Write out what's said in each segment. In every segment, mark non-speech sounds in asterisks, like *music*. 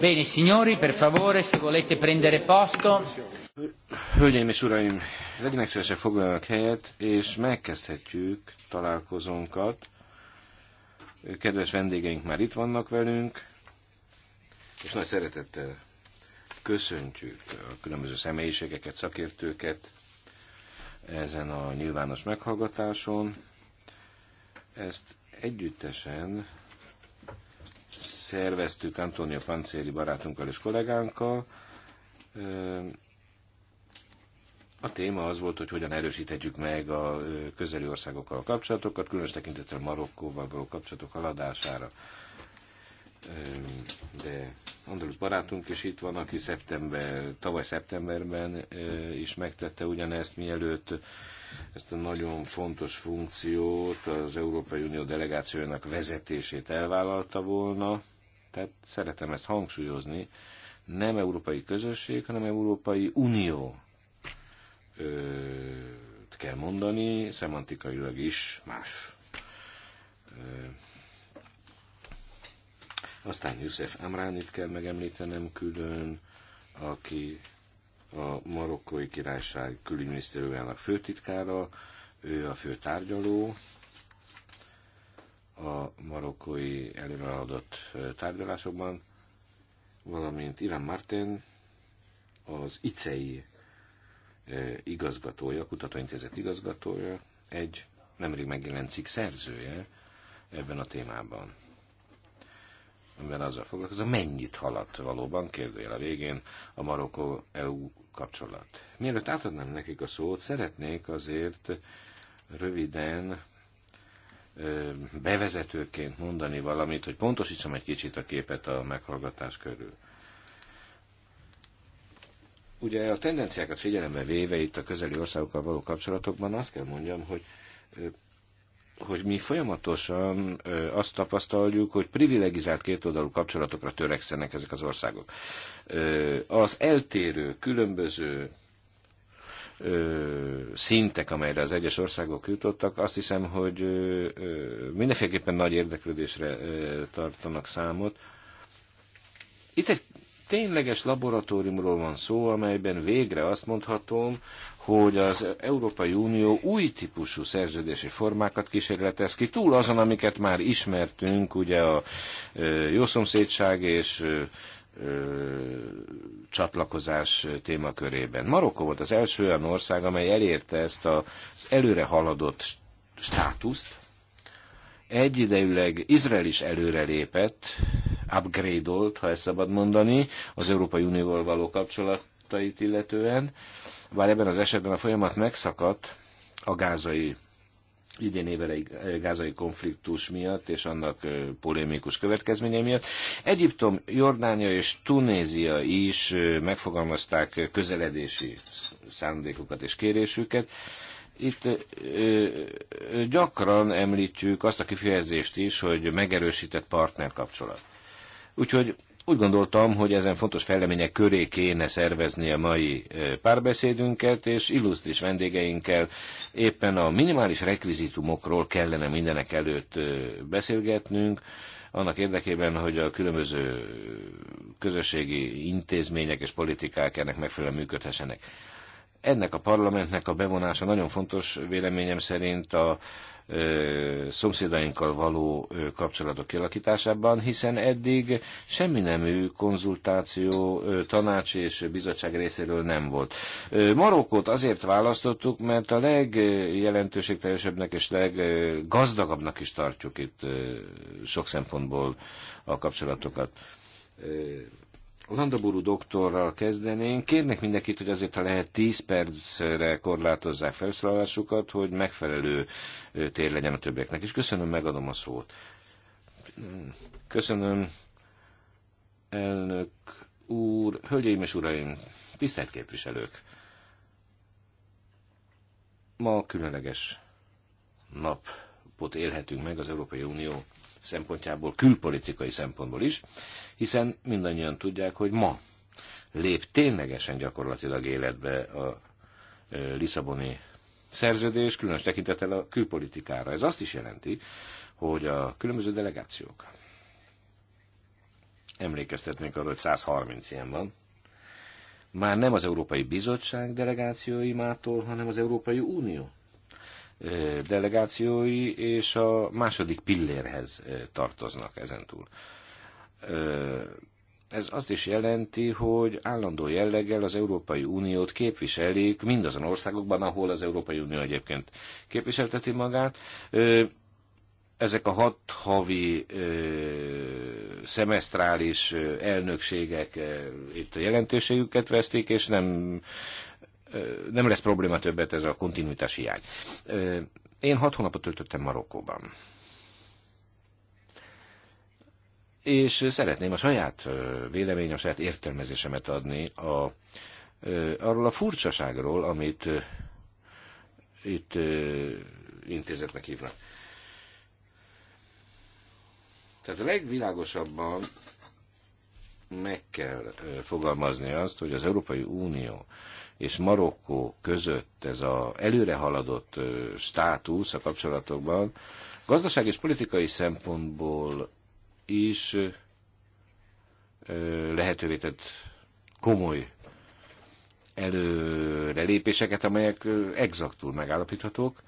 Bene, signori, per favore, se volete prendere posto. Hölgyeim és uraim, legyenek szívesen foglaljanak helyet, és megkezdhetjük találkozónkat. Kedves vendégeink már itt vannak velünk, és nagy szeretettel köszöntjük a különböző személyiségeket, szakértőket ezen a nyilvános meghallgatáson. Ezt együttesen szerveztük Antonio Pancéri barátunkkal és kollégánkkal. A téma az volt, hogy hogyan erősíthetjük meg a közeli országokkal a kapcsolatokat, különös tekintettel Marokkóval való kapcsolatok haladására. De Andalus barátunk is itt van, aki szeptember, tavaly szeptemberben is megtette ugyanezt, mielőtt ezt a nagyon fontos funkciót az Európai Unió delegációjának vezetését elvállalta volna. Tehát szeretem ezt hangsúlyozni. Nem Európai Közösség, hanem Európai Unió Öt kell mondani, szemantikailag is más. aztán József Amránit kell megemlítenem külön, aki a marokkói királyság külügyminisztériumának főtitkára, ő a fő tárgyaló, a marokkói előrehaladott tárgyalásokban, valamint Irán Martin, az ICEI igazgatója, kutatóintézet igazgatója, egy nemrég megjelent cikk szerzője ebben a témában amiben azzal foglalkozom, mennyit haladt valóban, kérdőjel a végén, a Marokkó-EU kapcsolat. Mielőtt átadnám nekik a szót, szeretnék azért röviden bevezetőként mondani valamit, hogy pontosítsam egy kicsit a képet a meghallgatás körül. Ugye a tendenciákat figyelembe véve itt a közeli országokkal való kapcsolatokban azt kell mondjam, hogy hogy mi folyamatosan azt tapasztaljuk, hogy privilegizált kétoldalú kapcsolatokra törekszenek ezek az országok. Az eltérő, különböző szintek, amelyre az egyes országok jutottak, azt hiszem, hogy mindenféleképpen nagy érdeklődésre tartanak számot. Itt egy tényleges laboratóriumról van szó, amelyben végre azt mondhatom, hogy az Európai Unió új típusú szerződési formákat kísérletez ki, túl azon, amiket már ismertünk, ugye a jószomszédság és csatlakozás témakörében. Marokkó volt az első olyan ország, amely elérte ezt az előre haladott státuszt. Egyidejűleg Izrael is előrelépett, upgrade-olt, ha ezt szabad mondani, az Európai Unióval való kapcsolatait illetően. Bár ebben az esetben a folyamat megszakadt a gázai idén évelei gázai konfliktus miatt és annak polémikus következménye miatt. Egyiptom, Jordánia és Tunézia is megfogalmazták közeledési szándékokat és kérésüket. Itt ö, gyakran említjük azt a kifejezést is, hogy megerősített partnerkapcsolat. Úgyhogy úgy gondoltam, hogy ezen fontos fejlemények köré kéne szervezni a mai párbeszédünket, és illusztris vendégeinkkel éppen a minimális rekvizitumokról kellene mindenek előtt beszélgetnünk, annak érdekében, hogy a különböző közösségi intézmények és politikák ennek megfelelően működhessenek ennek a parlamentnek a bevonása nagyon fontos véleményem szerint a szomszédainkkal való kapcsolatok kialakításában, hiszen eddig semmi nemű konzultáció, tanács és bizottság részéről nem volt. Marokkót azért választottuk, mert a legjelentőségteljesebbnek és leggazdagabbnak is tartjuk itt sok szempontból a kapcsolatokat Landaburu doktorral kezdenénk. Kérnek mindenkit, hogy azért, ha lehet 10 percre korlátozzák felszólalásukat, hogy megfelelő tér legyen a többieknek. És köszönöm, megadom a szót. Köszönöm, elnök úr, hölgyeim és uraim, tisztelt képviselők! Ma különleges napot élhetünk meg az Európai Unió szempontjából, külpolitikai szempontból is, hiszen mindannyian tudják, hogy ma lép ténylegesen gyakorlatilag életbe a Lisszaboni szerződés, különös tekintettel a külpolitikára. Ez azt is jelenti, hogy a különböző delegációk emlékeztetnék arra, hogy 130 ilyen van, már nem az Európai Bizottság delegációimától, hanem az Európai Unió delegációi, és a második pillérhez tartoznak ezentúl. Ez azt is jelenti, hogy állandó jelleggel az Európai Uniót képviselik mindazon országokban, ahol az Európai Unió egyébként képviselteti magát. Ezek a hat havi szemesztrális elnökségek itt a jelentőségüket vesztik, és nem nem lesz probléma többet ez a kontinuitás hiány. Én hat hónapot töltöttem Marokkóban. És szeretném a saját véleményem, a saját értelmezésemet adni a, arról a furcsaságról, amit itt intézetnek hívnak. Tehát a legvilágosabban meg kell fogalmazni azt, hogy az Európai Unió és Marokkó között ez az előrehaladott státusz a kapcsolatokban gazdaság és politikai szempontból is lehetővé tett komoly előrelépéseket, amelyek exaktul megállapíthatók,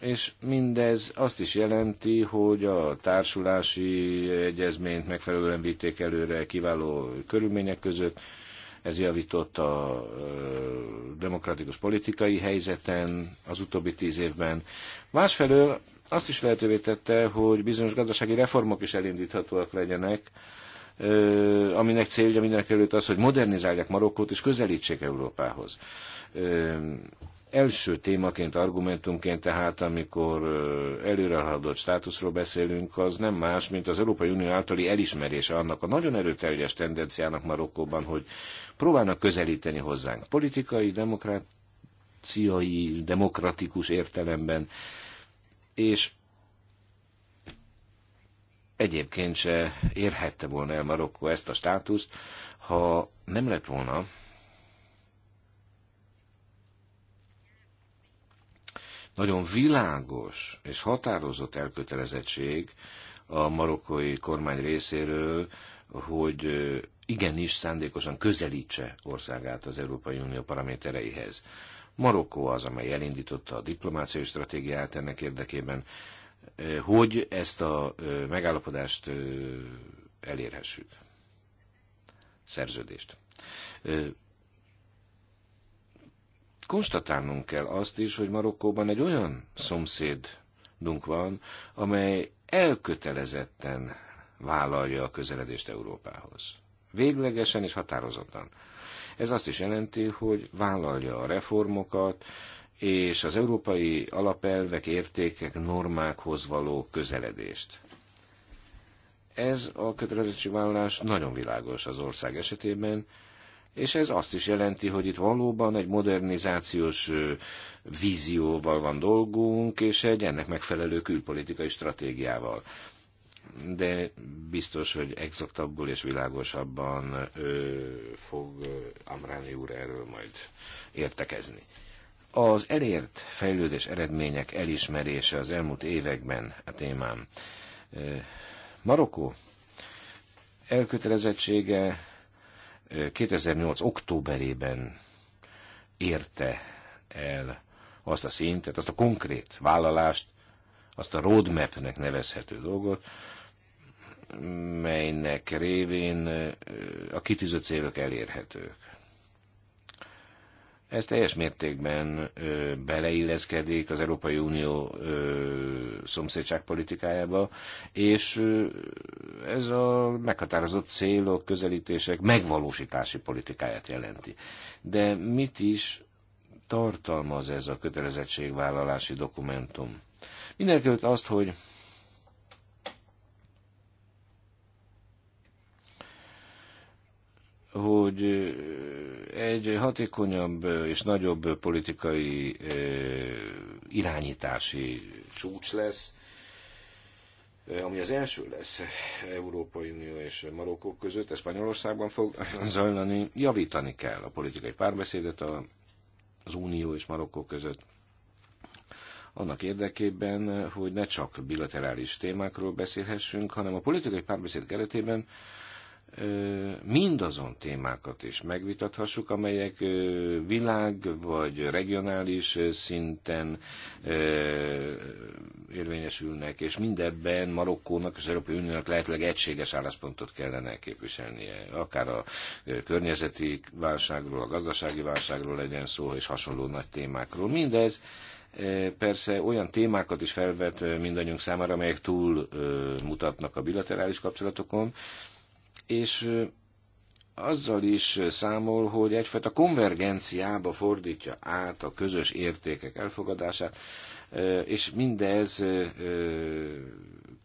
és mindez azt is jelenti, hogy a társulási egyezményt megfelelően vitték előre kiváló körülmények között, ez javított a demokratikus politikai helyzeten az utóbbi tíz évben. Másfelől azt is lehetővé tette, hogy bizonyos gazdasági reformok is elindíthatóak legyenek, aminek célja mindenek előtt az, hogy modernizálják Marokkót és közelítsék Európához első témaként, argumentumként tehát, amikor előrehaladott státuszról beszélünk, az nem más, mint az Európai Unió általi elismerése annak a nagyon erőteljes tendenciának Marokkóban, hogy próbálnak közelíteni hozzánk politikai, demokráciai, demokratikus értelemben, és egyébként se érhette volna el Marokkó ezt a státuszt, ha nem lett volna nagyon világos és határozott elkötelezettség a marokkói kormány részéről, hogy igenis szándékosan közelítse országát az Európai Unió paramétereihez. Marokkó az, amely elindította a diplomáciai stratégiát ennek érdekében, hogy ezt a megállapodást elérhessük. Szerződést konstatálnunk kell azt is, hogy Marokkóban egy olyan szomszédunk van, amely elkötelezetten vállalja a közeledést Európához. Véglegesen és határozottan. Ez azt is jelenti, hogy vállalja a reformokat, és az európai alapelvek, értékek, normákhoz való közeledést. Ez a kötelezettségvállalás nagyon világos az ország esetében, és ez azt is jelenti, hogy itt valóban egy modernizációs vízióval van dolgunk, és egy ennek megfelelő külpolitikai stratégiával. De biztos, hogy exaktabbul és világosabban ö, fog Amráni úr erről majd értekezni. Az elért fejlődés eredmények elismerése az elmúlt években a témám. Marokkó elkötelezettsége 2008. októberében érte el azt a szintet, azt a konkrét vállalást, azt a roadmapnek nevezhető dolgot, melynek révén a kitűzött célok elérhetők. Ez teljes mértékben ö, beleilleszkedik az Európai Unió szomszédságpolitikájába, és ö, ez a meghatározott célok, közelítések megvalósítási politikáját jelenti. De mit is tartalmaz ez a kötelezettségvállalási dokumentum? Mindenkelőtt azt, hogy hogy egy hatékonyabb és nagyobb politikai irányítási csúcs lesz, ami az első lesz Európai Unió és Marokkó között, a Spanyolországban fog *laughs* zajlani, javítani kell a politikai párbeszédet a, az Unió és Marokkó között. Annak érdekében, hogy ne csak bilaterális témákról beszélhessünk, hanem a politikai párbeszéd keretében mindazon témákat is megvitathassuk, amelyek világ vagy regionális szinten érvényesülnek, és mindebben Marokkónak és Európai Uniónak lehetőleg egységes álláspontot kellene képviselnie. Akár a környezeti válságról, a gazdasági válságról legyen szó, és hasonló nagy témákról. Mindez persze olyan témákat is felvet mindannyiunk számára, amelyek túl mutatnak a bilaterális kapcsolatokon, és azzal is számol, hogy egyfajta konvergenciába fordítja át a közös értékek elfogadását, és mindez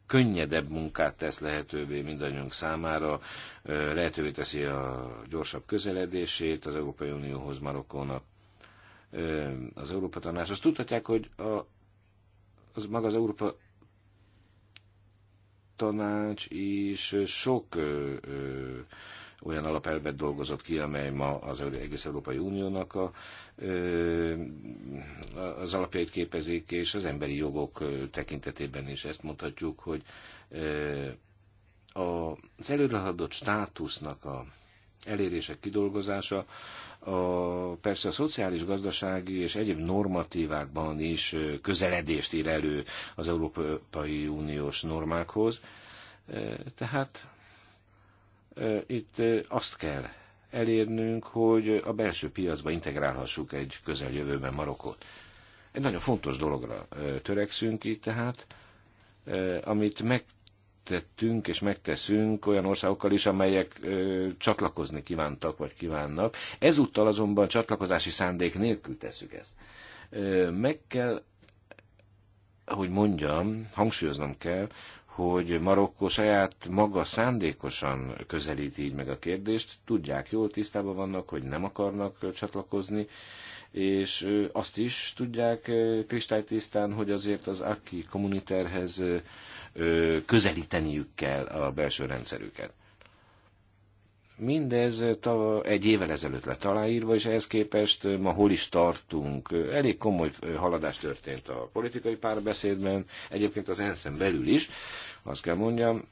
könnyedebb munkát tesz lehetővé mindannyiunk számára, lehetővé teszi a gyorsabb közeledését az Európai Unióhoz, Marokkónak, az Európa Tanácshoz. Tudhatják, hogy a, az maga az Európa tanács is sok ö, ö, olyan alapelvet dolgozott ki, amely ma az egész Európai Uniónak a, ö, az alapjait képezik, és az emberi jogok tekintetében is ezt mondhatjuk, hogy ö, az előrehaladott státusznak a elérések kidolgozása a, persze a szociális, gazdasági és egyéb normatívákban is közeledést ír elő az Európai Uniós normákhoz. Tehát itt azt kell elérnünk, hogy a belső piacba integrálhassuk egy közeljövőben Marokkot. Egy nagyon fontos dologra törekszünk itt tehát, amit meg megtettünk és megteszünk olyan országokkal is, amelyek ö, csatlakozni kívántak vagy kívánnak. Ezúttal azonban csatlakozási szándék nélkül tesszük ezt. Ö, meg kell, hogy mondjam, hangsúlyoznom kell, hogy Marokkó saját maga szándékosan közelíti így meg a kérdést, tudják jól, tisztában vannak, hogy nem akarnak csatlakozni, és azt is tudják kristálytisztán, hogy azért az aki kommuniterhez közelíteniük kell a belső rendszerüket. Mindez egy évvel ezelőtt lett aláírva, és ehhez képest ma hol is tartunk. Elég komoly haladás történt a politikai párbeszédben, egyébként az ensz belül is, azt kell mondjam,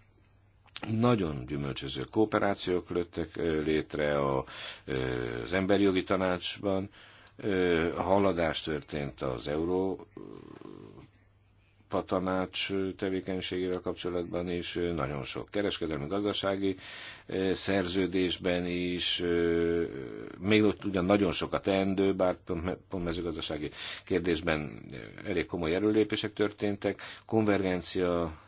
nagyon gyümölcsöző kooperációk lőttek létre az emberjogi jogi tanácsban, haladás történt az euró tanács tevékenységével kapcsolatban is, nagyon sok kereskedelmi gazdasági szerződésben is, még ott ugyan nagyon sok a teendő, bár pont mezőgazdasági kérdésben elég komoly erőlépések történtek, konvergencia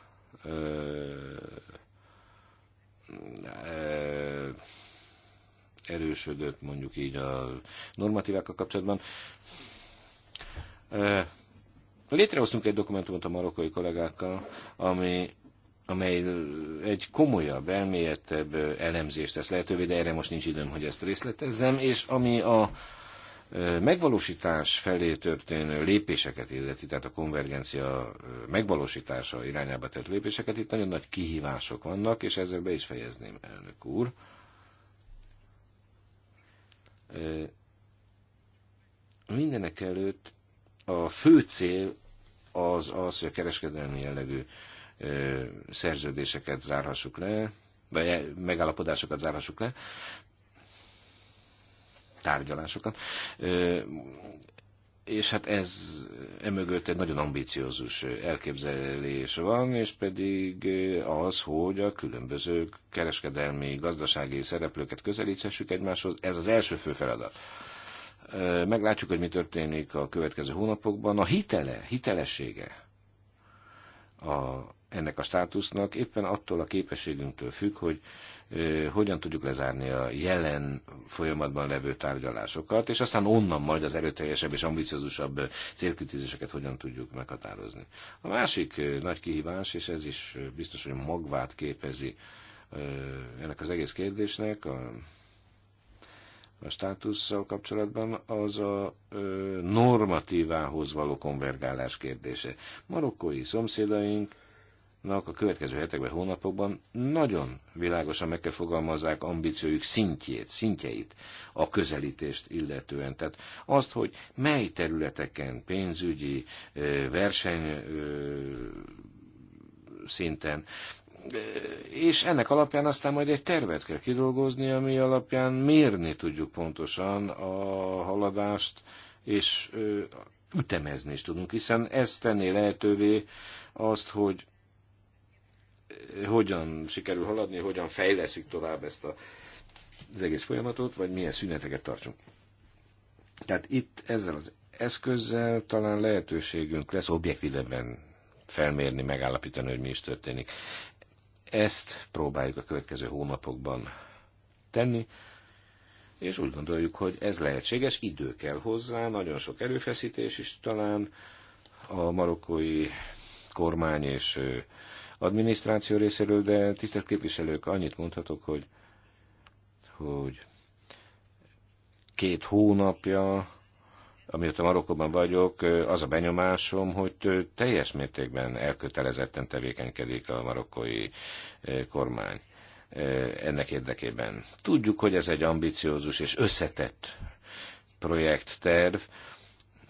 erősödött mondjuk így a normatívákkal kapcsolatban. Létrehoztunk egy dokumentumot a marokkai kollégákkal, ami amely egy komolyabb, elmélyedtebb elemzést tesz lehetővé, de erre most nincs időm, hogy ezt részletezzem, és ami a megvalósítás felé történő lépéseket illeti, tehát a konvergencia megvalósítása irányába tett lépéseket, itt nagyon nagy kihívások vannak, és ezzel be is fejezném, elnök úr. Mindenek előtt a fő cél az az, hogy a kereskedelmi jellegű szerződéseket zárhassuk le, vagy megállapodásokat zárhassuk le, tárgyalásokat és hát ez emögött egy nagyon ambíciózus elképzelés van, és pedig e, az, hogy a különböző kereskedelmi, gazdasági szereplőket közelíthessük egymáshoz, ez az első fő feladat. E, meglátjuk, hogy mi történik a következő hónapokban. A hitele, hitelessége a, ennek a státusznak éppen attól a képességünktől függ, hogy hogyan tudjuk lezárni a jelen folyamatban levő tárgyalásokat, és aztán onnan majd az erőteljesebb és ambiciózusabb célkütézéseket hogyan tudjuk meghatározni. A másik nagy kihívás, és ez is biztos, hogy magvát képezi ennek az egész kérdésnek, a a státusszal kapcsolatban, az a ö, normatívához való konvergálás kérdése. Marokkói szomszédaink a következő hetekben, hónapokban nagyon világosan meg kell fogalmazzák ambíciójuk szintjét, szintjeit a közelítést illetően. Tehát azt, hogy mely területeken pénzügyi verseny szinten, és ennek alapján aztán majd egy tervet kell kidolgozni, ami alapján mérni tudjuk pontosan a haladást, és ütemezni is tudunk, hiszen ez tenné lehetővé azt, hogy hogyan sikerül haladni, hogyan fejleszik tovább ezt a, az egész folyamatot, vagy milyen szüneteket tartsunk. Tehát itt ezzel az eszközzel talán lehetőségünk lesz objektívebben felmérni, megállapítani, hogy mi is történik. Ezt próbáljuk a következő hónapokban tenni, és úgy gondoljuk, hogy ez lehetséges, idő kell hozzá, nagyon sok erőfeszítés is talán a marokkói kormány és adminisztráció részéről, de tisztelt képviselők, annyit mondhatok, hogy, hogy két hónapja, amióta Marokkóban vagyok, az a benyomásom, hogy teljes mértékben elkötelezetten tevékenykedik a marokkói eh, kormány eh, ennek érdekében. Tudjuk, hogy ez egy ambiciózus és összetett projektterv,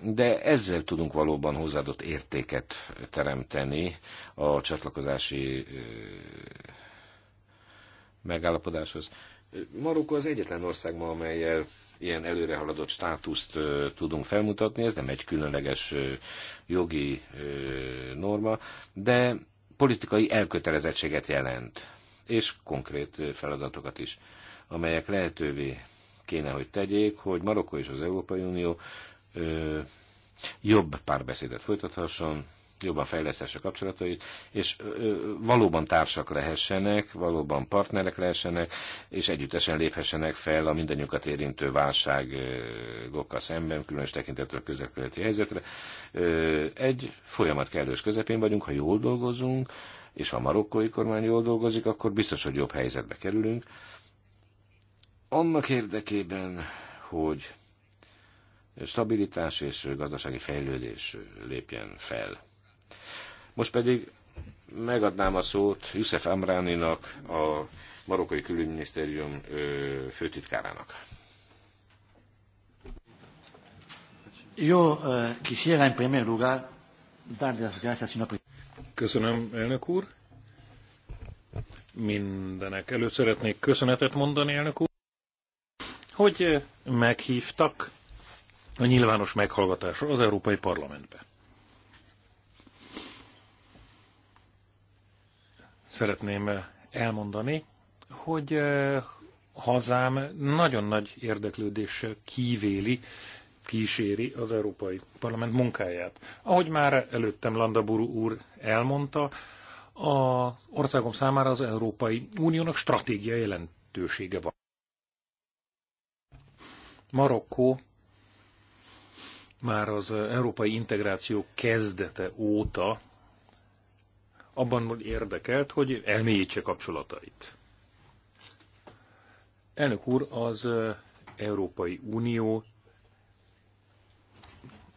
de ezzel tudunk valóban hozzáadott értéket teremteni a csatlakozási megállapodáshoz. Marokko az egyetlen ország ma, amelyel ilyen előrehaladott státuszt tudunk felmutatni, ez nem egy különleges jogi norma, de politikai elkötelezettséget jelent, és konkrét feladatokat is, amelyek lehetővé kéne, hogy tegyék, hogy Marokko és az Európai Unió ö, jobb párbeszédet folytathasson, jobban fejleszthesse kapcsolatait, és ö, valóban társak lehessenek, valóban partnerek lehessenek, és együttesen léphessenek fel a mindannyiukat érintő válságokkal szemben, különös tekintetről közelkületi helyzetre. Ö, egy folyamat kellős közepén vagyunk, ha jól dolgozunk, és ha a marokkói kormány jól dolgozik, akkor biztos, hogy jobb helyzetbe kerülünk. Annak érdekében, hogy stabilitás és gazdasági fejlődés lépjen fel. Most pedig megadnám a szót Youssef Amráninak, a marokkai külügyminisztérium főtitkárának. Jó uh, primér lugár, primer lugar dar Köszönöm, elnök úr. Mindenek előtt szeretnék köszönetet mondani, elnök úr, hogy eh, meghívtak a nyilvános meghallgatásra az Európai Parlamentben. Szeretném elmondani, hogy eh, hazám nagyon nagy érdeklődéssel kívéli, kíséri az Európai Parlament munkáját. Ahogy már előttem Landaburu úr elmondta, a országom számára az Európai Uniónak stratégiai jelentősége van. Marokkó már az európai integráció kezdete óta abban érdekelt, hogy elmélyítse kapcsolatait. Elnök úr, az Európai Unió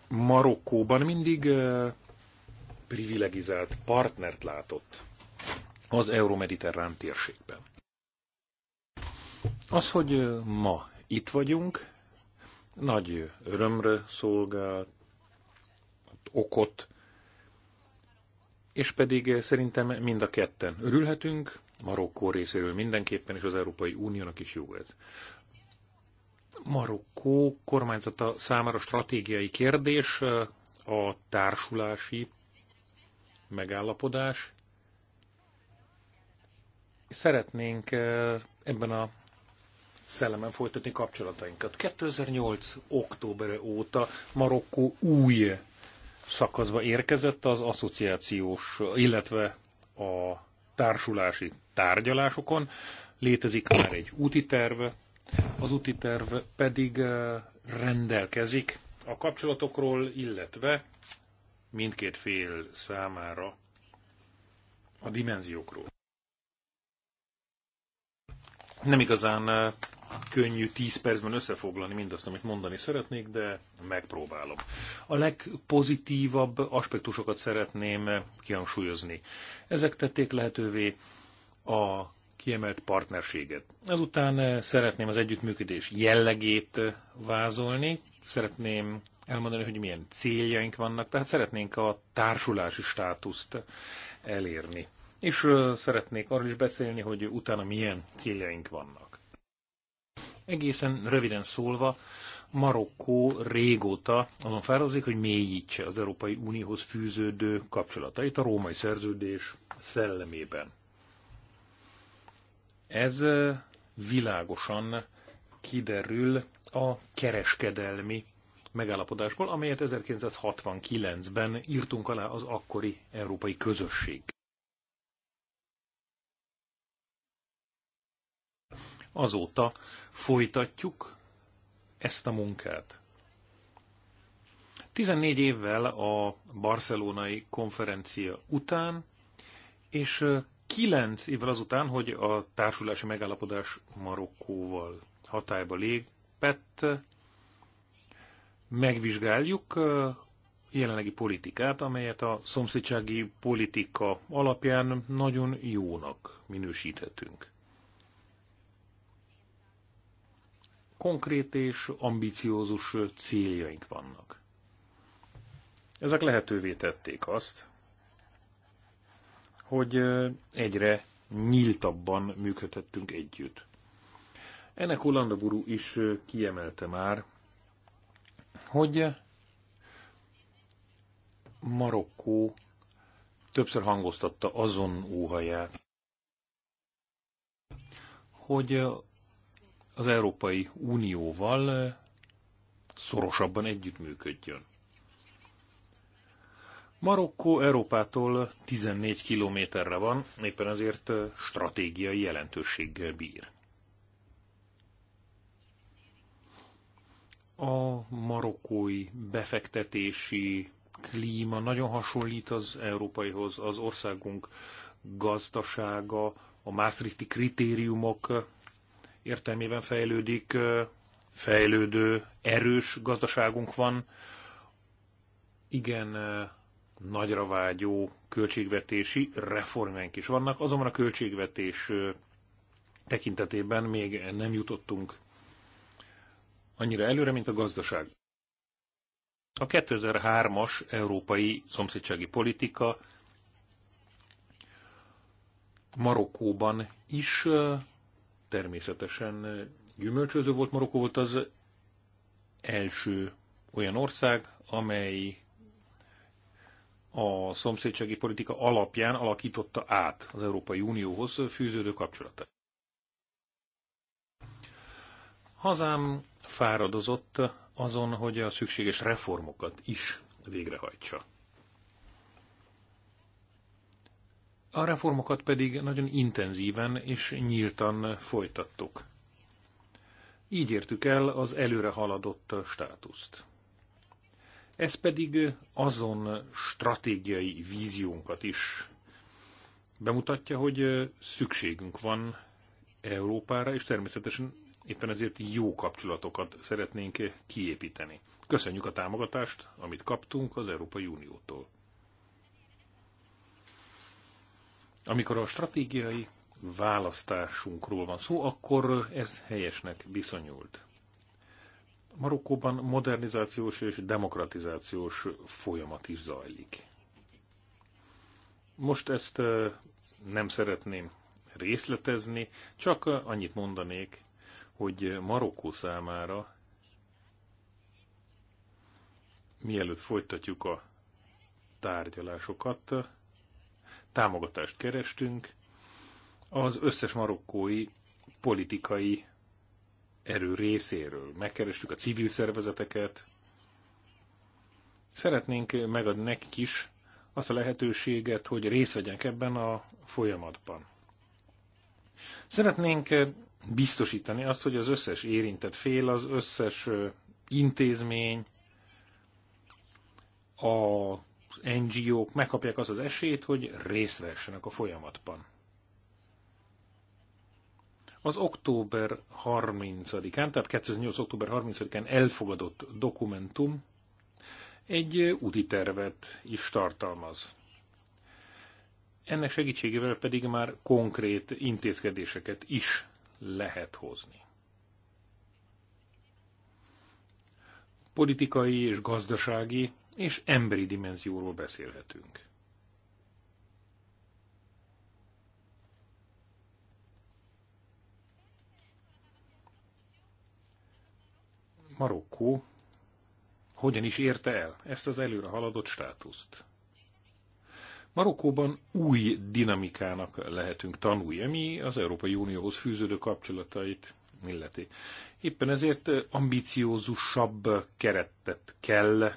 Marokkóban mindig privilegizált partnert látott az euromediterrán térségben. Az, hogy ma itt vagyunk, nagy örömre szolgált okot, és pedig szerintem mind a ketten örülhetünk, Marokkó részéről mindenképpen, és az Európai Uniónak is jó ez. Marokkó kormányzata számára stratégiai kérdés a társulási megállapodás. Szeretnénk eh, ebben a szellemen folytatni kapcsolatainkat. 2008. október óta Marokkó új szakaszba érkezett az asszociációs, illetve a társulási tárgyalásokon. Létezik már egy úti terv, az úti terv pedig rendelkezik a kapcsolatokról, illetve mindkét fél számára a dimenziókról. Nem igazán könnyű 10 percben összefoglalni mindazt, amit mondani szeretnék, de megpróbálom. A legpozitívabb aspektusokat szeretném kihangsúlyozni. Ezek tették lehetővé a kiemelt partnerséget. Ezután szeretném az együttműködés jellegét vázolni, szeretném elmondani, hogy milyen céljaink vannak, tehát szeretnénk a társulási státuszt elérni. És szeretnék arról is beszélni, hogy utána milyen céljaink vannak. Egészen röviden szólva, Marokkó régóta azon fáradozik, hogy mélyítse az Európai Unióhoz fűződő kapcsolatait a római szerződés szellemében. Ez világosan kiderül a kereskedelmi megállapodásból, amelyet 1969-ben írtunk alá az akkori európai közösség. azóta folytatjuk ezt a munkát. 14 évvel a barcelonai konferencia után, és 9 évvel azután, hogy a társulási megállapodás Marokkóval hatályba lépett, megvizsgáljuk jelenlegi politikát, amelyet a szomszédsági politika alapján nagyon jónak minősíthetünk. konkrét és ambiciózus céljaink vannak. Ezek lehetővé tették azt, hogy egyre nyíltabban működhettünk együtt. Ennek Hollanda guru is kiemelte már, hogy Marokkó többször hangoztatta azon óhaját, hogy az Európai Unióval szorosabban együttműködjön. Marokkó Európától 14 kilométerre van, éppen ezért stratégiai jelentőséggel bír. A marokkói befektetési klíma nagyon hasonlít az európaihoz, az országunk gazdasága, a Maastrichti kritériumok értelmében fejlődik, fejlődő, erős gazdaságunk van, igen nagyra vágyó költségvetési reformjánk is vannak, azonban a költségvetés tekintetében még nem jutottunk annyira előre, mint a gazdaság. A 2003-as európai szomszédsági politika Marokkóban is természetesen gyümölcsöző volt. Marokkó volt az első olyan ország, amely a szomszédsági politika alapján alakította át az Európai Unióhoz fűződő kapcsolatát. Hazám fáradozott azon, hogy a szükséges reformokat is végrehajtsa. A reformokat pedig nagyon intenzíven és nyíltan folytattuk. Így értük el az előre haladott státuszt. Ez pedig azon stratégiai víziónkat is bemutatja, hogy szükségünk van Európára, és természetesen éppen ezért jó kapcsolatokat szeretnénk kiépíteni. Köszönjük a támogatást, amit kaptunk az Európai Uniótól. Amikor a stratégiai választásunkról van szó, akkor ez helyesnek bizonyult. Marokkóban modernizációs és demokratizációs folyamat is zajlik. Most ezt nem szeretném részletezni, csak annyit mondanék, hogy Marokkó számára, mielőtt folytatjuk a tárgyalásokat, támogatást kerestünk az összes marokkói politikai erő részéről. Megkerestük a civil szervezeteket. Szeretnénk megadni nekik is azt a lehetőséget, hogy részt vegyenek ebben a folyamatban. Szeretnénk biztosítani azt, hogy az összes érintett fél, az összes intézmény, a NGO-k megkapják az az esélyt, hogy részt vessenek a folyamatban. Az október 30-án, tehát 2008. október 30-án elfogadott dokumentum egy úti tervet is tartalmaz. Ennek segítségével pedig már konkrét intézkedéseket is lehet hozni. Politikai és gazdasági és emberi dimenzióról beszélhetünk. Marokkó hogyan is érte el ezt az előre haladott státuszt? Marokkóban új dinamikának lehetünk tanulni, ami az Európai Unióhoz fűződő kapcsolatait illeti. Éppen ezért ambiciózusabb keretet kell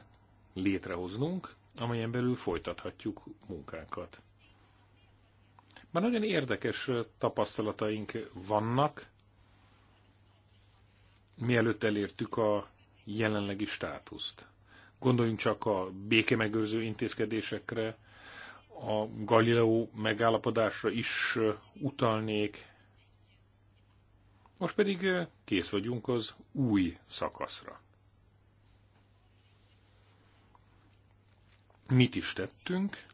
létrehoznunk, amelyen belül folytathatjuk munkánkat. Már nagyon érdekes tapasztalataink vannak, mielőtt elértük a jelenlegi státuszt. Gondoljunk csak a békemegőrző intézkedésekre, a Galileo megállapodásra is utalnék. Most pedig kész vagyunk az új szakaszra. mit is tettünk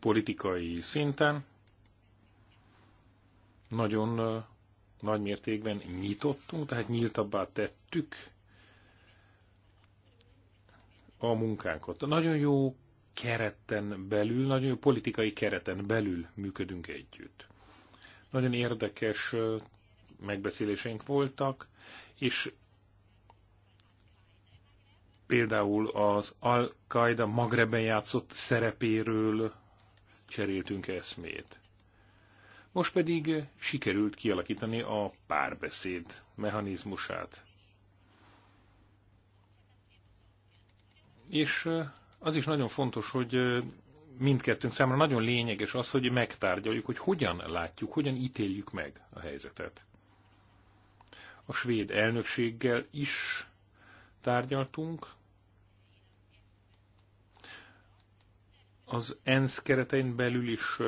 politikai szinten. Nagyon nagy mértékben nyitottunk, tehát nyíltabbá tettük a munkánkat. Nagyon jó kereten belül, nagyon jó politikai kereten belül működünk együtt. Nagyon érdekes megbeszéléseink voltak, és Például az Al-Qaeda Magreben játszott szerepéről cseréltünk eszmét. Most pedig sikerült kialakítani a párbeszéd mechanizmusát. És az is nagyon fontos, hogy mindkettőnk számára nagyon lényeges az, hogy megtárgyaljuk, hogy hogyan látjuk, hogyan ítéljük meg a helyzetet. A svéd elnökséggel is tárgyaltunk. Az ENSZ keretein belül is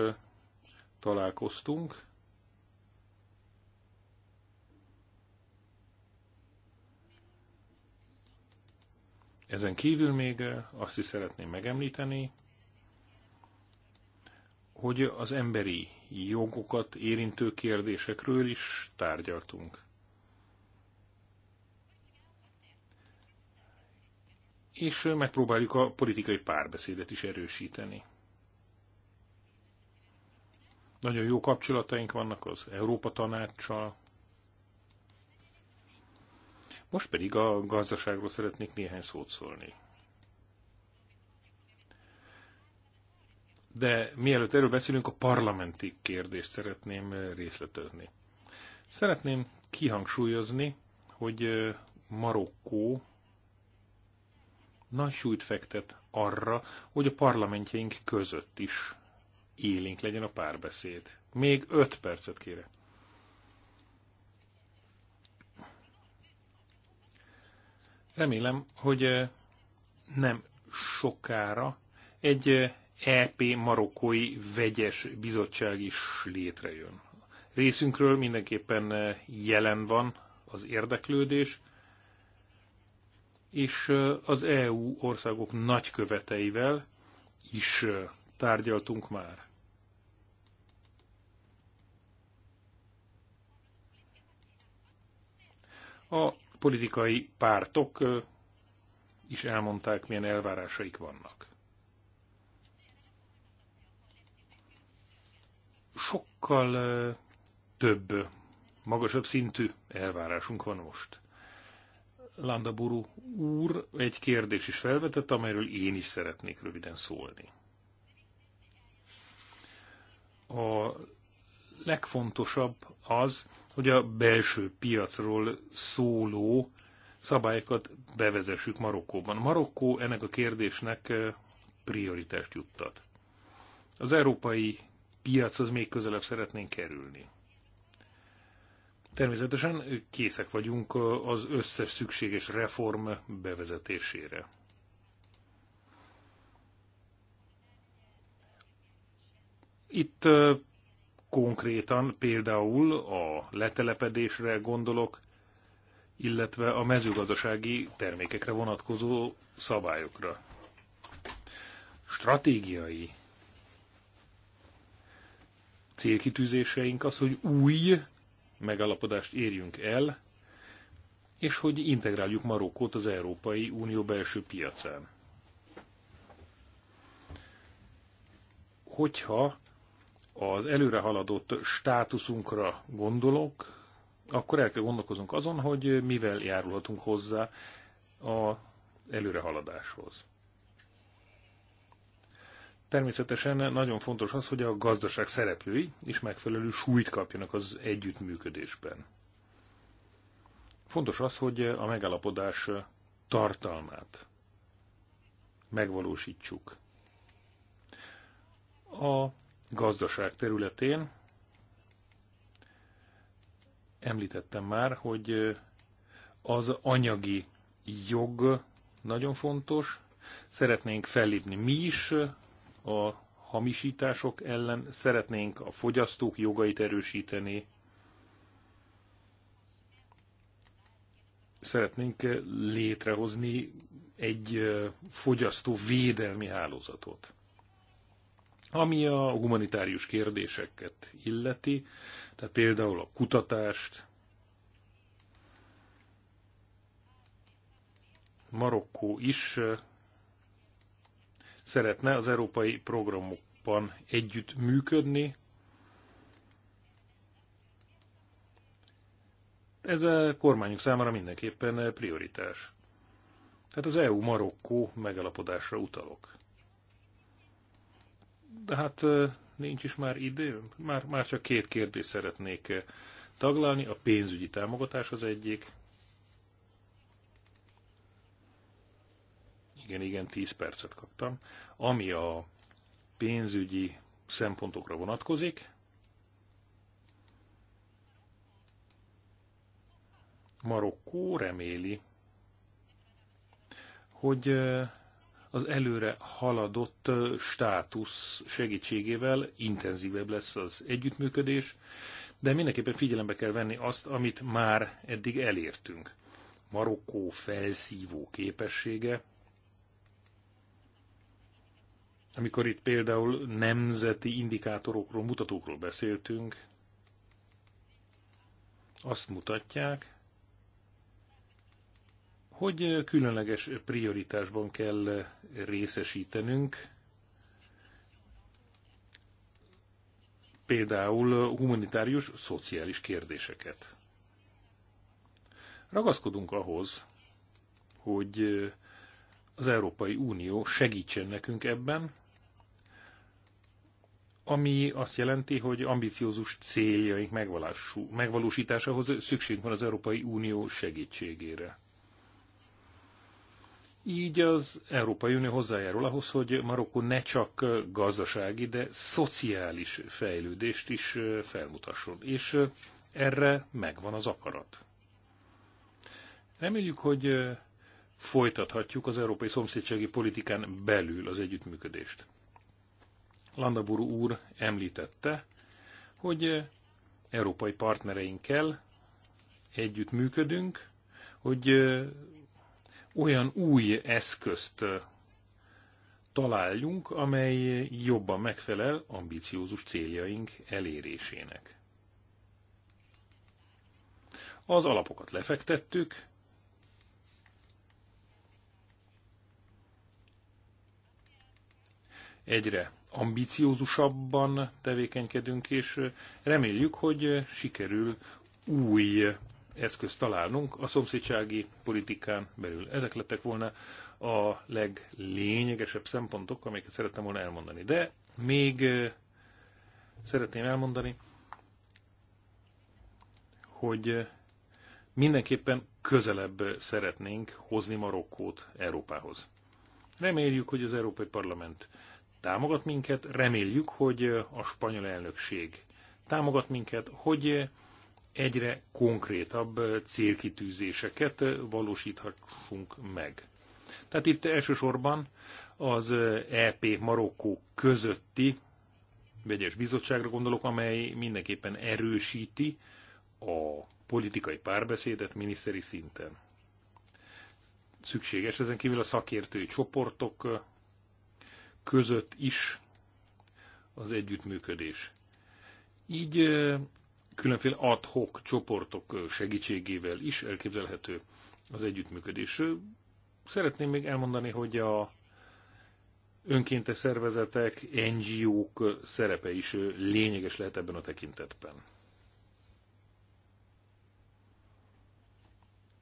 találkoztunk. Ezen kívül még azt is szeretném megemlíteni, hogy az emberi jogokat érintő kérdésekről is tárgyaltunk. és megpróbáljuk a politikai párbeszédet is erősíteni. Nagyon jó kapcsolataink vannak az Európa Tanácssal. Most pedig a gazdaságról szeretnék néhány szót szólni. De mielőtt erről beszélünk, a parlamenti kérdést szeretném részletezni. Szeretném kihangsúlyozni, hogy Marokkó nagy súlyt fektet arra, hogy a parlamentjeink között is élénk legyen a párbeszéd. Még öt percet kére. Remélem, hogy eh, nem sokára egy EP eh, e marokkói vegyes bizottság is létrejön. Részünkről mindenképpen eh, jelen van az érdeklődés, és az EU országok nagyköveteivel is tárgyaltunk már. A politikai pártok is elmondták, milyen elvárásaik vannak. Sokkal több, magasabb szintű elvárásunk van most. Landaburu úr egy kérdés is felvetett, amelyről én is szeretnék röviden szólni. A legfontosabb az, hogy a belső piacról szóló szabályokat bevezessük Marokkóban. Marokkó ennek a kérdésnek eh, prioritást juttat. Az európai piachoz még közelebb szeretnénk kerülni. Természetesen készek vagyunk az összes szükséges reform bevezetésére. Itt konkrétan például a letelepedésre gondolok, illetve a mezőgazdasági termékekre vonatkozó szabályokra. Stratégiai célkitűzéseink az, hogy új megállapodást érjünk el, és hogy integráljuk Marokkót az Európai Unió belső piacán. Hogyha az előre haladott státuszunkra gondolok, akkor el kell gondolkozunk azon, hogy mivel járulhatunk hozzá az előrehaladáshoz. Természetesen nagyon fontos az, hogy a gazdaság szereplői is megfelelő súlyt kapjanak az együttműködésben. Fontos az, hogy a megállapodás tartalmát megvalósítsuk. A gazdaság területén említettem már, hogy az anyagi jog nagyon fontos. Szeretnénk fellépni mi is a hamisítások ellen, szeretnénk a fogyasztók jogait erősíteni, szeretnénk létrehozni egy fogyasztó védelmi hálózatot. Ami a humanitárius kérdéseket illeti, tehát például a kutatást, Marokkó is szeretne az európai programokban együtt működni. Ez a kormányunk számára mindenképpen prioritás. Tehát az EU-Marokkó megalapodásra utalok. De hát nincs is már idő? Már, már csak két kérdést szeretnék taglalni. A pénzügyi támogatás az egyik, Igen, igen, 10 percet kaptam. Ami a pénzügyi szempontokra vonatkozik, Marokkó reméli, hogy az előre haladott státusz segítségével intenzívebb lesz az együttműködés, de mindenképpen figyelembe kell venni azt, amit már eddig elértünk. Marokkó felszívó képessége amikor itt például nemzeti indikátorokról, mutatókról beszéltünk, azt mutatják, hogy különleges prioritásban kell részesítenünk, például humanitárius, szociális kérdéseket. Ragaszkodunk ahhoz, hogy az Európai Unió segítsen nekünk ebben, ami azt jelenti, hogy ambiciózus céljaink megvalósításához szükség van az Európai Unió segítségére. Így az Európai Unió hozzájárul ahhoz, hogy Marokkó ne csak gazdasági, de szociális fejlődést is felmutasson. És erre megvan az akarat. Reméljük, hogy folytathatjuk az európai szomszédsági politikán belül az együttműködést. Landaburu úr említette, hogy eh, európai partnereinkkel együtt működünk, hogy eh, olyan új eszközt eh, találjunk, amely jobban megfelel ambiciózus céljaink elérésének. Az alapokat lefektettük, egyre ambíciózusabban tevékenykedünk, és reméljük, hogy sikerül új eszközt találnunk a szomszédsági politikán belül. Ezek lettek volna a leglényegesebb szempontok, amiket szerettem volna elmondani. De még szeretném elmondani, hogy mindenképpen közelebb szeretnénk hozni Marokkót Európához. Reméljük, hogy az Európai Parlament támogat minket, reméljük, hogy a spanyol elnökség támogat minket, hogy egyre konkrétabb célkitűzéseket valósíthassunk meg. Tehát itt elsősorban az EP Marokkó közötti vegyes bizottságra gondolok, amely mindenképpen erősíti a politikai párbeszédet miniszteri szinten. Szükséges ezen kívül a szakértői csoportok között is az együttműködés. Így különféle adhok csoportok segítségével is elképzelhető az együttműködés. Szeretném még elmondani, hogy a önkéntes szervezetek, NGO-k szerepe is lényeges lehet ebben a tekintetben.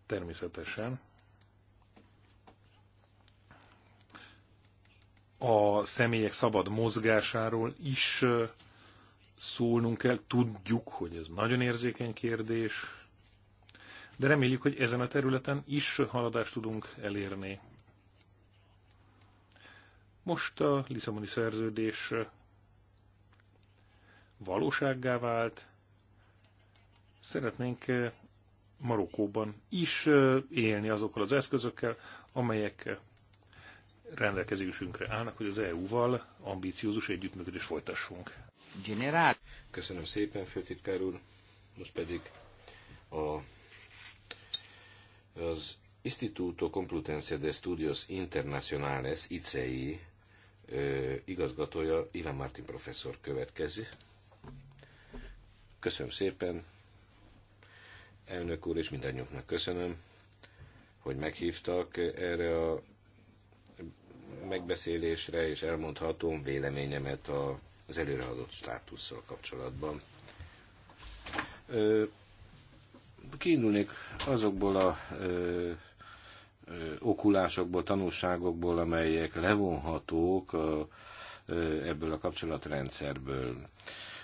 Természetesen. a személyek szabad mozgásáról is szólnunk kell. Tudjuk, hogy ez nagyon érzékeny kérdés, de reméljük, hogy ezen a területen is haladást tudunk elérni. Most a Lisszaboni szerződés valósággá vált. Szeretnénk Marokkóban is élni azokkal az eszközökkel, amelyek rendelkezésünkre állnak, hogy az EU-val ambíciózus együttműködést folytassunk. General Köszönöm szépen, főtitkár úr. Most pedig a, az Instituto Complutense de Studios Internacionales, ICI, e igazgatója Ivan Martin professzor következik. Köszönöm szépen, elnök úr, és mindannyiunknak köszönöm, hogy meghívtak erre a megbeszélésre, és elmondhatom véleményemet a, az előreadott státusszal kapcsolatban. Kiindulnék azokból a ö, ö, okulásokból, tanulságokból, amelyek levonhatók a, ö, ebből a kapcsolatrendszerből.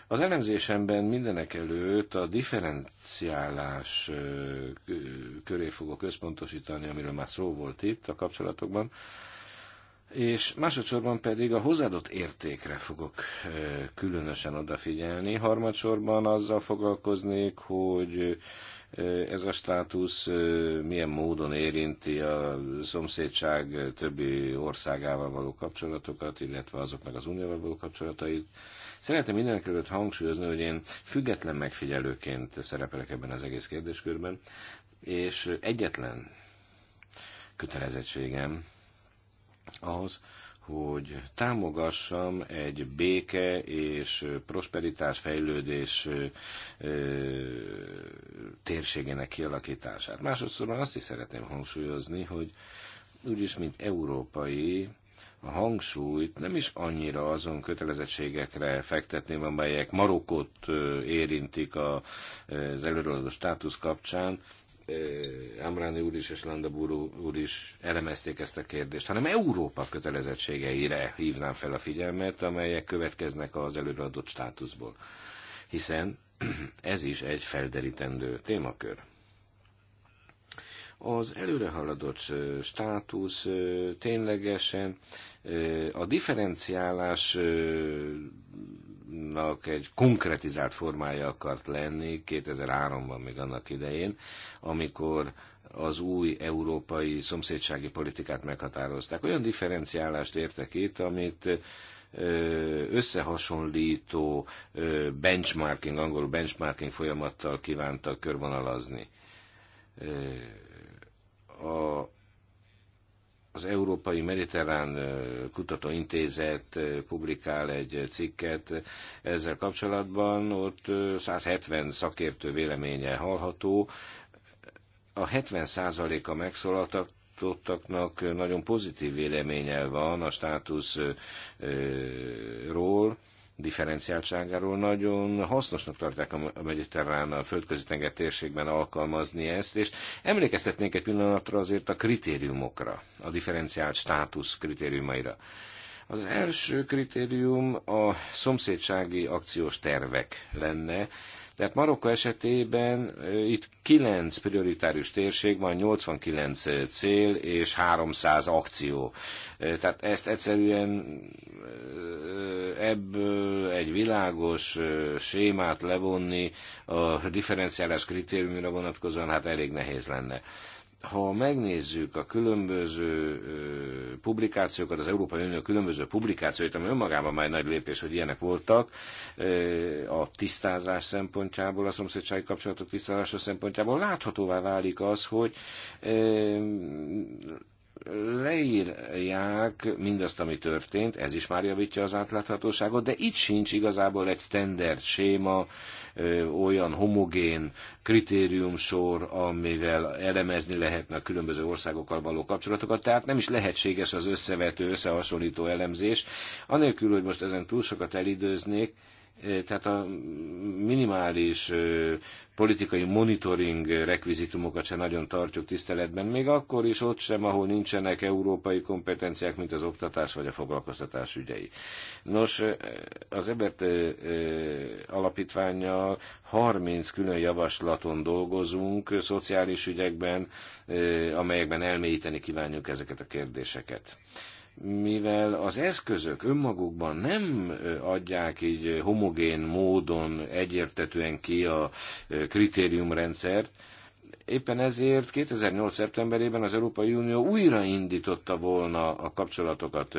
Az elemzésemben mindenek előtt a differenciálás köré fogok összpontosítani, amiről már szó volt itt a kapcsolatokban és másodszorban pedig a hozzáadott értékre fogok különösen odafigyelni. Harmadsorban azzal foglalkoznék, hogy ez a státusz milyen módon érinti a szomszédság többi országával való kapcsolatokat, illetve azoknak az unióval való kapcsolatait. Szeretném mindenek előtt hangsúlyozni, hogy én független megfigyelőként szerepelek ebben az egész kérdéskörben, és egyetlen kötelezettségem az, hogy támogassam egy béke és prosperitás fejlődés térségének kialakítását. Másodszorban azt is szeretném hangsúlyozni, hogy úgyis, mint európai, a hangsúlyt nem is annyira azon kötelezettségekre fektetném, amelyek Marokkot érintik az előadó státusz kapcsán, Amráni eh, úr is és Landabúr úr is elemezték ezt a kérdést, hanem Európa kötelezettségeire hívnám fel a figyelmet, amelyek következnek az előre adott státuszból. Hiszen *clears throat* ez is egy felderítendő témakör. Az előre haladott státusz eh, ténylegesen eh, a differenciálás reformnak egy konkretizált formája akart lenni 2003-ban még annak idején, amikor az új európai szomszédsági politikát meghatározták. Olyan differenciálást értek itt, amit összehasonlító benchmarking, angol benchmarking folyamattal kívántak körvonalazni. A az Európai Mediterrán Kutatóintézet publikál egy cikket ezzel kapcsolatban, ott 170 szakértő véleménye hallható. A 70 a megszólaltak nagyon pozitív véleménye van a státuszról, differenciáltságáról nagyon hasznosnak tartják a mediterrán a földközi tenger térségben alkalmazni ezt, és emlékeztetnénk egy pillanatra azért a kritériumokra, a differenciált státusz kritériumaira. Az első kritérium a szomszédsági akciós tervek lenne, tehát Marokka esetében itt 9 prioritárius térség van, 89 cél és 300 akció. Tehát ezt egyszerűen ebből egy világos sémát levonni a differenciálás kritériumra vonatkozóan hát elég nehéz lenne ha megnézzük a különböző publikációkat, az Európai Unió különböző publikációit, ami önmagában már egy nagy lépés, hogy ilyenek voltak, a tisztázás szempontjából, a szomszédsági kapcsolatok tisztázása szempontjából láthatóvá válik az, hogy leírják mindazt, ami történt, ez is már javítja az átláthatóságot, de itt sincs igazából egy standard séma, olyan homogén kritériumsor, amivel elemezni lehetne a különböző országokkal való kapcsolatokat, tehát nem is lehetséges az összevető, összehasonlító elemzés. Anélkül, hogy most ezen túl sokat elidőznék, tehát a minimális politikai monitoring rekvizitumokat se nagyon tartjuk tiszteletben, még akkor is ott sem, ahol nincsenek európai kompetenciák, mint az oktatás vagy a foglalkoztatás ügyei. Nos, az Ebert alapítványjal 30 külön javaslaton dolgozunk, szociális ügyekben, amelyekben elmélyíteni kívánjuk ezeket a kérdéseket mivel az eszközök önmagukban nem adják így homogén módon egyértetően ki a kritériumrendszert, éppen ezért 2008. szeptemberében az Európai Unió újraindította volna a kapcsolatokat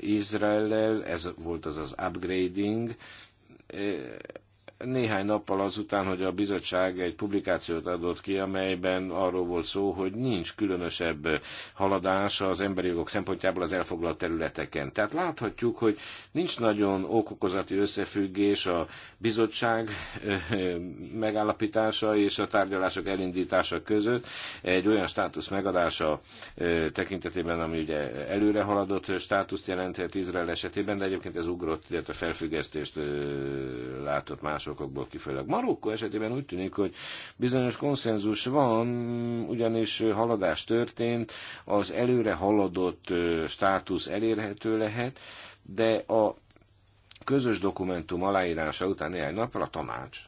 Izraellel, ez volt az az upgrading, néhány nappal azután, hogy a bizottság egy publikációt adott ki, amelyben arról volt szó, hogy nincs különösebb haladás az emberi jogok szempontjából az elfoglalt területeken. Tehát láthatjuk, hogy nincs nagyon okokozati összefüggés a bizottság megállapítása és a tárgyalások elindítása között egy olyan státusz megadása tekintetében, ami ugye előre haladott státuszt jelenthet Izrael esetében, de egyébként ez ugrott, illetve felfüggesztést látott más okokból kifelőleg. Marokkó esetében úgy tűnik, hogy bizonyos konszenzus van, ugyanis haladás történt, az előre haladott státusz elérhető lehet, de a közös dokumentum aláírása után néhány napra a tanács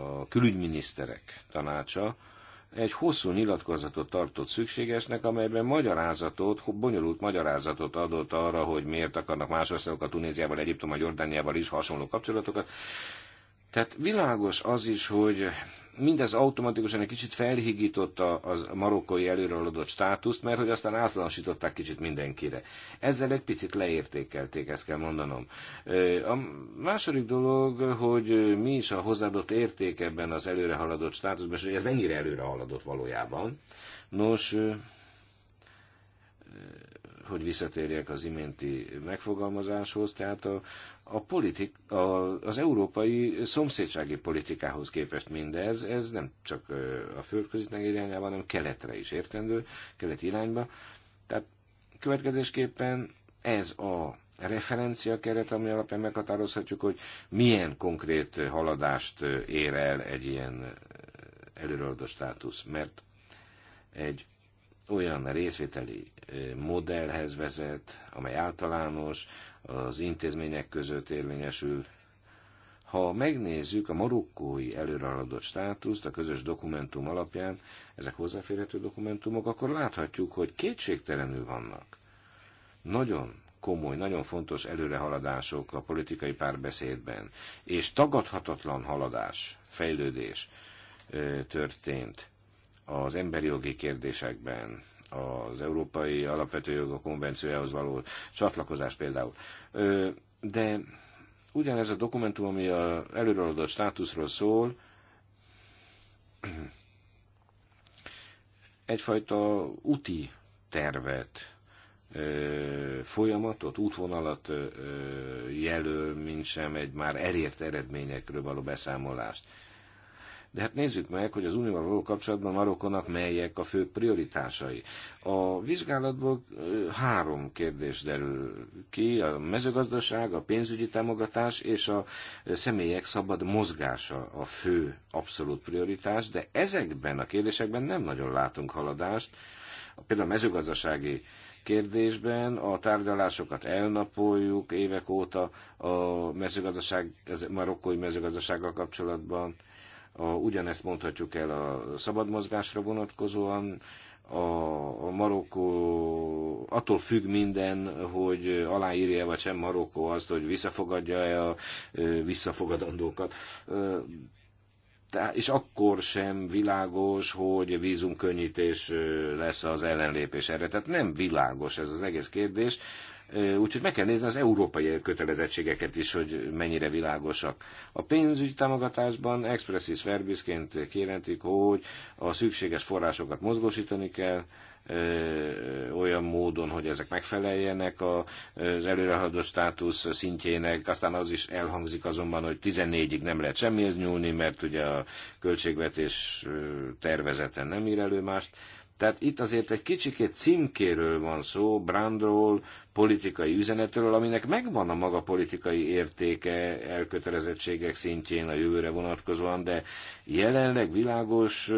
a külügyminiszterek tanácsa egy hosszú nyilatkozatot tartott szükségesnek, amelyben magyarázatot, bonyolult magyarázatot adott arra, hogy miért akarnak más országokat, Tunéziával, a Jordániával is hasonló kapcsolatokat. Tehát világos az is, hogy mindez automatikusan egy kicsit felhigította az marokkói előről adott státuszt, mert hogy aztán általánosították kicsit mindenkire. Ezzel egy picit leértékelték, ezt kell mondanom. A második dolog, hogy mi is a hozzáadott érték ebben az előre haladott státuszban, és hogy ez mennyire előre haladott valójában. Nos, hogy visszatérjek az iménti megfogalmazáshoz, tehát a a politik, a, az európai szomszédsági politikához képest mindez, ez nem csak a földközi tenger hanem keletre is értendő, keleti irányba. Tehát következésképpen ez a referencia keret, ami alapján meghatározhatjuk, hogy milyen konkrét haladást ér el egy ilyen előreadó státusz, mert egy olyan részvételi modellhez vezet, amely általános, az intézmények között érvényesül. Ha megnézzük a marokkói előrehaladott státuszt a közös dokumentum alapján, ezek hozzáférhető dokumentumok, akkor láthatjuk, hogy kétségtelenül vannak. Nagyon komoly, nagyon fontos előrehaladások a politikai párbeszédben, és tagadhatatlan haladás, fejlődés történt az emberi jogi kérdésekben, az Európai Alapvető Jogok Konvenciójához való csatlakozás például. De ugyanez a dokumentum, ami a előről adott státuszról szól, egyfajta úti tervet, folyamatot, útvonalat jelöl, mint sem egy már elért eredményekről való beszámolást. De hát nézzük meg, hogy az unióval való kapcsolatban Marokkonak melyek a fő prioritásai. A vizsgálatból három kérdés derül ki, a mezőgazdaság, a pénzügyi támogatás és a személyek szabad mozgása a fő abszolút prioritás, de ezekben a kérdésekben nem nagyon látunk haladást. Például a mezőgazdasági kérdésben. A tárgyalásokat elnapoljuk évek óta a mezőgazdaság, az marokkói mezőgazdasággal kapcsolatban. A, ugyanezt mondhatjuk el a szabad mozgásra vonatkozóan, a, a Marokkó attól függ minden, hogy aláírja vagy sem Marokkó azt, hogy visszafogadja-e a visszafogadandókat és akkor sem világos, hogy vízumkönnyítés lesz az ellenlépés erre. Tehát nem világos ez az egész kérdés. Úgyhogy meg kell nézni az európai kötelezettségeket is, hogy mennyire világosak. A pénzügyi támogatásban expressis verbisként kérentik, hogy a szükséges forrásokat mozgósítani kell, olyan módon, hogy ezek megfeleljenek az előrehaladott státusz szintjének. Aztán az is elhangzik azonban, hogy 14-ig nem lehet semmihez nyúlni, mert ugye a költségvetés tervezeten nem ír elő mást. Tehát itt azért egy kicsikét címkéről van szó, brandról, politikai üzenetről, aminek megvan a maga politikai értéke, elkötelezettségek szintjén a jövőre vonatkozóan, de jelenleg világos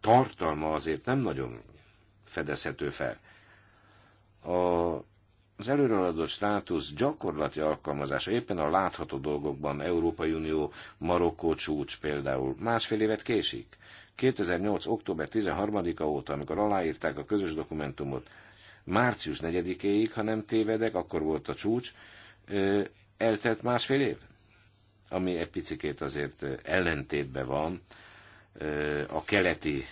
tartalma azért nem nagyon fedezhető fel. A, az előről adott státusz gyakorlati alkalmazása éppen a látható dolgokban Európai Unió Marokkó csúcs például másfél évet késik 2008. október 13-a óta, amikor aláírták a közös dokumentumot, március 4-éig, ha nem tévedek, akkor volt a csúcs, eltelt másfél év, ami egy picikét azért ellentétben van a keleti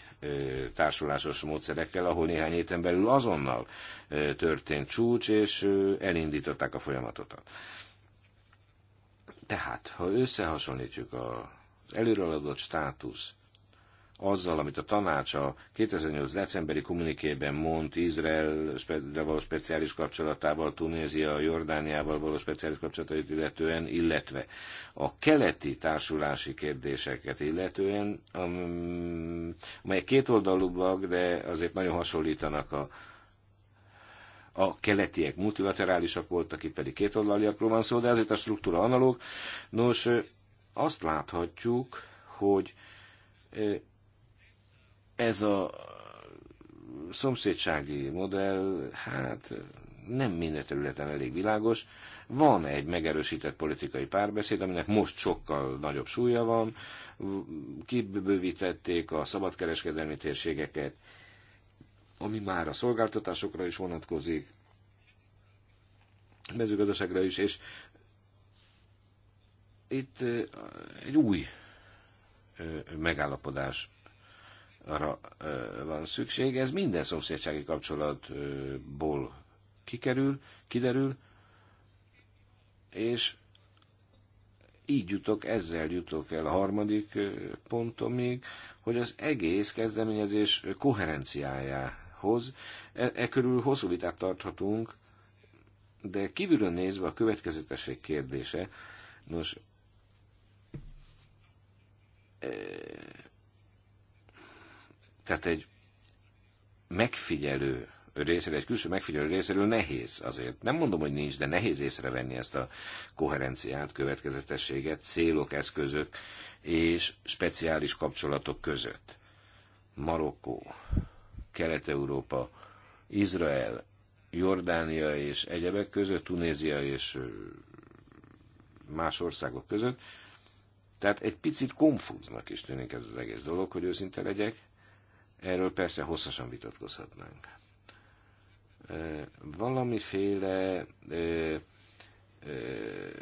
társulásos módszerekkel, ahol néhány héten belül azonnal történt csúcs, és elindították a folyamatot. Tehát, ha összehasonlítjuk az előről adott státusz azzal, amit a tanács a 2008. decemberi kommunikében mond Izrael való speciális kapcsolatával, Tunézia, Jordániával való speciális kapcsolatait illetően, illetve a keleti társulási kérdéseket illetően, amelyek oldalúbbak, de azért nagyon hasonlítanak a, a keletiek multilaterálisak voltak, itt pedig oldaliakról van szó, de azért a struktúra analóg. Nos, azt láthatjuk, hogy ez a szomszédsági modell, hát nem minden területen elég világos. Van egy megerősített politikai párbeszéd, aminek most sokkal nagyobb súlya van, kibővítették a szabadkereskedelmi térségeket, ami már a szolgáltatásokra is vonatkozik, mezőgazdaságra is, és itt eh, egy új eh, megállapodás arra van szükség. Ez minden szomszédsági kapcsolatból kikerül, kiderül, és így jutok, ezzel jutok el a harmadik pontomig, hogy az egész kezdeményezés koherenciájához, e, e körül hosszú vitát tarthatunk, de kívülön nézve a következetesség kérdése, nos, tehát egy megfigyelő részéről, egy külső megfigyelő részéről nehéz azért. Nem mondom, hogy nincs, de nehéz észrevenni ezt a koherenciát, következetességet, célok, eszközök és speciális kapcsolatok között. Marokkó, Kelet-Európa, Izrael, Jordánia és egyebek között, Tunézia és más országok között. Tehát egy picit konfúznak is tűnik ez az egész dolog, hogy őszinte legyek. Erről persze hosszasan vitatkozhatnánk. Valamiféle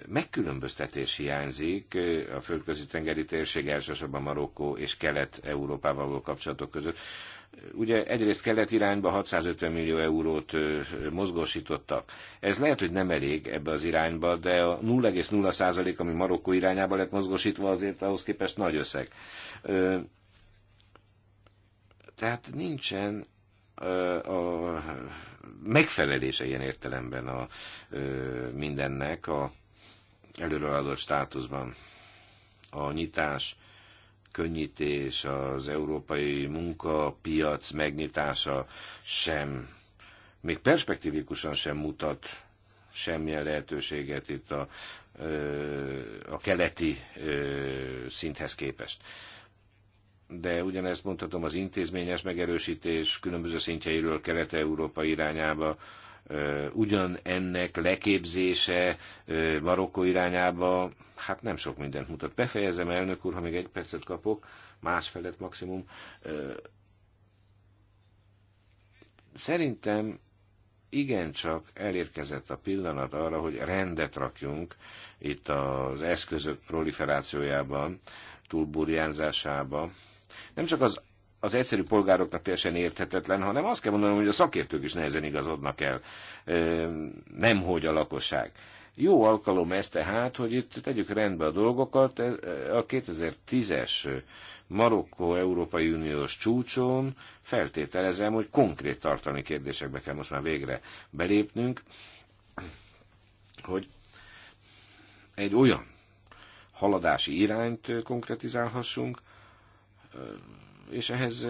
megkülönböztetés hiányzik a földközi tengeri térség, elsősorban Marokkó és Kelet-Európával való kapcsolatok között. Ugye egyrészt kelet irányba 650 millió eurót mozgósítottak. Ez lehet, hogy nem elég ebbe az irányba, de a 0,0 ami Marokkó irányába lett mozgósítva, azért ahhoz képest nagy összeg. Tehát nincsen a megfelelése ilyen értelemben a mindennek a előről adott státuszban. A nyitás, könnyítés, az európai munkapiac megnyitása sem, még perspektívikusan sem mutat semmilyen lehetőséget itt a, a keleti szinthez képest de ugyanezt mondhatom az intézményes megerősítés különböző szintjeiről Kelet-Európa irányába, ugyan ennek leképzése Marokkó irányába, hát nem sok mindent mutat. Befejezem, elnök úr, ha még egy percet kapok, másfelet maximum. Szerintem igencsak elérkezett a pillanat arra, hogy rendet rakjunk itt az eszközök proliferációjában, túlburjánzásában, nem csak az, az egyszerű polgároknak teljesen érthetetlen, hanem azt kell mondanom, hogy a szakértők is nehezen igazodnak el, nemhogy a lakosság. Jó alkalom ez tehát, hogy itt tegyük rendbe a dolgokat. A 2010-es Marokkó-Európai Uniós csúcson feltételezem, hogy konkrét tartalmi kérdésekbe kell most már végre belépnünk, hogy egy olyan haladási irányt konkretizálhassunk, és ehhez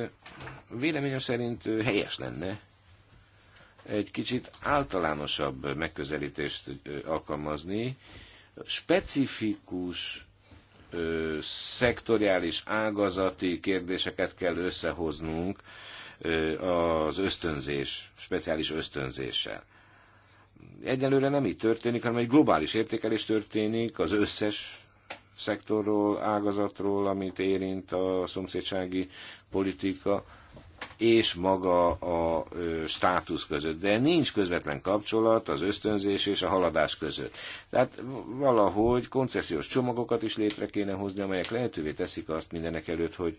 véleményem szerint helyes lenne egy kicsit általánosabb megközelítést alkalmazni, specifikus ö, szektoriális ágazati kérdéseket kell összehoznunk ö, az ösztönzés, speciális ösztönzéssel. Egyelőre nem így történik, hanem egy globális értékelés történik az összes szektorról, ágazatról, amit érint a szomszédsági politika, és maga a státusz között. De nincs közvetlen kapcsolat az ösztönzés és a haladás között. Tehát valahogy koncesziós csomagokat is létre kéne hozni, amelyek lehetővé teszik azt mindenek előtt, hogy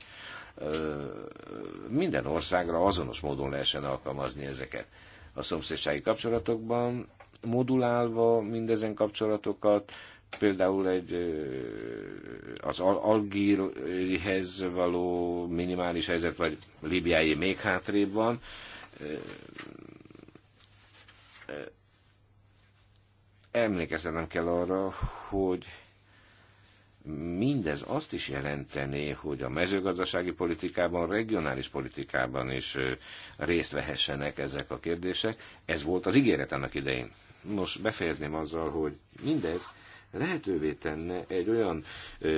minden országra azonos módon lehessen alkalmazni ezeket a szomszédsági kapcsolatokban, modulálva mindezen kapcsolatokat, Például egy, az Algírhez való minimális helyzet, vagy Libiáé még hátrébb van emlékeztetem kell arra, hogy mindez azt is jelenteni, hogy a mezőgazdasági politikában, a regionális politikában is részt vehessenek ezek a kérdések. Ez volt az ígéret annak idején. Nos, befejezném azzal, hogy mindez lehetővé tenne egy olyan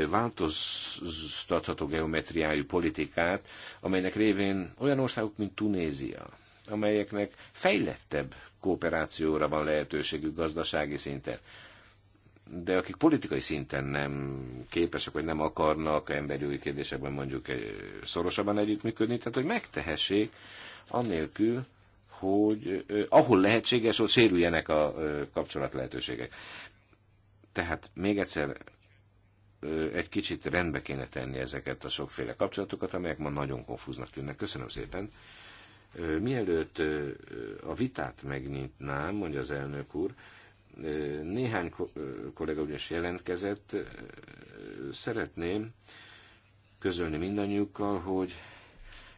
változtatható geometriájú politikát, amelynek révén olyan országok, mint Tunézia, amelyeknek fejlettebb kooperációra van lehetőségük gazdasági szinten, de akik politikai szinten nem képesek, vagy nem akarnak emberi kérdésekben mondjuk szorosabban együttműködni, tehát hogy megtehessék annélkül, hogy ahol lehetséges, ott sérüljenek a kapcsolat lehetőségek. Tehát még egyszer egy kicsit rendbe kéne tenni ezeket a sokféle kapcsolatokat, amelyek ma nagyon konfúznak tűnnek. Köszönöm szépen. Mielőtt a vitát megnyitnám, mondja az elnök úr, néhány kollega ugyanis jelentkezett, szeretném közölni mindannyiukkal, hogy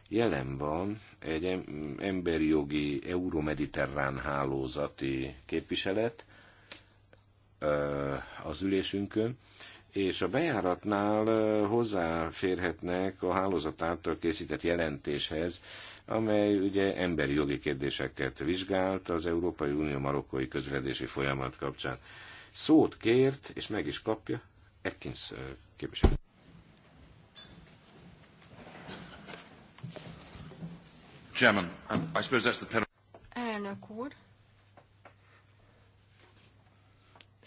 jelen van egy emberi jogi euromediterrán hálózati képviselet, az ülésünkön, és a bejáratnál hozzáférhetnek a hálózat által készített jelentéshez, amely ugye emberi jogi kérdéseket vizsgált az Európai Unió marokkói közledési folyamat kapcsán. Szót kért, és meg is kapja Ekkins képviselő. Chairman, um, I suppose that's the Elnök úr,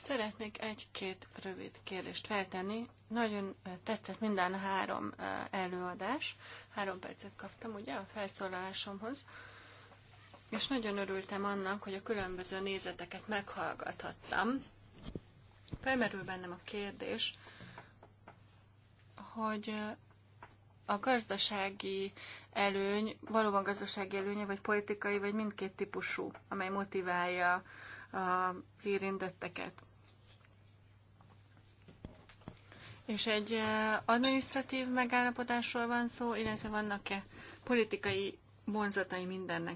Szeretnék egy-két rövid kérdést feltenni. Nagyon tetszett minden három előadás. Három percet kaptam ugye a felszólalásomhoz. És nagyon örültem annak, hogy a különböző nézeteket meghallgathattam. Felmerül bennem a kérdés, hogy a gazdasági előny valóban gazdasági előnye, vagy politikai, vagy mindkét típusú, amely motiválja az érintetteket. És egy administratív megállapodásról van szó, illetve vannak-e politikai vonzatai mindennek?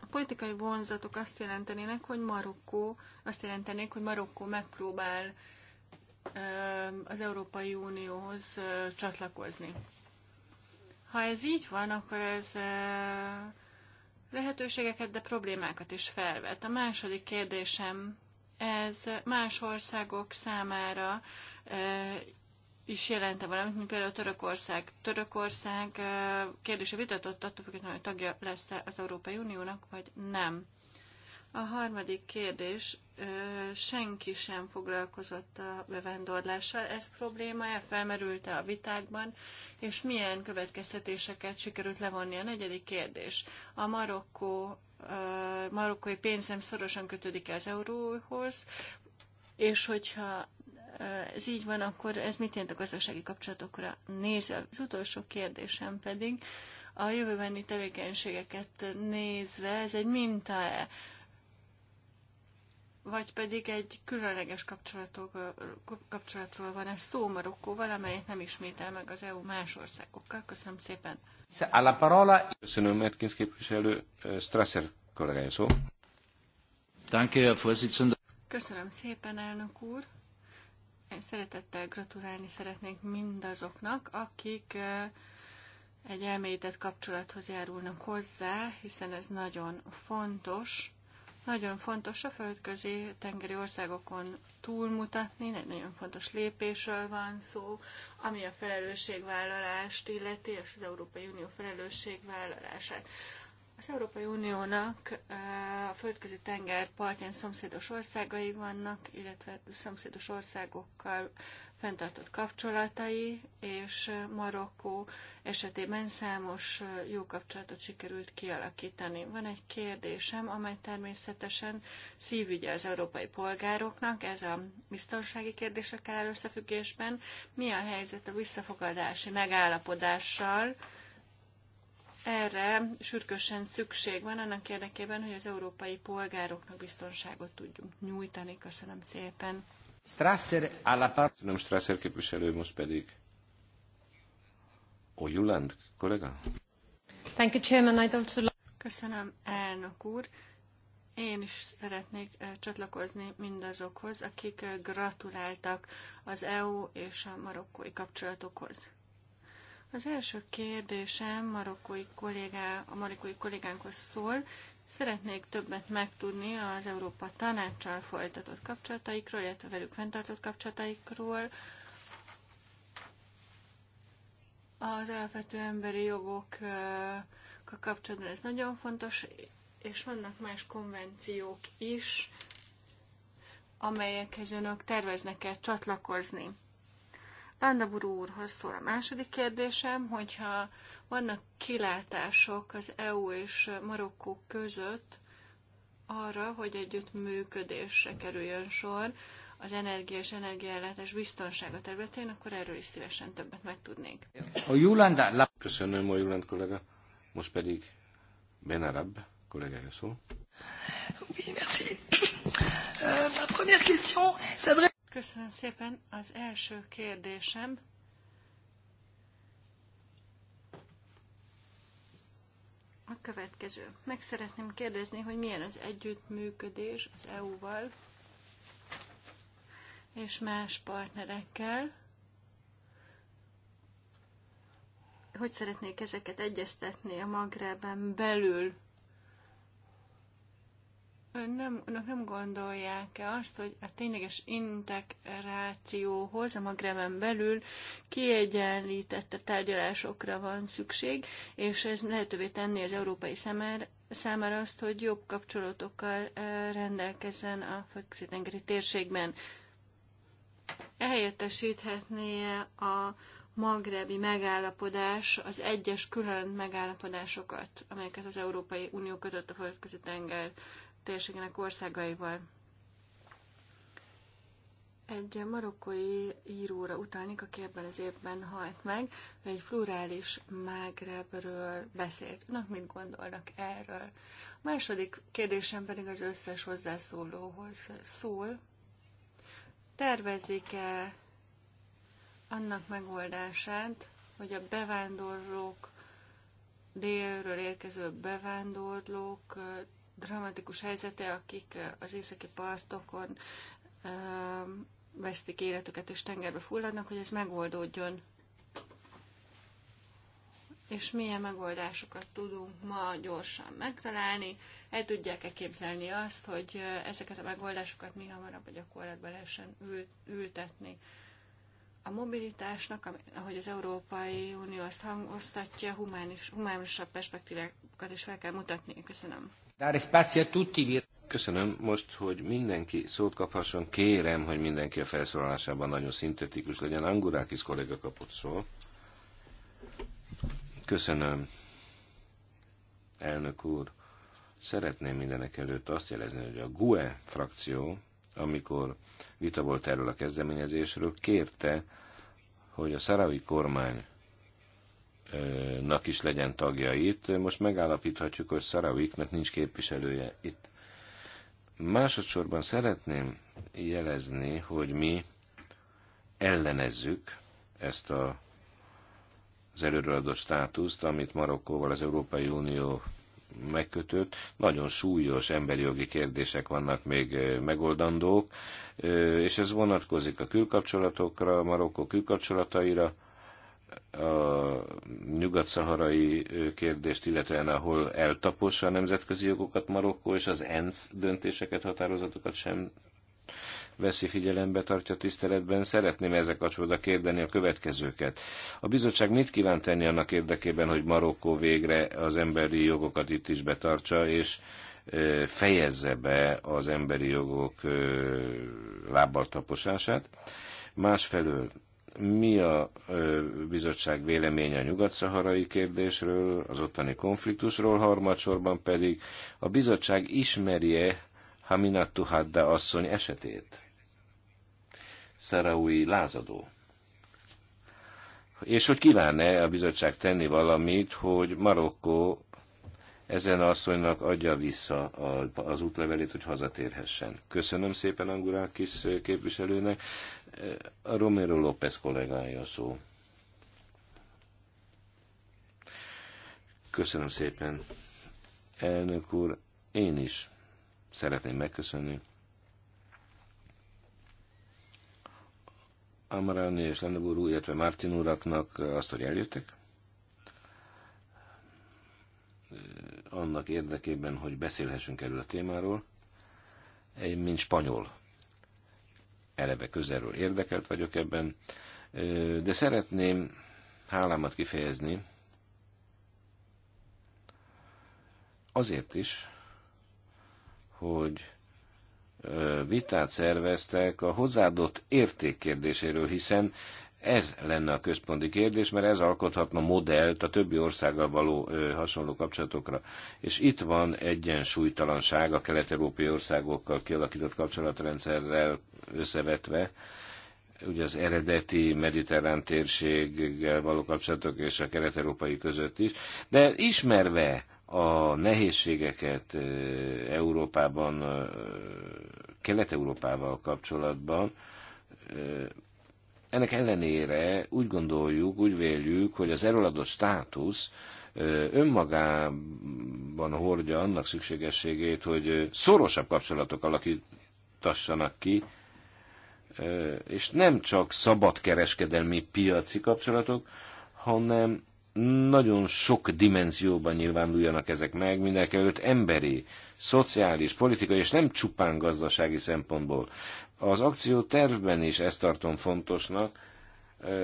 A politikai vonzatok azt jelentenének, hogy Marokkó, azt jelentenék, hogy Marokkó megpróbál az Európai Unióhoz csatlakozni. Ha ez így van, akkor ez lehetőségeket, de problémákat is felvet. A második kérdésem, ez más országok számára is jelente valamit, mint például Törökország. Törökország kérdése vitatott, attól függetlenül, hogy tagja lesz -e az Európai Uniónak, vagy nem. A harmadik kérdés, senki sem foglalkozott a bevándorlással. Ez -e? felmerült-e a vitákban, és milyen következtetéseket sikerült levonni? A negyedik kérdés, a Marokkó, marokkói pénzem szorosan kötődik az euróhoz, és hogyha ez így van, akkor ez mit jelent a gazdasági kapcsolatokra nézve? Az utolsó kérdésem pedig, a jövőbeni tevékenységeket nézve, ez egy minta-e? Vagy pedig egy különleges kapcsolatról van ez szó Marokkóval, amelyet nem ismétel meg az EU más országokkal. Köszönöm szépen. Köszönöm, Merkins képviselő. Strasser kollégája szó. Köszönöm szépen, elnök úr. Szeretettel gratulálni szeretnénk mindazoknak, akik egy elmélyített kapcsolathoz járulnak hozzá, hiszen ez nagyon fontos. Nagyon fontos a földközi tengeri országokon túlmutatni, egy nagyon fontos lépésről van szó, ami a felelősségvállalást illeti, és az Európai Unió felelősségvállalását. Az Európai Uniónak a földközi tenger partján szomszédos országai vannak, illetve szomszédos országokkal fenntartott kapcsolatai, és Marokkó esetében számos jó kapcsolatot sikerült kialakítani. Van egy kérdésem, amely természetesen szívügye az európai polgároknak, ez a biztonsági kérdésekkel összefüggésben. Mi a helyzet a visszafogadási megállapodással, erre sürgősen szükség van annak érdekében, hogy az európai polgároknak biztonságot tudjunk nyújtani. Köszönöm szépen. Strasser állapár... Köszönöm, Strasser képviselő, most pedig Ojuland kollega. Thank you, Chairman. I'd also... Köszönöm, elnök úr. Én is szeretnék eh, csatlakozni mindazokhoz, akik eh, gratuláltak az EU és a marokkói kapcsolatokhoz. Az első kérdésem marokkói kollégá, a marokkói kollégánkhoz szól. Szeretnék többet megtudni az Európa Tanácssal folytatott kapcsolataikról, illetve velük fenntartott kapcsolataikról, az alapvető emberi jogokkal kapcsolatban ez nagyon fontos, és vannak más konvenciók is, amelyekhez önök terveznek el csatlakozni. Landabur úrhoz szól a második kérdésem, hogyha vannak kilátások az EU és Marokkó között arra, hogy együtt működésre kerüljön sor az energia és energiállátás biztonsága területén, akkor erről is szívesen többet megtudnék. A Julanda... Köszönöm a Juland kollega, most pedig Benarab kollégája szól. Oui, merci. Euh, ma première question s'adresse Köszönöm szépen. Az első kérdésem a következő. Meg szeretném kérdezni, hogy milyen az együttműködés az EU-val és más partnerekkel. Hogy szeretnék ezeket egyeztetni a Magrában belül? Ön nem, önök nem gondolják-e azt, hogy a tényleges integrációhoz a Magremen belül kiegyenlített tárgyalásokra van szükség, és ez lehetővé tenni az európai számára, számára azt, hogy jobb kapcsolatokkal eh, rendelkezzen a földközi térségben. Elhelyettesíthetné a magrebi megállapodás az egyes külön megállapodásokat, amelyeket az Európai Unió kötött a földközi tenger térségének országaival. Egy marokkói íróra utalnék, aki ebben az évben halt meg, ő egy plurális mágrebről beszélt. Önök mit gondolnak erről? A második kérdésem pedig az összes hozzászólóhoz szól. Tervezik-e annak megoldását, hogy a bevándorlók, délről érkező bevándorlók dramatikus helyzete, akik az északi partokon vesztik életüket és tengerbe fulladnak, hogy ez megoldódjon. És milyen megoldásokat tudunk ma gyorsan megtalálni? El tudják-e képzelni azt, hogy ezeket a megoldásokat mi hamarabb a gyakorlatba lehessen ültetni? a mobilitásnak, ahogy az Európai Unió azt hangoztatja, humánis, humánisabb perspektívákat is fel kell mutatni. Köszönöm. Köszönöm. Most, hogy mindenki szót kaphasson, kérem, hogy mindenki a felszólalásában nagyon szintetikus legyen. Angurákis kollega kapott szó. Köszönöm. Elnök úr, szeretném mindenek előtt azt jelezni, hogy a GUE frakció amikor vita volt erről a kezdeményezésről, kérte, hogy a szaravi kormánynak is legyen tagja itt. Most megállapíthatjuk, hogy Szaraviknak nincs képviselője itt. Másodszorban szeretném jelezni, hogy mi ellenezzük ezt a, az előről adott státuszt, amit Marokkóval az Európai Unió megkötött. Nagyon súlyos emberi jogi kérdések vannak még megoldandók, és ez vonatkozik a külkapcsolatokra, Marokkó külkapcsolataira, a nyugat-szaharai kérdést, illetően ahol eltapossa a nemzetközi jogokat Marokkó, és az ENSZ döntéseket, határozatokat sem veszi figyelembe, tartja tiszteletben. Szeretném ezek a csoda kérdeni a következőket. A bizottság mit kíván tenni annak érdekében, hogy Marokkó végre az emberi jogokat itt is betartsa, és fejezze be az emberi jogok lábbal taposását. Másfelől mi a bizottság véleménye a nyugat-szaharai kérdésről, az ottani konfliktusról, harmadsorban pedig a bizottság ismerje Haminat Tuhadda asszony esetét? szaraui lázadó. És hogy kívánne a bizottság tenni valamit, hogy Marokkó ezen asszonynak adja vissza az útlevelét, hogy hazatérhessen. Köszönöm szépen Angurákis képviselőnek. A Romero López kollégája szó. Köszönöm szépen. Elnök úr, én is szeretném megköszönni Amarani és Lendebúr úr, illetve Martin uraknak azt, hogy eljöttek. Annak érdekében, hogy beszélhessünk erről a témáról. Én, mint spanyol, eleve közelről érdekelt vagyok ebben, de szeretném hálámat kifejezni azért is, hogy vitát szerveztek a hozzáadott érték kérdéséről, hiszen ez lenne a központi kérdés, mert ez alkothatna modellt a többi országgal való ö, hasonló kapcsolatokra. És itt van egyensúlytalanság a kelet-európai országokkal kialakított kapcsolatrendszerrel összevetve. Ugye az eredeti mediterrán térséggel való kapcsolatok és a kelet-európai között is. De ismerve a nehézségeket Európában, Kelet-Európával kapcsolatban, ennek ellenére úgy gondoljuk, úgy véljük, hogy az eroladott státusz önmagában hordja annak szükségességét, hogy szorosabb kapcsolatok alakítassanak ki, és nem csak szabadkereskedelmi piaci kapcsolatok, hanem nagyon sok dimenzióban nyilvánuljanak ezek meg, előtt emberi, szociális, politikai és nem csupán gazdasági szempontból. Az akciótervben is ezt tartom fontosnak,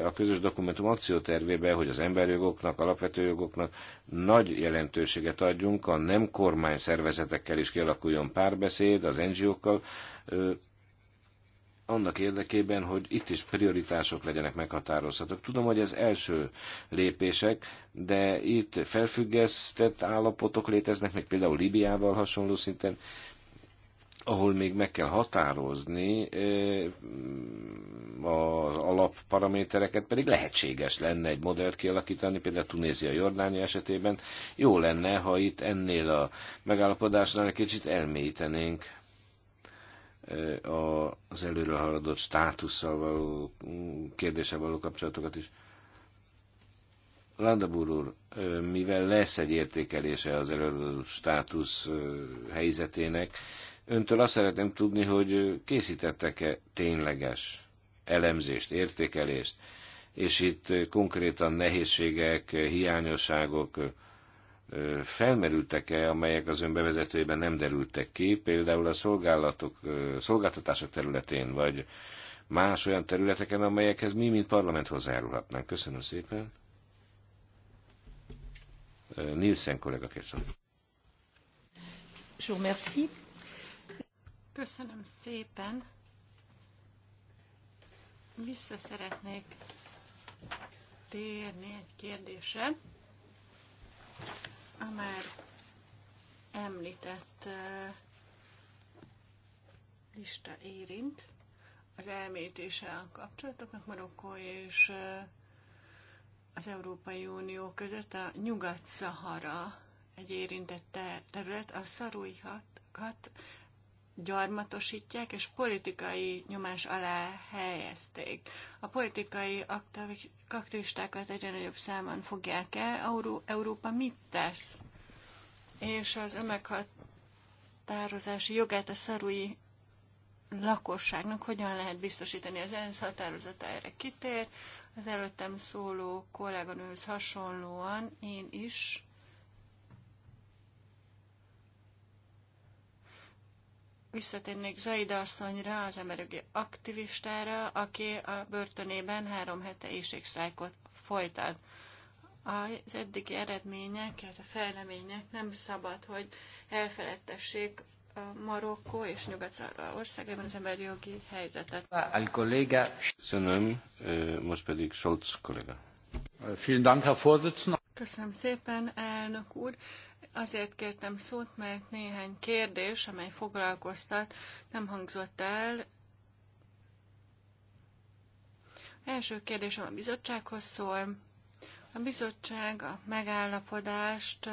a közös dokumentum akciótervében hogy az emberjogoknak, alapvető jogoknak nagy jelentőséget adjunk, a nem kormány szervezetekkel is kialakuljon párbeszéd, az NGO-kkal, annak érdekében, hogy itt is prioritások legyenek meghatározhatók. Tudom, hogy ez első lépések, de itt felfüggesztett állapotok léteznek, még például Libiával hasonló szinten, ahol még meg kell határozni az alapparamétereket, pedig lehetséges lenne egy modellt kialakítani, például Tunézia, Jordánia esetében. Jó lenne, ha itt ennél a megállapodásnál egy kicsit elmélyítenénk az előre haladott státusszal való mm, kérdése való kapcsolatokat is. Landabur úr, mivel lesz egy értékelése az előadott státusz helyzetének, öntől azt szeretném tudni, hogy készítettek-e tényleges elemzést, értékelést, és itt konkrétan nehézségek, hiányosságok, felmerültek-e, amelyek az ön bevezetőjében nem derültek ki, például a szolgálatok, szolgáltatások területén, vagy más olyan területeken, amelyekhez mi, mint parlament hozzájárulhatnánk. Köszönöm szépen. Nielsen kollega, köszönöm. Köszönöm szépen. Vissza szeretnék térni egy kérdésre a már említett lista érint az elmétése a kapcsolatoknak Marokkó és az Európai Unió között a Nyugat-Szahara egy érintett terület, a szarújhat gyarmatosítják és politikai nyomás alá helyezték. A politikai aktivistákat egyre nagyobb számon fogják el. Európa mit tesz? És az önmeghatározási jogát a szarui lakosságnak hogyan lehet biztosítani. Az ENSZ határozata erre kitér. Az előttem szóló kolléganőhöz hasonlóan én is visszatérnék Zaida asszonyra, az emberi aktivistára, aki a börtönében három hete éjségsztrájkot folytat. Az eddigi eredmények, a fejlemények nem szabad, hogy elfeledtessék Marokkó és nyugat országban országában az emberi jogi helyzetet. Al kolléga. Köszönöm, most pedig Scholz kolléga. Köszönöm szépen, elnök úr. Azért kértem szót, mert néhány kérdés, amely foglalkoztat, nem hangzott el. Első kérdésem a bizottsághoz szól. A bizottság a megállapodást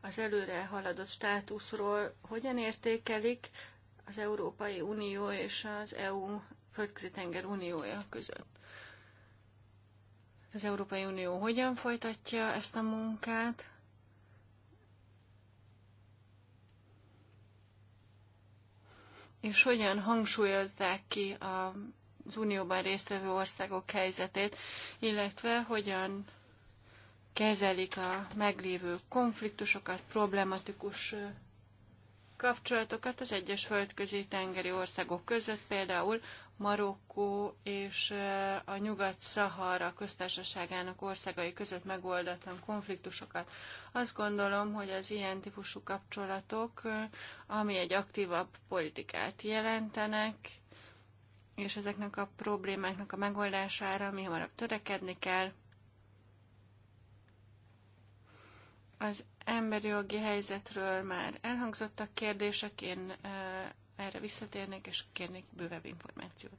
az előre haladott státuszról hogyan értékelik az Európai Unió és az EU földközi tenger uniója között? Az Európai Unió hogyan folytatja ezt a munkát? és hogyan hangsúlyozzák ki a, az unióban résztvevő országok helyzetét, illetve hogyan kezelik a meglévő konfliktusokat, problematikus kapcsolatokat az egyes földközi tengeri országok között, például Marokkó és eh, a Nyugat-Szahara köztársaságának országai között megoldatlan konfliktusokat. Azt gondolom, hogy az ilyen típusú kapcsolatok, eh, ami egy aktívabb politikát jelentenek, és ezeknek a problémáknak a megoldására mi hamarabb törekedni kell. Az emberi jogi helyzetről már elhangzottak kérdések, én eh, erre visszatérnék, és kérnék bővebb információt.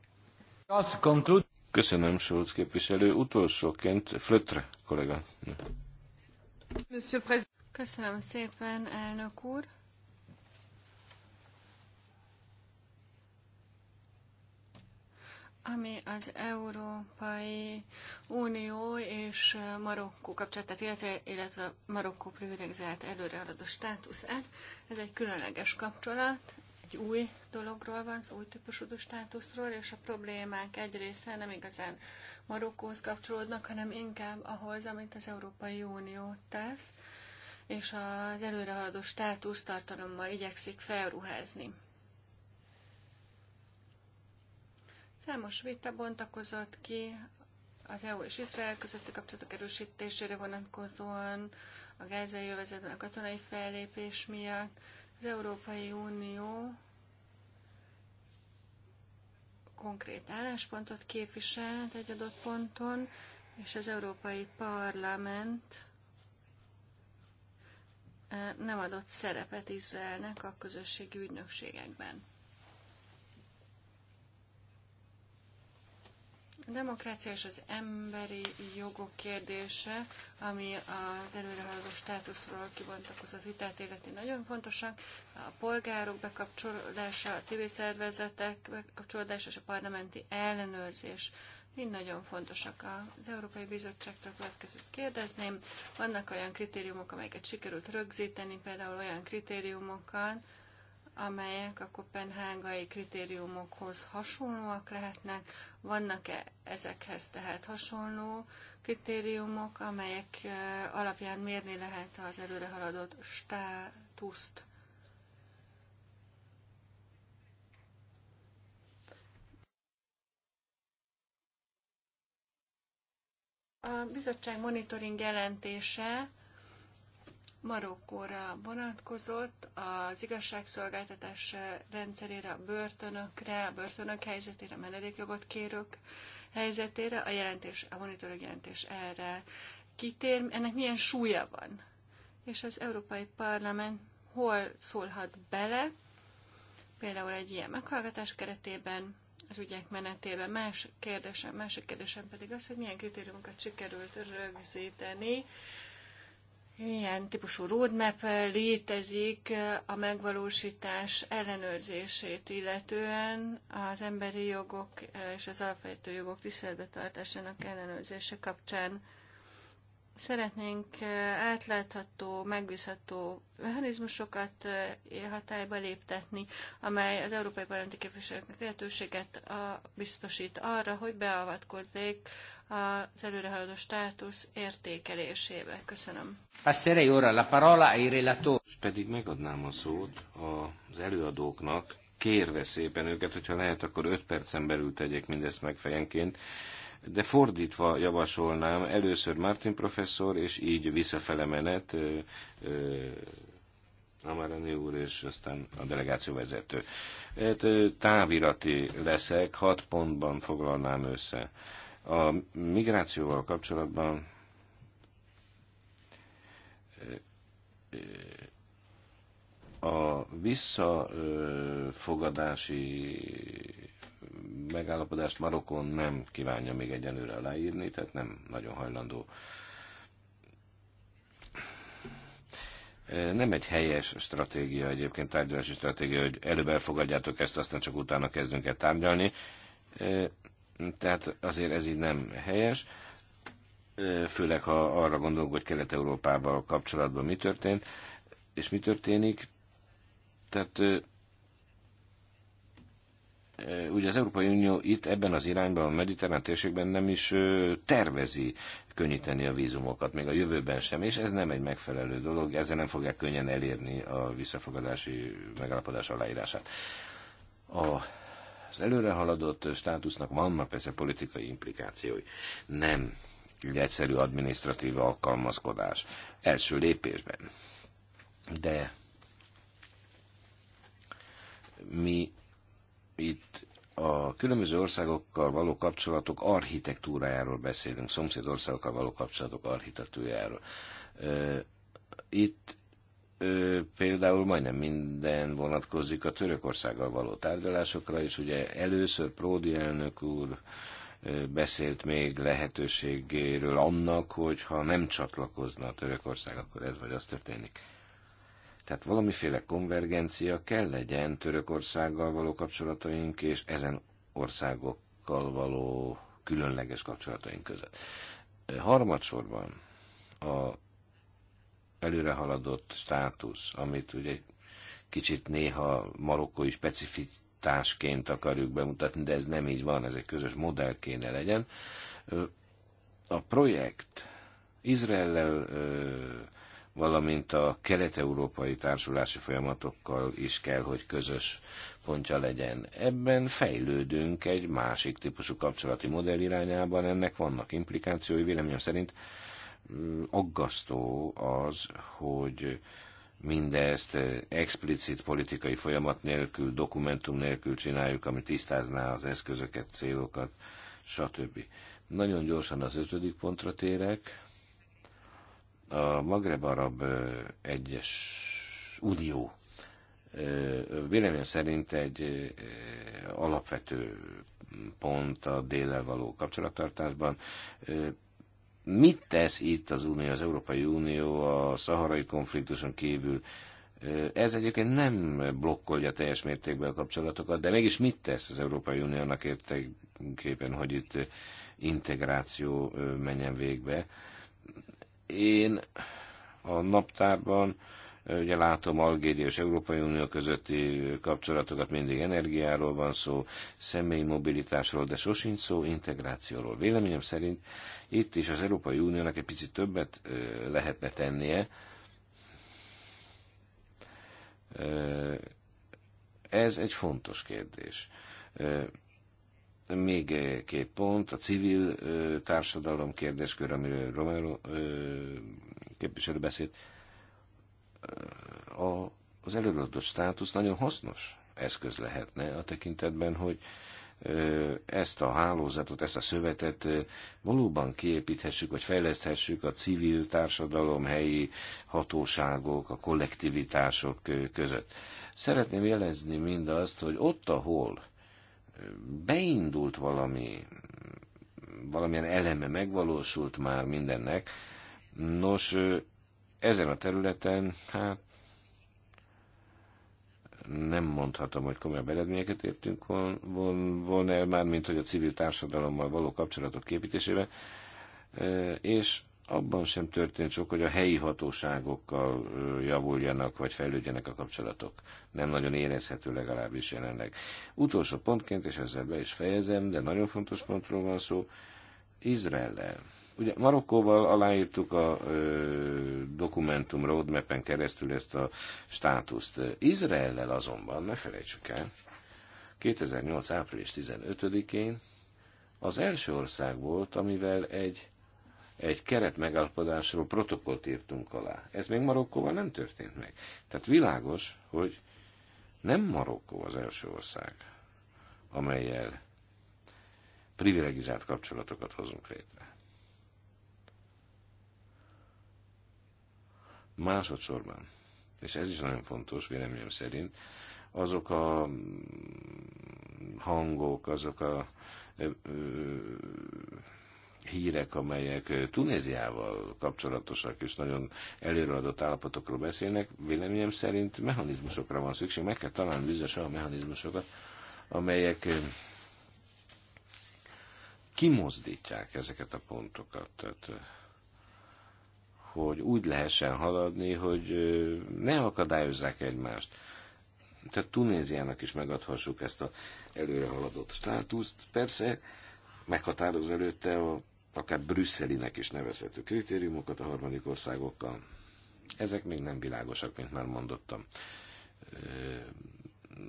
Köszönöm, Schulz képviselő. Utolsóként Flötre kollega. Köszönöm szépen, elnök úr. ami az Európai Unió és Marokkó kapcsolatát, illetve, illetve Marokkó privilegizált előrehaladó státuszát. Ez egy különleges kapcsolat, egy új dologról van szó, új típusú státuszról, és a problémák egy része nem igazán Marokkóhoz kapcsolódnak, hanem inkább ahhoz, amit az Európai Unió tesz, és az előrehaladó státusz tartalommal igyekszik felruházni. Számos vita bontakozott ki az EU és Izrael közötti kapcsolatok erősítésére vonatkozóan, a gázai jövezetben a katonai fellépés miatt, az Európai Unió konkrét álláspontot képviselt egy adott ponton, és az Európai Parlament eh, nem adott szerepet Izraelnek a közösségi ügynökségekben. A demokrácia és az emberi jogok kérdése, ami az előrehaladó státuszról kibontakozott vitát életi nagyon fontosak. A polgárok bekapcsolódása, a civil szervezetek bekapcsolódása és a parlamenti ellenőrzés mind nagyon fontosak. Az Európai Bizottságtól következőt kérdezném. Vannak olyan kritériumok, amelyeket sikerült rögzíteni, például olyan kritériumokkal, amelyek a kopenhágai kritériumokhoz hasonlóak lehetnek. Vannak-e ezekhez tehát hasonló kritériumok, amelyek alapján mérni lehet az haladott státuszt? A bizottság monitoring jelentése Marokkóra vonatkozott, az igazságszolgáltatás rendszerére, a börtönökre, a börtönök helyzetére, a menedékjogot kérők helyzetére, a jelentés, a monitoring jelentés erre kitér, ennek milyen súlya van. És az Európai Parlament hol szólhat bele, például egy ilyen meghallgatás keretében, az ügyek menetében. Más kérdésem, másik kérdésem pedig az, hogy milyen kritériumokat sikerült rögzíteni milyen típusú roadmap létezik a megvalósítás ellenőrzését illetően az emberi jogok és az alapvető jogok tiszteletbetartásának ellenőrzése kapcsán. Szeretnénk átlátható, megbízható mechanizmusokat hatályba léptetni, amely az európai parlamenti képviselőknek lehetőséget biztosít arra, hogy beavatkozzék az előrehaladó státusz értékelésébe. Köszönöm. Passerei ora la parola ai relatori. Pedig megadnám a szót az előadóknak, kérve szépen őket, hogyha lehet, akkor öt percen belül tegyék mindezt meg fejenként, de fordítva javasolnám, először Martin professzor, és így visszafele menet, Amarani úr, és aztán a delegáció vezető. Hát, távirati leszek, hat pontban foglalnám össze a migrációval kapcsolatban eh, eh, a visszafogadási megállapodást Marokon nem kívánja még egyenlőre aláírni, tehát nem nagyon hajlandó. Eh, nem egy helyes stratégia egyébként, tárgyalási stratégia, hogy előbb elfogadjátok ezt, aztán csak utána kezdünk el tárgyalni. Tehát azért ez így nem helyes, főleg ha arra gondolok, hogy Kelet-Európával kapcsolatban mi történt, és mi történik. Tehát ugye az Európai Unió itt ebben az irányban, a mediterrán térségben nem is tervezi könnyíteni a vízumokat, még a jövőben sem, és ez nem egy megfelelő dolog, ezzel nem fogják könnyen elérni a visszafogadási megállapodás aláírását. A az előrehaladott státusznak vannak persze politikai implikációi. Nem egy egyszerű administratív alkalmazkodás első lépésben. De mi itt a különböző országokkal való kapcsolatok architektúrájáról beszélünk, szomszéd országokkal való kapcsolatok architektúrájáról. Itt ö, például majdnem minden vonatkozik a Törökországgal való tárgyalásokra, és ugye először Pródi elnök úr ö, beszélt még lehetőségéről annak, hogy ha nem csatlakozna a Törökország, akkor ez vagy az történik. Tehát valamiféle konvergencia kell legyen Törökországgal való kapcsolataink és ezen országokkal való különleges kapcsolataink között. Harmadsorban a előrehaladott státusz, amit ugye egy kicsit néha marokkói specifitásként akarjuk bemutatni, de ez nem így van, ez egy közös modell kéne legyen. A projekt Izrael valamint a kelet-európai társulási folyamatokkal is kell, hogy közös pontja legyen. Ebben fejlődünk egy másik típusú kapcsolati modell irányában, ennek vannak implikációi, véleményem szerint aggasztó az, hogy mindezt explicit politikai folyamat nélkül, dokumentum nélkül csináljuk, ami tisztázná az eszközöket, célokat, stb. Nagyon gyorsan az ötödik pontra térek. A Magreb Arab egyes unió vélemény szerint egy alapvető pont a déllel való kapcsolattartásban. Mit tesz itt az Unió, az Európai Unió a szaharai konfliktuson kívül? Ez egyébként nem blokkolja teljes mértékben a kapcsolatokat, de mégis mit tesz az Európai Unió annak értékében, hogy itt integráció menjen végbe? Én a naptárban Ugye látom, Algéria és Európai Unió közötti kapcsolatokat mindig energiáról van szó, személyi mobilitásról, de sosincs szó integrációról. Véleményem szerint itt is az Európai Uniónak egy picit többet lehetne tennie. Ez egy fontos kérdés még két pont, a civil társadalom kérdéskör, amiről Romero képviselő beszélt a, az előadott státusz nagyon hasznos eszköz lehetne a tekintetben, hogy ezt a hálózatot, ezt a szövetet valóban kiépíthessük, vagy fejleszthessük a civil társadalom, helyi hatóságok, a kollektivitások között. Szeretném jelezni mindazt, hogy ott, ahol beindult valami, valamilyen eleme megvalósult már mindennek, nos, ezen a területen, hát nem mondhatom, hogy komolyabb eredményeket értünk volna el, már mint hogy a civil társadalommal való kapcsolatok képítésében, és abban sem történt sok, hogy a helyi hatóságokkal javuljanak, vagy fejlődjenek a kapcsolatok. Nem nagyon érezhető legalábbis jelenleg. Utolsó pontként, és ezzel be is fejezem, de nagyon fontos pontról van szó, Izrael-el. Ugye Marokkóval aláírtuk a ö, dokumentum roadmap-en keresztül ezt a státuszt. Izraellel azonban, ne felejtsük el, 2008. április 15-én az első ország volt, amivel egy, egy keret megállapodásról protokollt írtunk alá. Ez még Marokkóval nem történt meg. Tehát világos, hogy nem Marokkó az első ország, amelyel privilegizált kapcsolatokat hozunk létre. Másodszorban, és ez is nagyon fontos véleményem szerint, azok a mm, hangok, azok a ö, hírek, amelyek Tunéziával kapcsolatosak és nagyon előreadott állapotokról beszélnek, véleményem szerint mechanizmusokra van szükség, meg kell találni bizonyos olyan mechanizmusokat, amelyek kimozdítják ezeket a pontokat. Tehát hogy úgy lehessen haladni, hogy ne akadályozzák egymást. Tehát Tunéziának is megadhassuk ezt a előre haladott státuszt. Persze meghatároz előtte a, akár brüsszelinek is nevezhető kritériumokat a harmadik országokkal. Ezek még nem világosak, mint már mondottam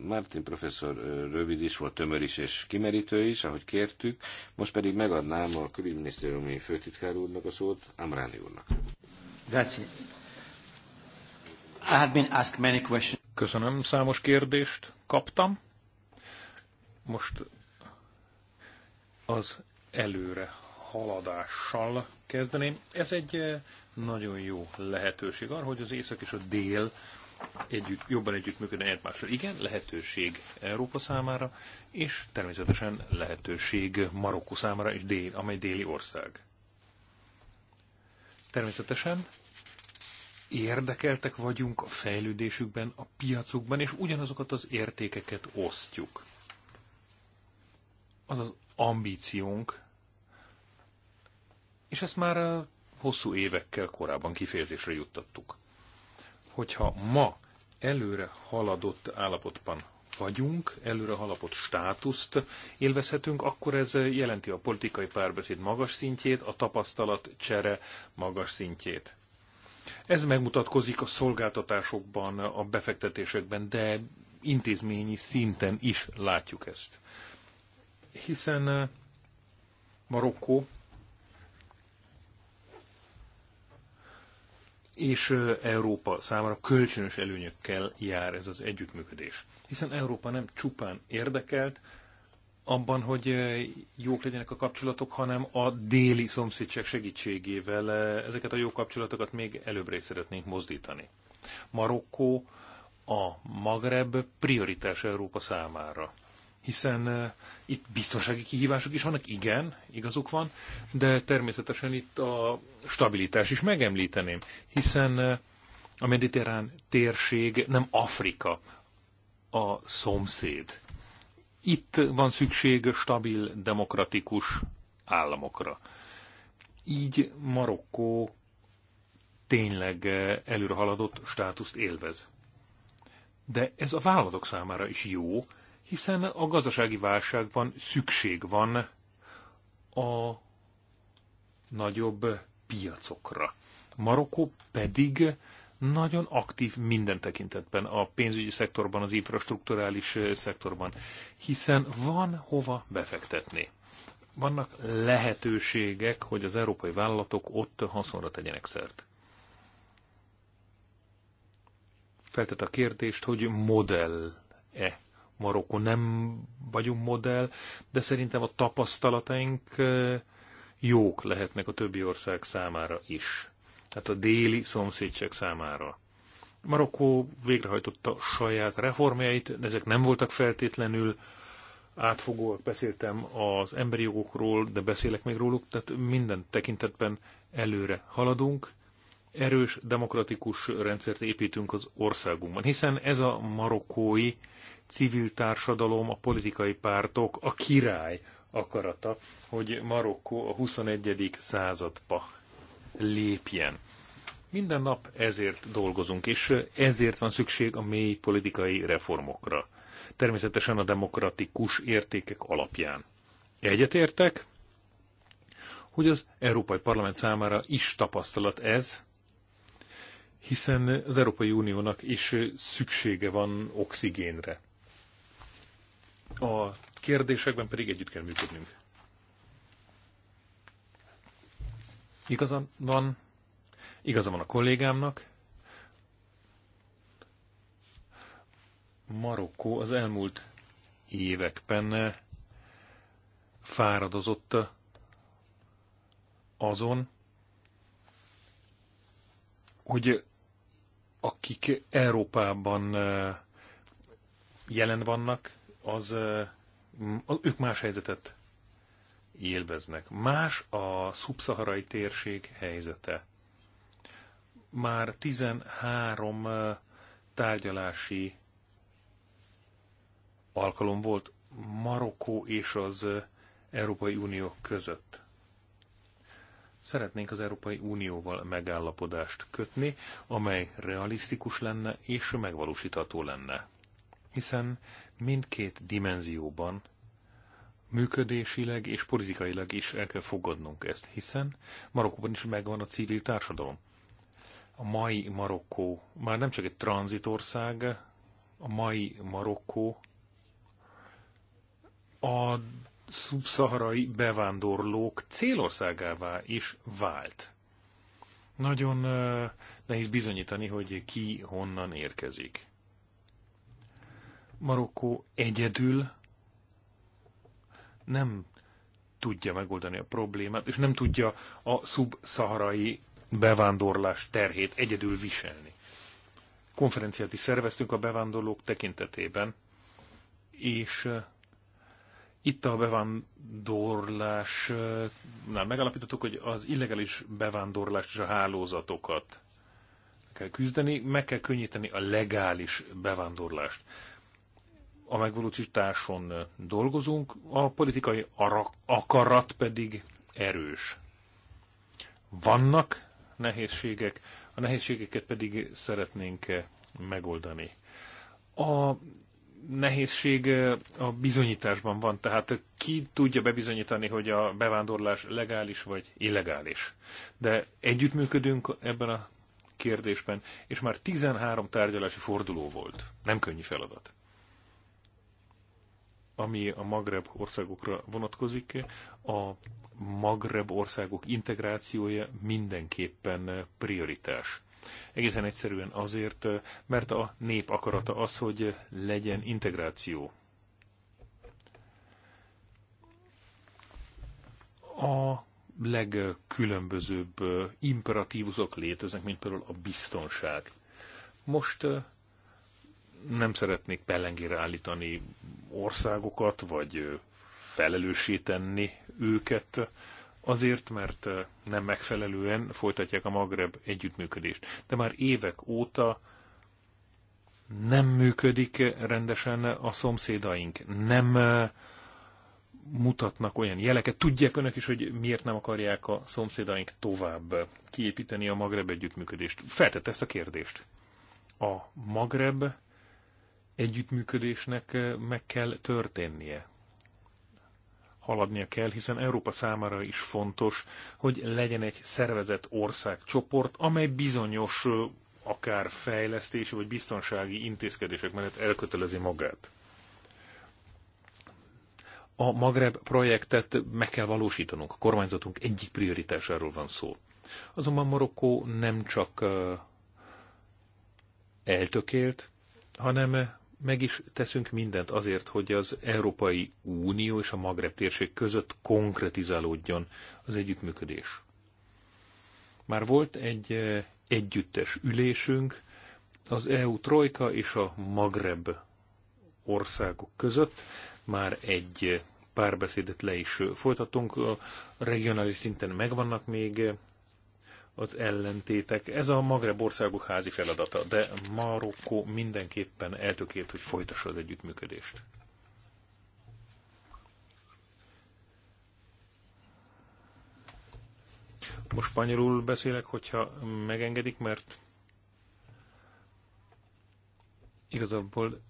Martin professzor rövid is volt, tömör is és kimerítő is, ahogy kértük. Most pedig megadnám a külügyminisztériumi főtitkár úrnak a szót, Amráni úrnak. Köszönöm, számos kérdést kaptam. Most az előre haladással kezdeném. Ez egy nagyon jó lehetőség arra, hogy az észak és a dél együtt, jobban együttműködni egymással. Igen, lehetőség Európa számára, és természetesen lehetőség Marokkó számára, és dél, amely déli ország. Természetesen érdekeltek vagyunk a fejlődésükben, a piacukban, és ugyanazokat az értékeket osztjuk. Az az ambíciónk, és ezt már eh, hosszú évekkel korábban kifejezésre juttattuk hogyha ma előre haladott állapotban vagyunk, előre halapott státuszt élvezhetünk, akkor ez jelenti a politikai párbeszéd magas szintjét, a tapasztalat csere magas szintjét. Ez megmutatkozik a szolgáltatásokban, a befektetésekben, de intézményi szinten is látjuk ezt. Hiszen Marokkó és Európa számára kölcsönös előnyökkel jár ez az együttműködés. Hiszen Európa nem csupán érdekelt abban, hogy jók legyenek a kapcsolatok, hanem a déli szomszédság segítségével ezeket a jó kapcsolatokat még előbbre is szeretnénk mozdítani. Marokkó a Magreb prioritás Európa számára hiszen eh, itt biztonsági kihívások is vannak, igen, igazuk van, de természetesen itt a stabilitás is megemlíteném, hiszen eh, a mediterrán térség nem Afrika, a szomszéd. Itt van szükség stabil, demokratikus államokra. Így Marokkó tényleg eh, előrehaladott státuszt élvez. De ez a vállalatok számára is jó, hiszen a gazdasági válságban szükség van a nagyobb piacokra. Marokkó pedig nagyon aktív minden tekintetben, a pénzügyi szektorban, az infrastruktúrális szektorban, hiszen van hova befektetni. Vannak lehetőségek, hogy az európai vállalatok ott haszonra tegyenek szert. Feltett a kérdést, hogy modell-e Marokkó nem vagyunk modell, de szerintem a tapasztalataink jók lehetnek a többi ország számára is. Tehát a déli szomszédság számára. Marokkó végrehajtotta saját reformjait, de ezek nem voltak feltétlenül átfogóak, beszéltem az emberi jogokról, de beszélek még róluk, tehát minden tekintetben előre haladunk, erős demokratikus rendszert építünk az országunkban, hiszen ez a marokkói civil társadalom, a politikai pártok, a király akarata, hogy Marokkó a 21. századba lépjen. Minden nap ezért dolgozunk, és ezért van szükség a mély politikai reformokra. Természetesen a demokratikus értékek alapján. Egyetértek, hogy az Európai Parlament számára is tapasztalat ez, hiszen az Európai Uniónak is szüksége van oxigénre. A kérdésekben pedig együtt kell működnünk. Igaza van, igaza van a kollégámnak. Marokkó az elmúlt években fáradozott azon, hogy akik Európában jelen vannak, az, ők más helyzetet élveznek. Más a szubszaharai térség helyzete. Már 13 tárgyalási alkalom volt Marokkó és az Európai Unió között. Szeretnénk az Európai Unióval megállapodást kötni, amely realisztikus lenne és megvalósítható lenne. Hiszen mindkét dimenzióban működésileg és politikailag is el kell fogadnunk ezt, hiszen Marokkóban is megvan a civil társadalom. A mai Marokkó már nem csak egy tranzitország, a mai Marokkó a szubszaharai bevándorlók célországává is vált. Nagyon nehéz bizonyítani, hogy ki honnan érkezik. Marokkó egyedül nem tudja megoldani a problémát, és nem tudja a szubszaharai bevándorlás terhét egyedül viselni. Konferenciát is szerveztünk a bevándorlók tekintetében, és itt a bevándorlás, nem megalapítottuk, hogy az illegális bevándorlást és a hálózatokat kell küzdeni, meg kell könnyíteni a legális bevándorlást. A megvalósításon dolgozunk, a politikai akarat pedig erős. Vannak nehézségek, a nehézségeket pedig szeretnénk megoldani. A nehézség a bizonyításban van, tehát ki tudja bebizonyítani, hogy a bevándorlás legális vagy illegális. De együttműködünk ebben a kérdésben, és már 13 tárgyalási forduló volt. Nem könnyű feladat. Ami a Magreb országokra vonatkozik, a Magreb országok integrációja mindenképpen prioritás. Egészen egyszerűen azért, mert a nép akarata az, hogy legyen integráció. A legkülönbözőbb imperatívusok léteznek, mint például a biztonság. Most nem szeretnék pellengére állítani országokat, vagy felelőssé tenni őket azért, mert nem megfelelően folytatják a Magreb együttműködést. De már évek óta nem működik rendesen a szomszédaink, nem mutatnak olyan jeleket. Tudják önök is, hogy miért nem akarják a szomszédaink tovább kiépíteni a Magreb együttműködést. Feltette ezt a kérdést. A Magreb együttműködésnek meg kell történnie haladnia kell, hiszen Európa számára is fontos, hogy legyen egy szervezett országcsoport, amely bizonyos akár fejlesztési vagy biztonsági intézkedések mellett elkötelezi magát. A Magreb projektet meg kell valósítanunk, a kormányzatunk egyik prioritásáról van szó. Azonban Marokkó nem csak eltökélt, hanem meg is teszünk mindent azért, hogy az Európai Unió és a Magreb térség között konkretizálódjon az együttműködés. Már volt egy eh, együttes ülésünk az EU trojka és a Magreb országok között. Már egy eh, párbeszédet le is folytatunk. A regionális szinten megvannak még eh, az ellentétek. Ez a Magreb országok házi feladata, de Marokkó mindenképpen eltökélt, hogy folytassa az együttműködést. Most spanyolul beszélek, hogyha megengedik, mert igazából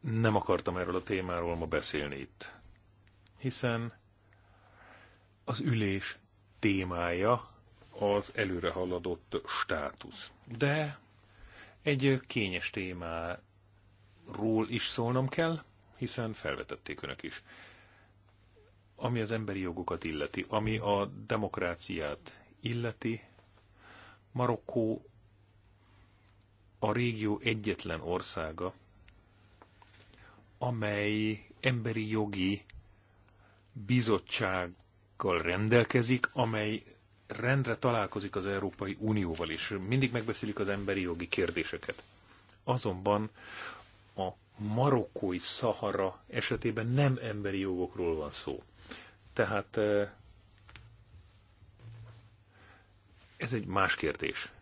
nem akartam erről a témáról ma beszélni itt. Hiszen az ülés témája az előre haladott státusz. De egy kényes témáról is szólnom kell, hiszen felvetették önök is. Ami az emberi jogokat illeti, ami a demokráciát illeti, Marokkó a régió egyetlen országa, amely emberi jogi bizottsággal rendelkezik, amely rendre találkozik az Európai Unióval is. Mindig megbeszélik az emberi jogi kérdéseket. Azonban a marokkói Szahara esetében nem emberi jogokról van szó. Tehát eh, ez egy más kérdés.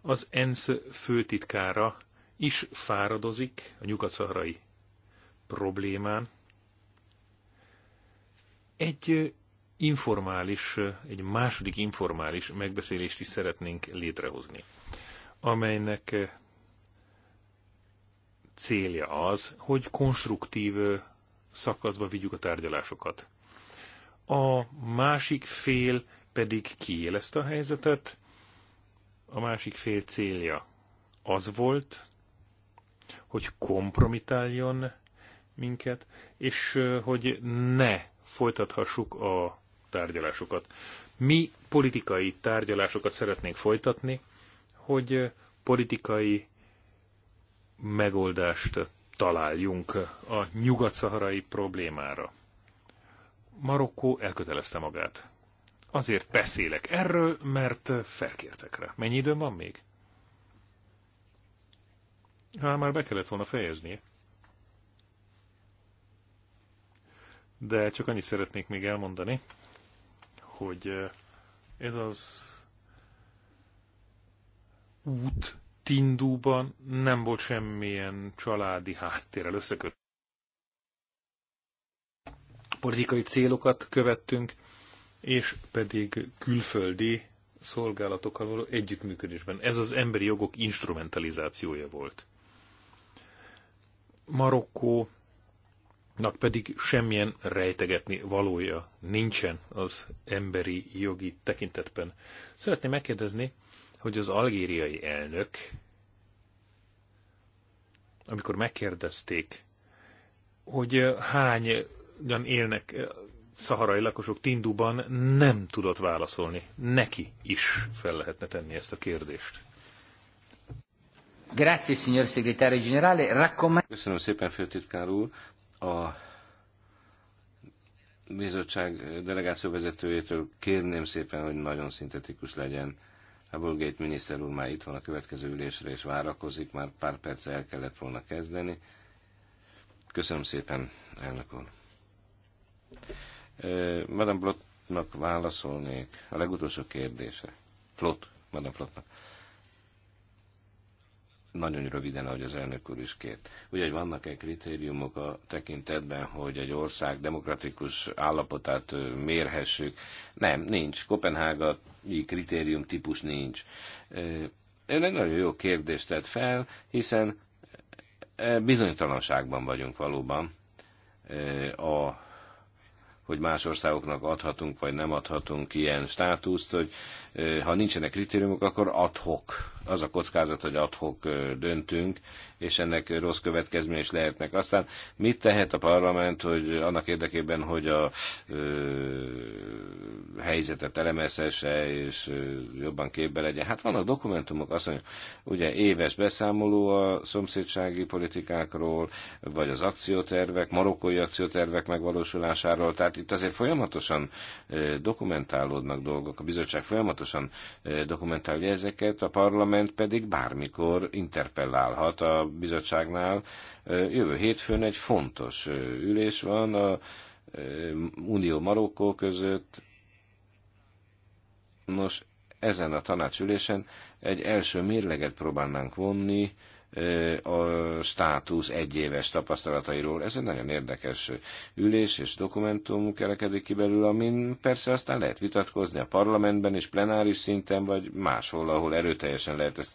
Az ENSZ főtitkára is fáradozik a nyugat-szaharai problémán. Egy eh, informális, egy második informális megbeszélést is szeretnénk létrehozni, amelynek eh, célja az, hogy konstruktív eh, szakaszba vigyük a tárgyalásokat. A másik fél pedig kiélezte a helyzetet, a másik fél célja az volt, hogy kompromitáljon minket, és eh, hogy ne folytathassuk a tárgyalásokat. Mi politikai tárgyalásokat szeretnénk folytatni, hogy politikai megoldást találjunk a nyugat-szaharai problémára. Marokkó elkötelezte magát. Azért beszélek erről, mert felkértek rá. Mennyi időm van még? Hát már be kellett volna fejezni. De csak annyit szeretnék még elmondani, hogy ez az út Tindúban nem volt semmilyen családi háttérrel összekötött. Politikai célokat követtünk, és pedig külföldi szolgálatokkal való együttműködésben. Ez az emberi jogok instrumentalizációja volt. Marokkó nak pedig semmilyen rejtegetni valója nincsen az emberi jogi tekintetben. Szeretném megkérdezni, hogy az algériai elnök, amikor megkérdezték, hogy eh, hány élnek eh, szaharai lakosok Tinduban, nem tudott válaszolni. Neki is fel lehetne tenni ezt a kérdést. Grazie, signor segretario generale. Köszönöm szépen, főtitkár úr a bizottság delegáció vezetőjétől kérném szépen, hogy nagyon szintetikus legyen. A Bulgét miniszter úr már itt van a következő ülésre, és várakozik, már pár perc el kellett volna kezdeni. Köszönöm szépen, elnök úr. Madame Blottnak válaszolnék a legutolsó kérdése. Flott, Madame Flottnak. Nagyon röviden, ahogy az elnök úr is kért. Ugye, hogy vannak-e kritériumok a tekintetben, hogy egy ország demokratikus állapotát mérhessük? Nem, nincs. Kopenhága kritérium típus nincs. Ön egy nagyon jó kérdést tett fel, hiszen bizonytalanságban vagyunk valóban a hogy más országoknak adhatunk vagy nem adhatunk ilyen státuszt, hogy ha nincsenek kritériumok, akkor adhok. Az a kockázat, hogy adhok döntünk, és ennek rossz következménye is lehetnek. Aztán mit tehet a parlament, hogy annak érdekében, hogy a ö, helyzetet elemezhesse, és jobban képbe legyen? Hát vannak dokumentumok, azt mondja, ugye éves beszámoló a szomszédsági politikákról, vagy az akciótervek, marokkói akciótervek megvalósulásáról, tehát itt azért folyamatosan dokumentálódnak dolgok, a bizottság folyamatosan dokumentálja ezeket, a parlament pedig bármikor interpellálhat a bizottságnál. Jövő hétfőn egy fontos ülés van a Unió Marokkó között. Nos, ezen a tanácsülésen egy első mérleget próbálnánk vonni a státusz egyéves tapasztalatairól. Ez egy nagyon érdekes ülés és dokumentum kerekedik ki belőle, amin persze aztán lehet vitatkozni a parlamentben és plenáris szinten, vagy máshol, ahol erőteljesen lehet ezt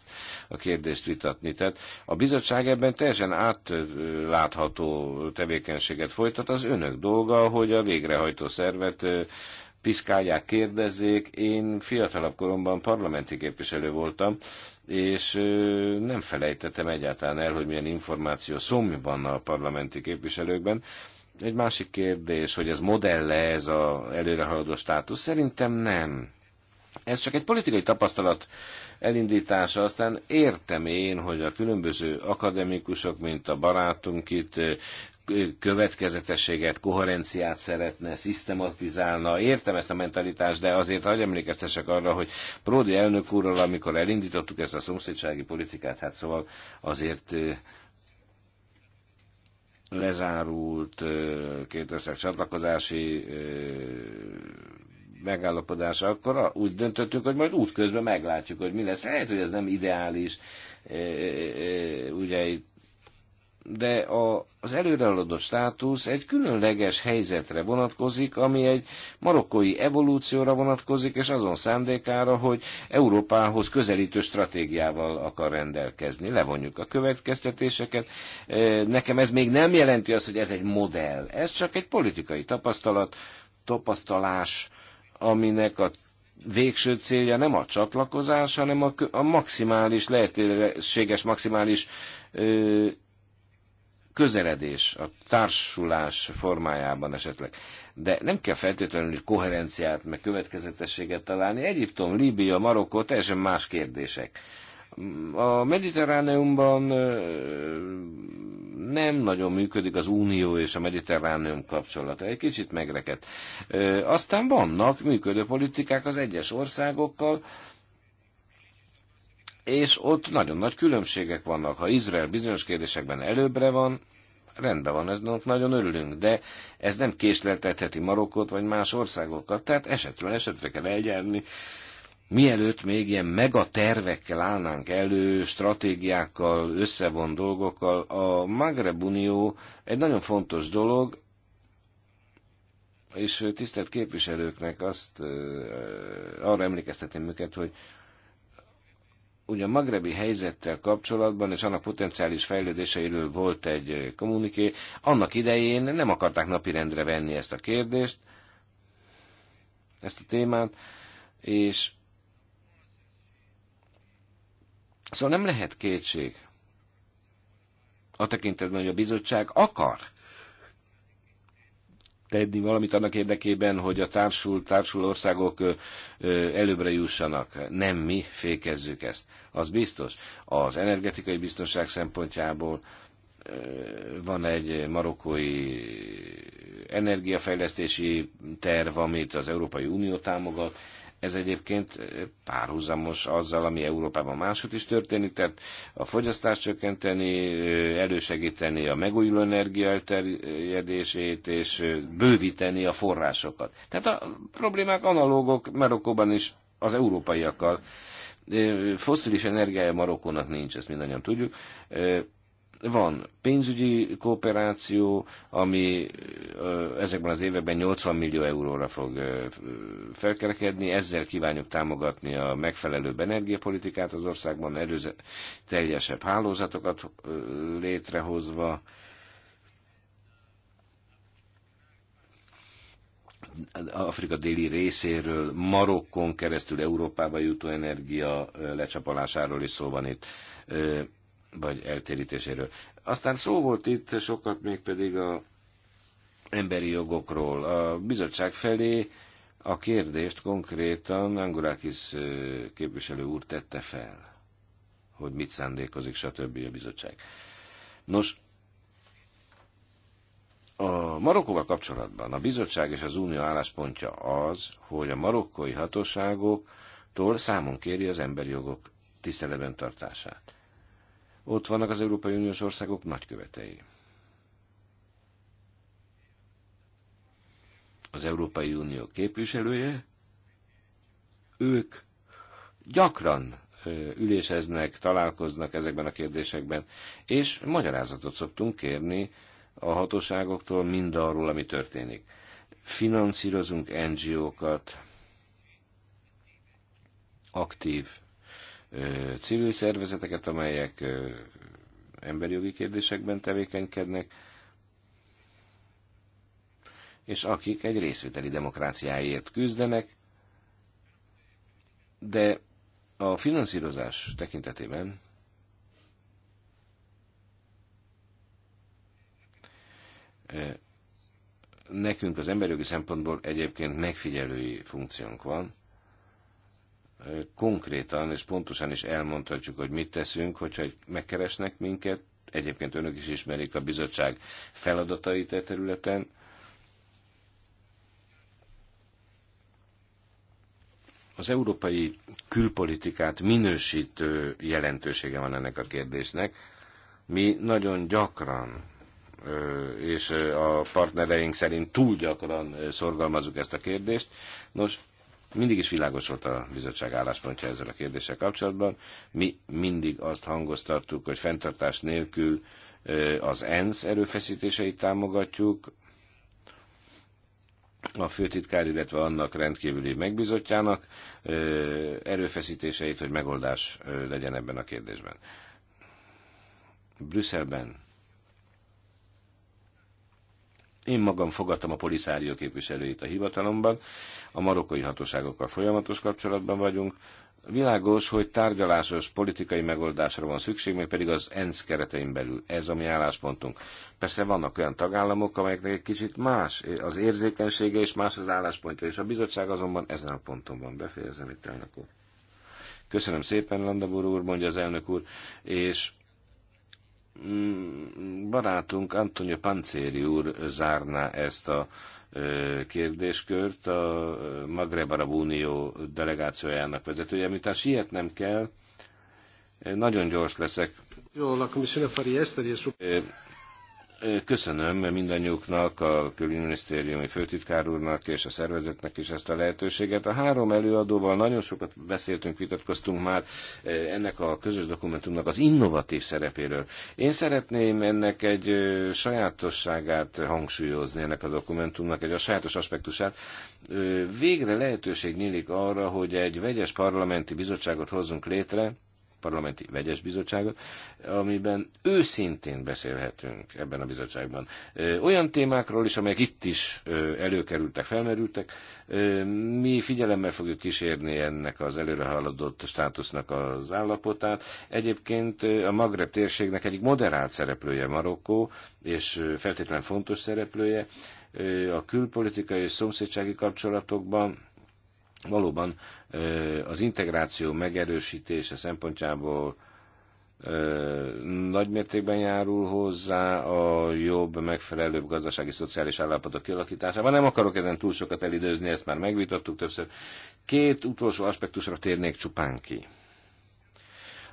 a kérdést vitatni. Tehát a bizottság ebben teljesen átlátható tevékenységet folytat. Az önök dolga, hogy a végrehajtó szervet piszkálják, kérdezzék. Én fiatalabb koromban parlamenti képviselő voltam, és nem felejtettem egyáltalán el, hogy milyen információ szomj van a parlamenti képviselőkben. Egy másik kérdés, hogy ez modelle ez a előrehaladó státusz? Szerintem nem. Ez csak egy politikai tapasztalat elindítása, aztán értem én, hogy a különböző akademikusok, mint a barátunk itt, következetességet, koherenciát szeretne, szisztematizálna. Értem ezt a mentalitást, de azért hagyj emlékeztesek arra, hogy Pródi elnök úrral, amikor elindítottuk ezt a szomszédsági politikát, hát szóval azért lezárult két ország csatlakozási megállapodás, akkor úgy döntöttünk, hogy majd útközben meglátjuk, hogy mi lesz. Lehet, hogy ez nem ideális, ugye itt de a, az előrehaladott státusz egy különleges helyzetre vonatkozik, ami egy marokkói evolúcióra vonatkozik, és azon szándékára, hogy Európához közelítő stratégiával akar rendelkezni. Levonjuk a következtetéseket. E, nekem ez még nem jelenti azt, hogy ez egy modell. Ez csak egy politikai tapasztalat, tapasztalás, aminek a végső célja nem a csatlakozás, hanem a, a maximális, lehetőséges maximális ö, közeledés, a társulás formájában esetleg. De nem kell feltétlenül koherenciát, meg következetességet találni. Egyiptom, Líbia, Marokkó teljesen más kérdések. A Mediterráneumban nem nagyon működik az Unió és a Mediterráneum kapcsolata. Egy kicsit megreket. Aztán vannak működő politikák az egyes országokkal, és ott nagyon nagy különbségek vannak. Ha Izrael bizonyos kérdésekben előbbre van, rendben van, ez nagyon örülünk, de ez nem késleltetheti Marokkot vagy más országokat, tehát esetről esetre kell eljárni, mielőtt még ilyen mega tervekkel állnánk elő, stratégiákkal, összevon dolgokkal. A Magreb Unió egy nagyon fontos dolog, és tisztelt képviselőknek azt arra emlékeztetném őket, hogy ugye a magrebi helyzettel kapcsolatban és annak potenciális fejlődéseiről volt egy kommuniké, annak idején nem akarták napirendre venni ezt a kérdést, ezt a témát, és szóval nem lehet kétség a tekintetben, hogy a bizottság akar tenni valamit annak érdekében, hogy a társul, társul országok előbbre jussanak. Nem mi fékezzük ezt. Az biztos. Az energetikai biztonság szempontjából van egy marokkói energiafejlesztési terv, amit az Európai Unió támogat, ez egyébként eh, párhuzamos azzal, ami Európában máshogy is történik, tehát a fogyasztást csökkenteni, eh, elősegíteni a megújuló energia elterjedését, és eh, bővíteni a forrásokat. Tehát a problémák analógok Marokkóban is az európaiakkal. Fosszilis energiája Marokkónak nincs, ezt mindannyian tudjuk van pénzügyi kooperáció, ami ezekben az években 80 millió euróra fog felkerekedni, ezzel kívánjuk támogatni a megfelelő energiapolitikát az országban, erőze, teljesebb hálózatokat létrehozva, Afrika déli részéről, Marokkon keresztül Európába jutó energia lecsapalásáról is szó van itt vagy eltérítéséről. Aztán szó volt itt sokat még pedig a emberi jogokról. A bizottság felé a kérdést konkrétan Angurakis képviselő úr tette fel, hogy mit szándékozik, stb. a bizottság. Nos, a Marokkóval kapcsolatban a bizottság és az unió álláspontja az, hogy a marokkói hatóságoktól számon kéri az emberi jogok tiszteletben tartását ott vannak az Európai Uniós országok nagykövetei. Az Európai Unió képviselője, ők gyakran üléseznek, találkoznak ezekben a kérdésekben, és magyarázatot szoktunk kérni a hatóságoktól mindarról, ami történik. Finanszírozunk NGO-kat, aktív civil szervezeteket, amelyek emberjogi kérdésekben tevékenykednek, és akik egy részvételi demokráciáért küzdenek, de a finanszírozás tekintetében nekünk az emberjogi szempontból egyébként megfigyelői funkciónk van, konkrétan és pontosan is elmondhatjuk, hogy mit teszünk, hogyha megkeresnek minket. Egyébként önök is ismerik a bizottság feladatait e területen. Az európai külpolitikát minősítő jelentősége van ennek a kérdésnek. Mi nagyon gyakran és a partnereink szerint túl gyakran szorgalmazunk ezt a kérdést. Nos, mindig is világos volt a bizottság álláspontja ezzel a kérdéssel kapcsolatban. Mi mindig azt hangoztattuk, hogy fenntartás nélkül az ENSZ erőfeszítéseit támogatjuk, a főtitkár, illetve annak rendkívüli megbizotjának erőfeszítéseit, hogy megoldás legyen ebben a kérdésben. Brüsszelben én magam fogadtam a poliszárió képviselőit a hivatalomban, a marokkai hatóságokkal folyamatos kapcsolatban vagyunk. Világos, hogy tárgyalásos politikai megoldásra van szükség, még pedig az ENSZ keretein belül. Ez a mi álláspontunk. Persze vannak olyan tagállamok, amelyeknek egy kicsit más az érzékenysége és más az álláspontja, és a bizottság azonban ezen a ponton van. Befejezem itt, elnök úr. Köszönöm szépen, Landabur úr, mondja az elnök úr, és Mm, barátunk Antonio Pancéri úr zárná ezt a kérdéskört a Magreb Arab Unió delegációjának vezetője, siet sietnem kell, nagyon gyors leszek. Jó, la Commissione Affari Esteri e Köszönöm mindannyiuknak, a külügyminisztériumi főtitkár úrnak és a szervezőknek is ezt a lehetőséget. A három előadóval nagyon sokat beszéltünk, vitatkoztunk már e, ennek a közös dokumentumnak az innovatív szerepéről. Én szeretném ennek egy e, sajátosságát hangsúlyozni ennek a dokumentumnak, egy a sajátos aspektusát. E, végre lehetőség nyílik arra, hogy egy vegyes parlamenti bizottságot hozzunk létre, parlamenti vegyes bizottságot, amiben őszintén beszélhetünk ebben a bizottságban. Olyan témákról is, amelyek itt is előkerültek, felmerültek, mi figyelemmel fogjuk kísérni ennek az előrehaladott státusznak az állapotát. Egyébként a Magreb térségnek egyik moderált szereplője Marokkó, és feltétlenül fontos szereplője, a külpolitikai és szomszédsági kapcsolatokban Valóban az integráció megerősítése szempontjából nagy mértékben járul hozzá a jobb, megfelelőbb gazdasági, szociális állapotok kialakításában. Nem akarok ezen túl sokat elidőzni, ezt már megvitattuk többször. Két utolsó aspektusra térnék csupán ki.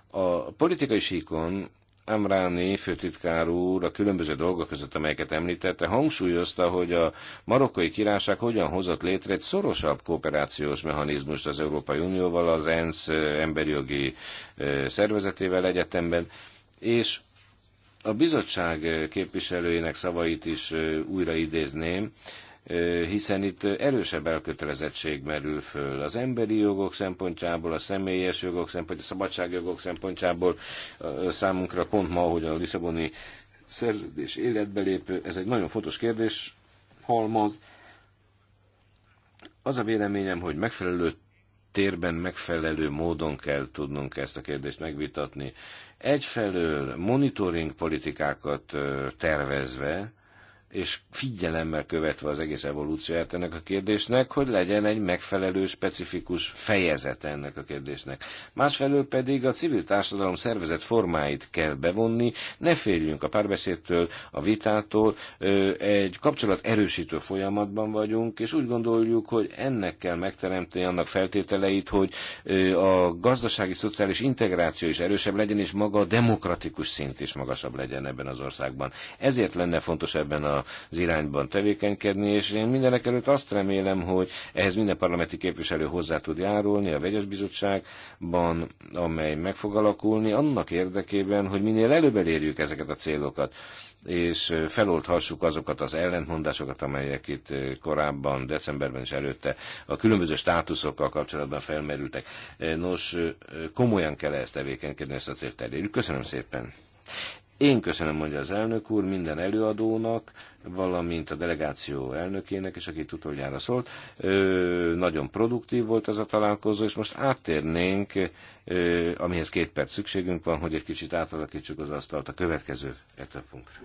A politikai síkon Amráni főtitkár úr a különböző dolgok között, amelyeket említette, hangsúlyozta, hogy a marokkai királyság hogyan hozott létre egy szorosabb kooperációs mechanizmust az Európai Unióval, az ENSZ emberi jogi szervezetével egyetemben, és a bizottság képviselőjének szavait is újra idézném, hiszen itt erősebb elkötelezettség merül föl. Az emberi jogok szempontjából, a személyes jogok szempontjából, a szabadságjogok szempontjából számunkra pont ma, hogy a Lisszaboni szerződés életbe lép, ez egy nagyon fontos kérdés, halmaz. Az a véleményem, hogy megfelelő térben megfelelő módon kell tudnunk ezt a kérdést megvitatni. Egyfelől monitoring politikákat tervezve, és figyelemmel követve az egész evolúcióját ennek a kérdésnek, hogy legyen egy megfelelő, specifikus fejezet ennek a kérdésnek. Másfelől pedig a civil társadalom szervezet formáit kell bevonni, ne féljünk a párbeszédtől, a vitától, egy kapcsolat erősítő folyamatban vagyunk, és úgy gondoljuk, hogy ennek kell megteremteni annak feltételeit, hogy a gazdasági, szociális integráció is erősebb legyen, és maga a demokratikus szint is magasabb legyen ebben az országban. Ezért lenne fontos ebben a az irányban tevékenykedni, és én mindenek előtt azt remélem, hogy ehhez minden parlamenti képviselő hozzá tud járulni a vegyes bizottságban, amely meg fog alakulni, annak érdekében, hogy minél előbb elérjük ezeket a célokat, és feloldhassuk azokat az ellentmondásokat, amelyek itt korábban, decemberben is előtte a különböző státuszokkal kapcsolatban felmerültek. Nos, komolyan kell ezt tevékenykedni, ezt a célt elérjük. Köszönöm szépen! Én köszönöm, mondja az elnök úr, minden előadónak, valamint a delegáció elnökének, és aki utoljára szólt. Ö, nagyon produktív volt ez a találkozó, és most áttérnénk, ö, amihez két perc szükségünk van, hogy egy kicsit átalakítsuk az asztalt a következő etapunkra.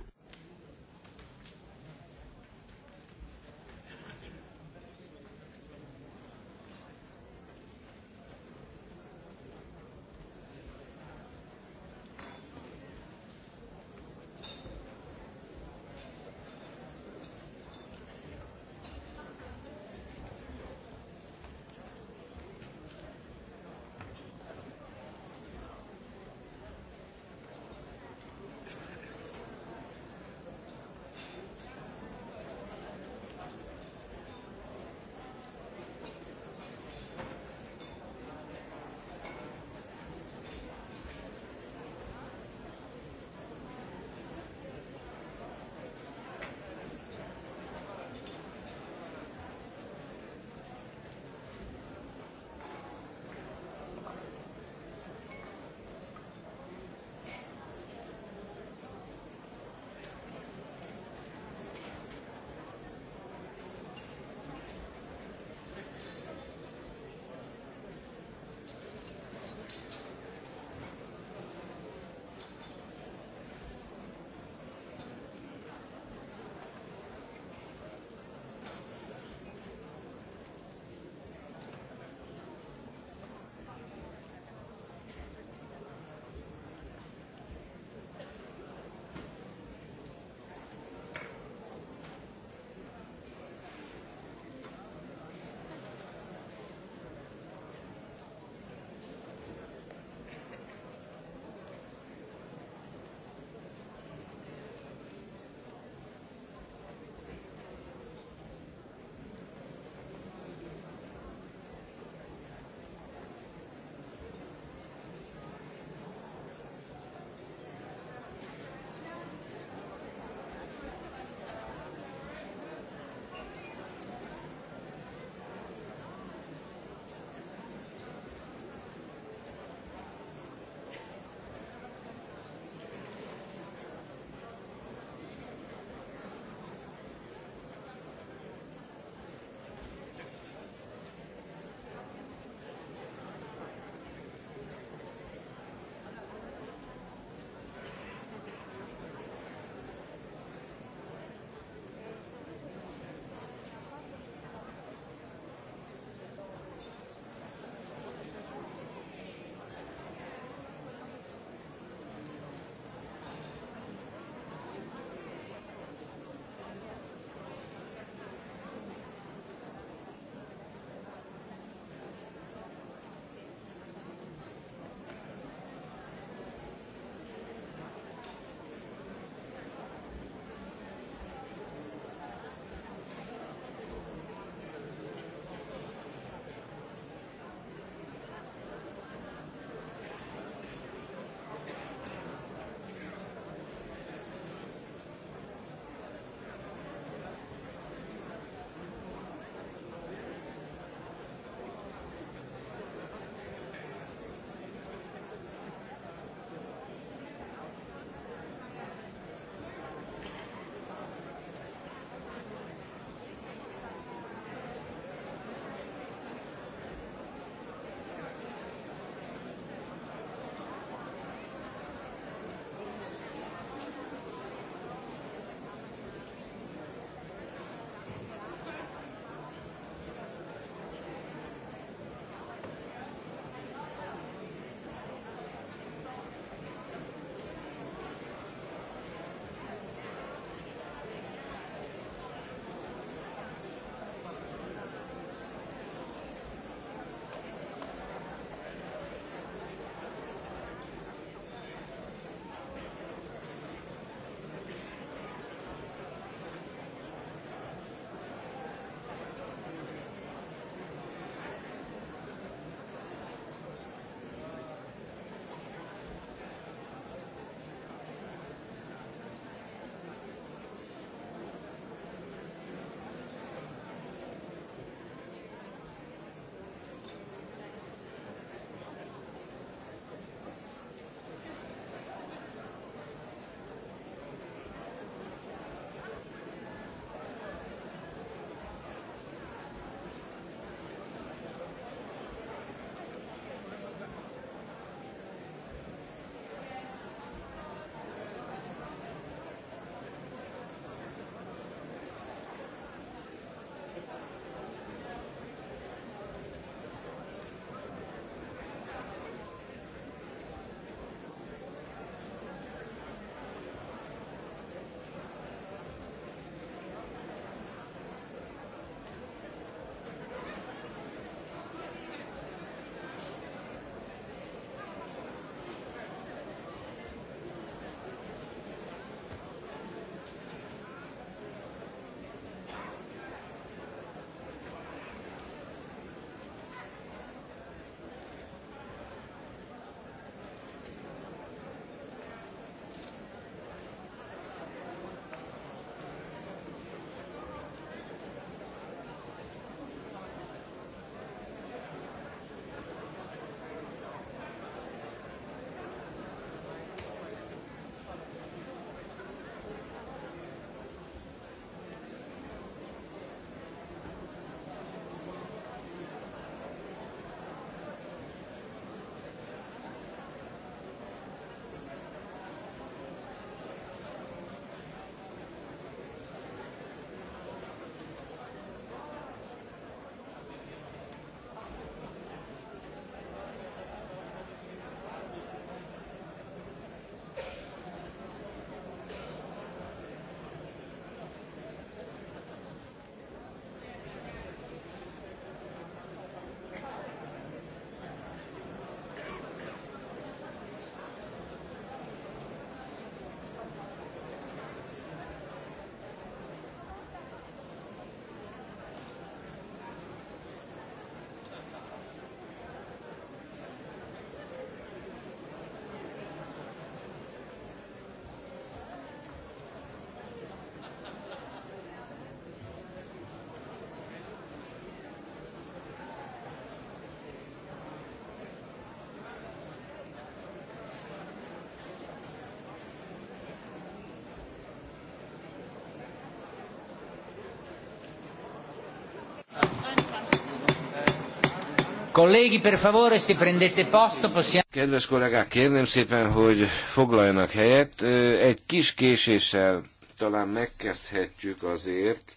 Colleghi, per favore, prendete posto, possiamo... Kedves kollégák, kérném szépen, hogy foglaljanak helyet. Egy kis késéssel talán megkezdhetjük azért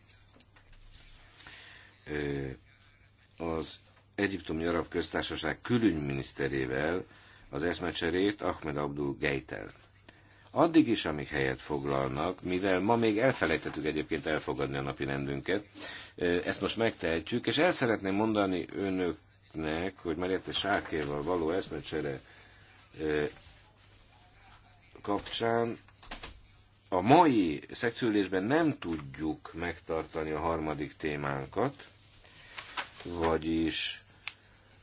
az Egyiptomi Arab Köztársaság külügyminiszterével az eszmecserét Ahmed Abdul Geitel. Addig is, amíg helyet foglalnak, mivel ma még elfelejtettük egyébként elfogadni a napi rendünket, ezt most megtehetjük, és el szeretném mondani önök Mariettnek, hogy Mariette Sákéval való eszmecsere kapcsán a mai szexülésben nem tudjuk megtartani a harmadik témánkat, vagyis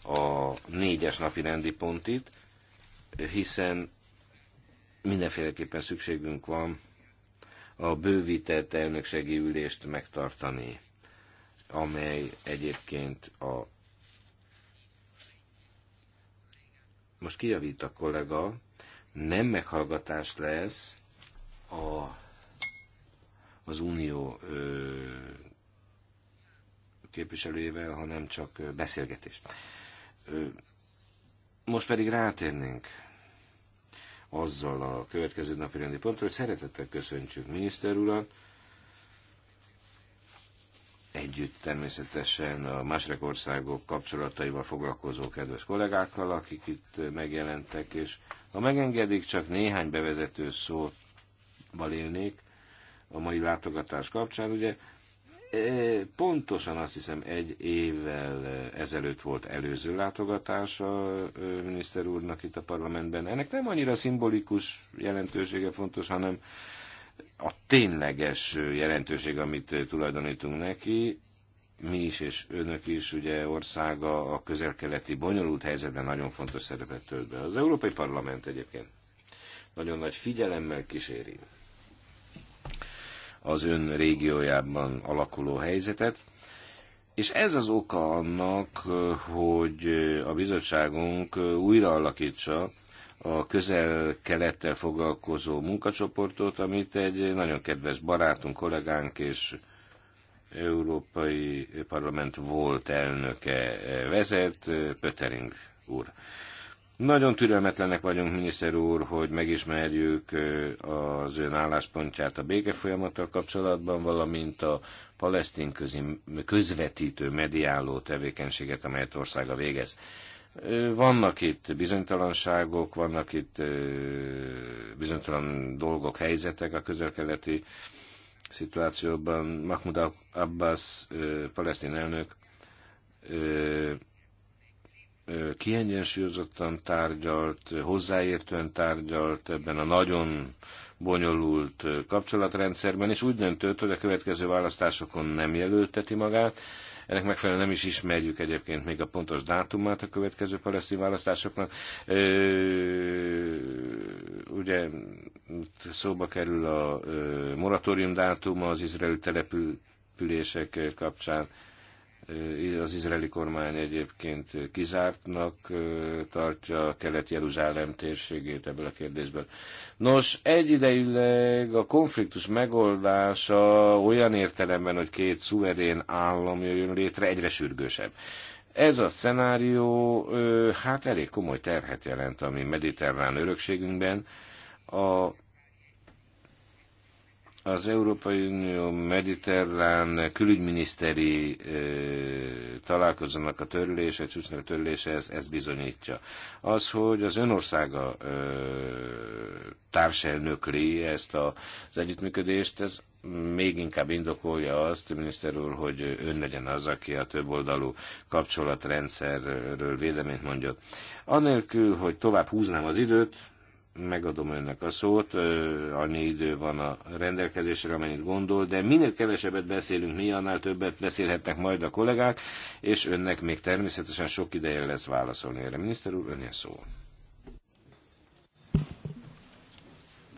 a négyes napi rendi pontit, hiszen mindenféleképpen szükségünk van a bővített elnökségi ülést megtartani, amely egyébként a most kijavít a kollega, nem meghallgatás lesz a, az unió ö, képviselőjével, hanem csak beszélgetés. Ö, most pedig rátérnénk azzal a következő napi rendi pontra, hogy szeretettel köszöntjük miniszter urat, együtt természetesen a másik országok kapcsolataival foglalkozó kedves kollégákkal, akik itt megjelentek, és ha megengedik, csak néhány bevezető szóval élnék a mai látogatás kapcsán. Ugye e, pontosan azt hiszem egy évvel ezelőtt volt előző látogatás a miniszter úrnak itt a parlamentben. Ennek nem annyira szimbolikus jelentősége fontos, hanem a tényleges jelentőség, amit tulajdonítunk neki, mi is és önök is, ugye országa a közelkeleti bonyolult helyzetben nagyon fontos szerepet tölt be. Az Európai Parlament egyébként nagyon nagy figyelemmel kíséri az ön régiójában alakuló helyzetet, és ez az oka annak, hogy a bizottságunk újra alakítsa a közel-kelettel foglalkozó munkacsoportot, amit egy nagyon kedves barátunk, kollégánk és Európai Parlament volt elnöke vezet, Pöttering úr. Nagyon türelmetlenek vagyunk, miniszter úr, hogy megismerjük az ön álláspontját a folyamattal kapcsolatban, valamint a palesztin közi, közvetítő, mediáló tevékenységet, amelyet országa végez. Vannak itt bizonytalanságok, vannak itt bizonytalan dolgok, helyzetek a közelkeleti szituációban. Mahmoud Abbas, palesztin elnök, kiengyensúlyozottan tárgyalt, hozzáértően tárgyalt ebben a nagyon bonyolult kapcsolatrendszerben, és úgy döntött, hogy a következő választásokon nem jelölteti magát, ennek megfelelően nem is ismerjük egyébként még a pontos dátumát a következő palesztin választásoknak. Ugye szóba kerül a moratórium dátuma az izraeli települések kapcsán az izraeli kormány egyébként kizártnak tartja a Kelet-Jeruzsálem térségét ebből a kérdésből. Nos, egyidejűleg a konfliktus megoldása olyan értelemben, hogy két szuverén állam jön létre, egyre sürgősebb. Ez a szenárió hát elég komoly terhet jelent a mi mediterrán örökségünkben. A az Európai Unió mediterrán külügyminiszteri ö, találkozónak a törlése, csúcsnak a törlése, ez, ez bizonyítja. Az, hogy az önországa ö, társelnökli ezt a, az együttműködést, ez még inkább indokolja azt, miniszter úr, hogy ön legyen az, aki a többoldalú kapcsolatrendszerről véleményt mondja. Anélkül, hogy tovább húznám az időt, megadom önnek a szót, annyi idő van a rendelkezésre, amennyit gondol, de minél kevesebbet beszélünk mi, annál többet beszélhetnek majd a kollégák, és önnek még természetesen sok ideje lesz válaszolni erre. Miniszter úr, önje szó.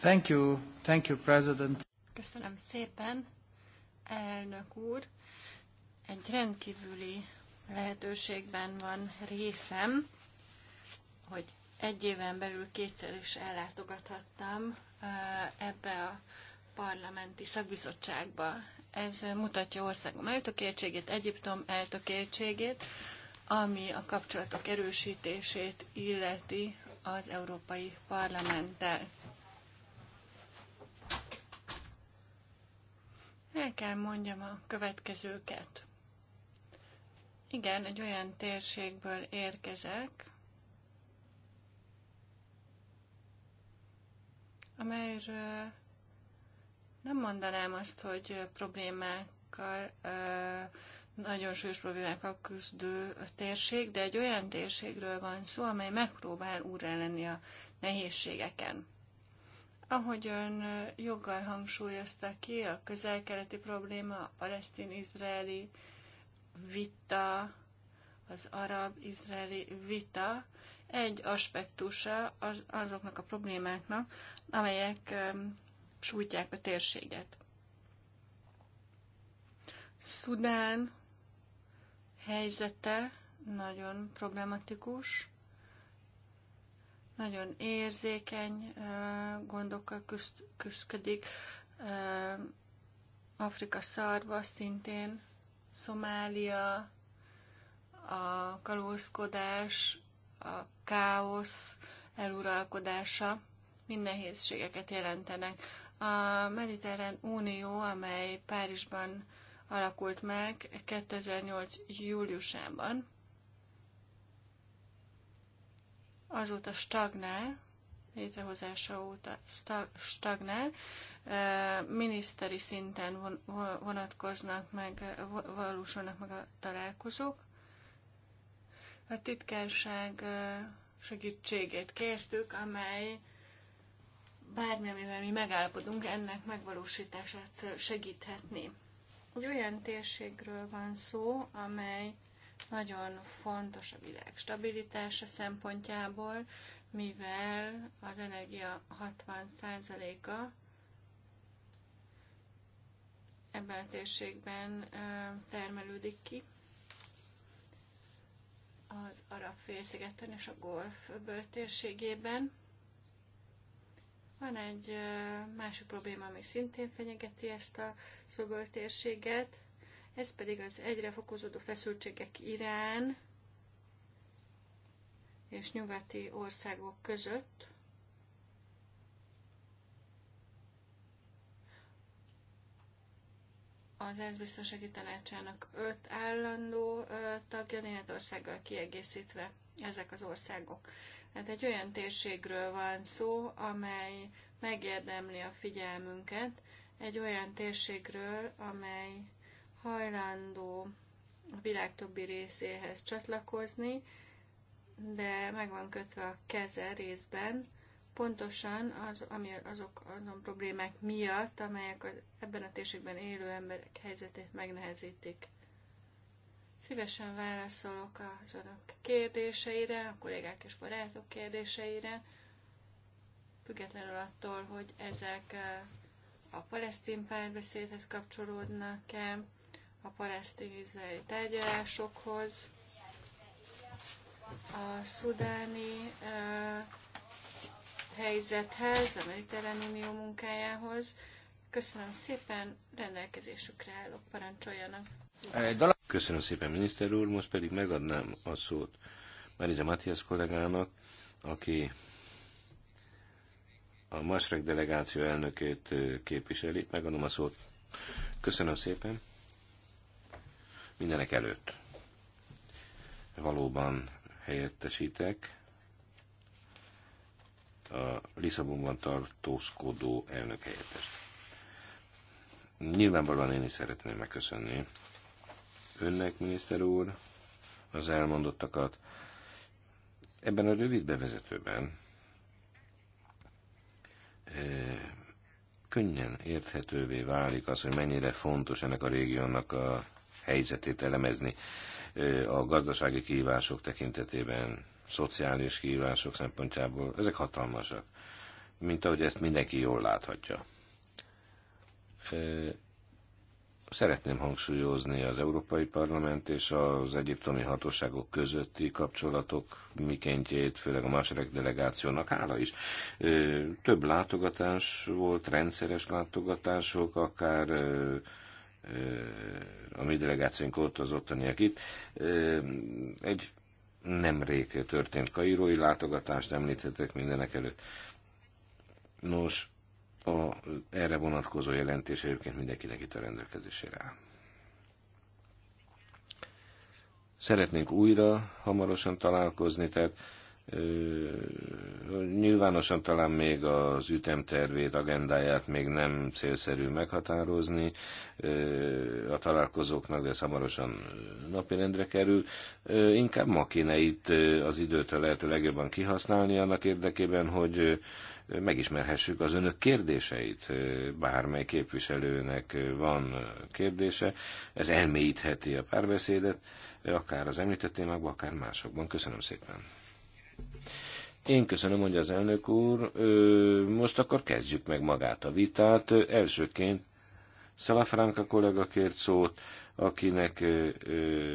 Thank you, thank you, President. Köszönöm szépen, elnök úr. Egy rendkívüli lehetőségben van részem, hogy egy éven belül kétszer is ellátogathattam eh, ebbe a parlamenti szakbizottságba. Ez mutatja országom eltökéltségét, Egyiptom eltökéltségét, ami a kapcsolatok erősítését illeti az Európai Parlamenttel. El kell mondjam a következőket. Igen, egy olyan térségből érkezek, amelyről nem mondanám azt, hogy problémákkal, nagyon súlyos problémákkal küzdő térség, de egy olyan térségről van szó, amely megpróbál úrra lenni a nehézségeken. Ahogy ön joggal hangsúlyozta ki, a közelkeleti probléma, a palesztin-izraeli vita, az arab-izraeli vita, egy aspektusa az, azoknak a problémáknak, amelyek sújtják a térséget. Szudán helyzete nagyon problematikus, nagyon érzékeny gondokkal küzd, uh, Afrika szarva szintén, Szomália, a kalózkodás a káosz eluralkodása mind nehézségeket jelentenek. A Mediterrán Unió, amely Párizsban alakult meg 2008. júliusában, azóta stagnál, létrehozása óta stagnál, miniszteri szinten vonatkoznak meg, valósulnak meg a találkozók a titkárság segítségét kértük, amely bármi, amivel mi megállapodunk, ennek megvalósítását segíthetni. Egy olyan térségről van szó, amely nagyon fontos a világ stabilitása szempontjából, mivel az energia 60%-a ebben a térségben termelődik ki az arab félszigeten és a golf bőtérségében. Van egy másik probléma, ami szintén fenyegeti ezt a szoböltérséget, ez pedig az egyre fokozódó feszültségek Irán és nyugati országok között, az ENSZ biztonsági tanácsának öt állandó tagja, Németországgal kiegészítve ezek az országok. Tehát egy olyan térségről van szó, amely megérdemli a figyelmünket, egy olyan térségről, amely hajlandó a világ többi részéhez csatlakozni, de meg van kötve a keze részben, pontosan az, ami azok azon problémák miatt, amelyek az, ebben a térségben élő emberek helyzetét megnehezítik. Szívesen válaszolok az önök kérdéseire, a kollégák és barátok kérdéseire, függetlenül attól, hogy ezek eh, a palesztin párbeszédhez kapcsolódnak-e, a palesztin-izraeli tárgyalásokhoz, a szudáni uh, helyzethez, a Mediterrán Unió munkájához. Köszönöm szépen, rendelkezésükre állok, parancsoljanak. Köszönöm szépen, miniszter úr, most pedig megadnám a szót Marize Matthias kollégának, aki a Masrek delegáció elnökét képviseli. Megadom a szót. Köszönöm szépen. Mindenek előtt valóban helyettesítek a Lisszabonban tartózkodó elnök helyettest. Nyilvánvalóan én is szeretném megköszönni önnek, miniszter úr, az elmondottakat. Ebben a rövid bevezetőben e, könnyen érthetővé válik az, hogy mennyire fontos ennek a régiónak a helyzetét elemezni eh, a gazdasági kihívások tekintetében, szociális kihívások szempontjából, ezek hatalmasak. Mint ahogy ezt mindenki jól láthatja. Szeretném hangsúlyozni az Európai Parlament és az egyiptomi hatóságok közötti kapcsolatok mikéntjét, főleg a második delegációnak hála is. Több látogatás volt, rendszeres látogatások, akár a mi delegációnk ott, az ottaniak itt. Egy nemrég történt kairói látogatást említhetek mindenek előtt. Nos, a erre vonatkozó jelentés egyébként mindenkinek itt a rendelkezésére áll. Szeretnénk újra hamarosan találkozni, tehát Nyilvánosan talán még az ütemtervét, agendáját még nem célszerű meghatározni a találkozóknak, de hamarosan napirendre kerül. Inkább ma kéne itt az időt a lehető legjobban kihasználni annak érdekében, hogy megismerhessük az önök kérdéseit. Bármely képviselőnek van kérdése, ez elmélyítheti a párbeszédet, akár az említett témákban, akár másokban. Köszönöm szépen! Én köszönöm, mondja az elnök úr. Most akkor kezdjük meg magát a vitát. Elsőként Szalafránka kollega kért szót, akinek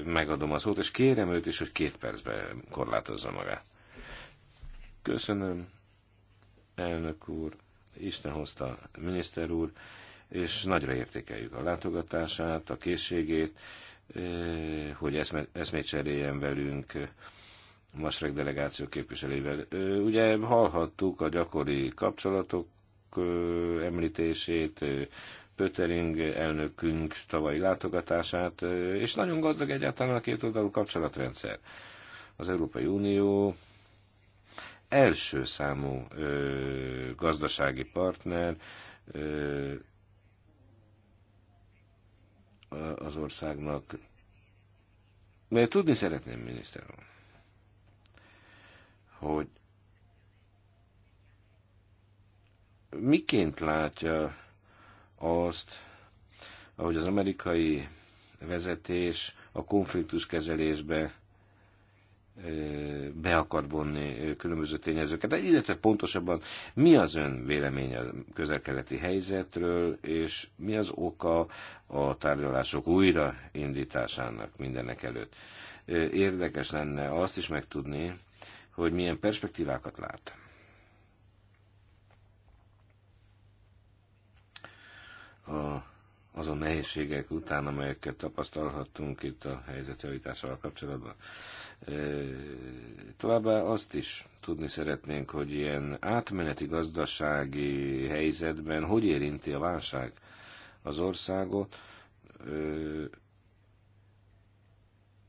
megadom a szót, és kérem őt is, hogy két percben korlátozza magát. Köszönöm, elnök úr, Isten hozta, miniszter úr, és nagyra értékeljük a látogatását, a készségét, hogy eszmét cseréljen velünk Masrek delegáció képviselével. Ugye hallhattuk a gyakori kapcsolatok említését, Pöttering elnökünk tavalyi látogatását, és nagyon gazdag egyáltalán a két oldalú kapcsolatrendszer. Az Európai Unió első számú ö, gazdasági partner ö, az országnak. Mert tudni szeretném, miniszter úr hogy miként látja azt, ahogy az amerikai vezetés a konfliktus kezelésbe be akar vonni különböző tényezőket. De illetve pontosabban mi az ön véleménye a közelkeleti helyzetről, és mi az oka a tárgyalások újraindításának mindenek előtt? Érdekes lenne azt is megtudni, hogy milyen perspektívákat lát. A, azon nehézségek után, amelyeket tapasztalhattunk itt a helyzetjavítással kapcsolatban. E, továbbá azt is tudni szeretnénk, hogy ilyen átmeneti gazdasági helyzetben hogy érinti a válság az országot, e,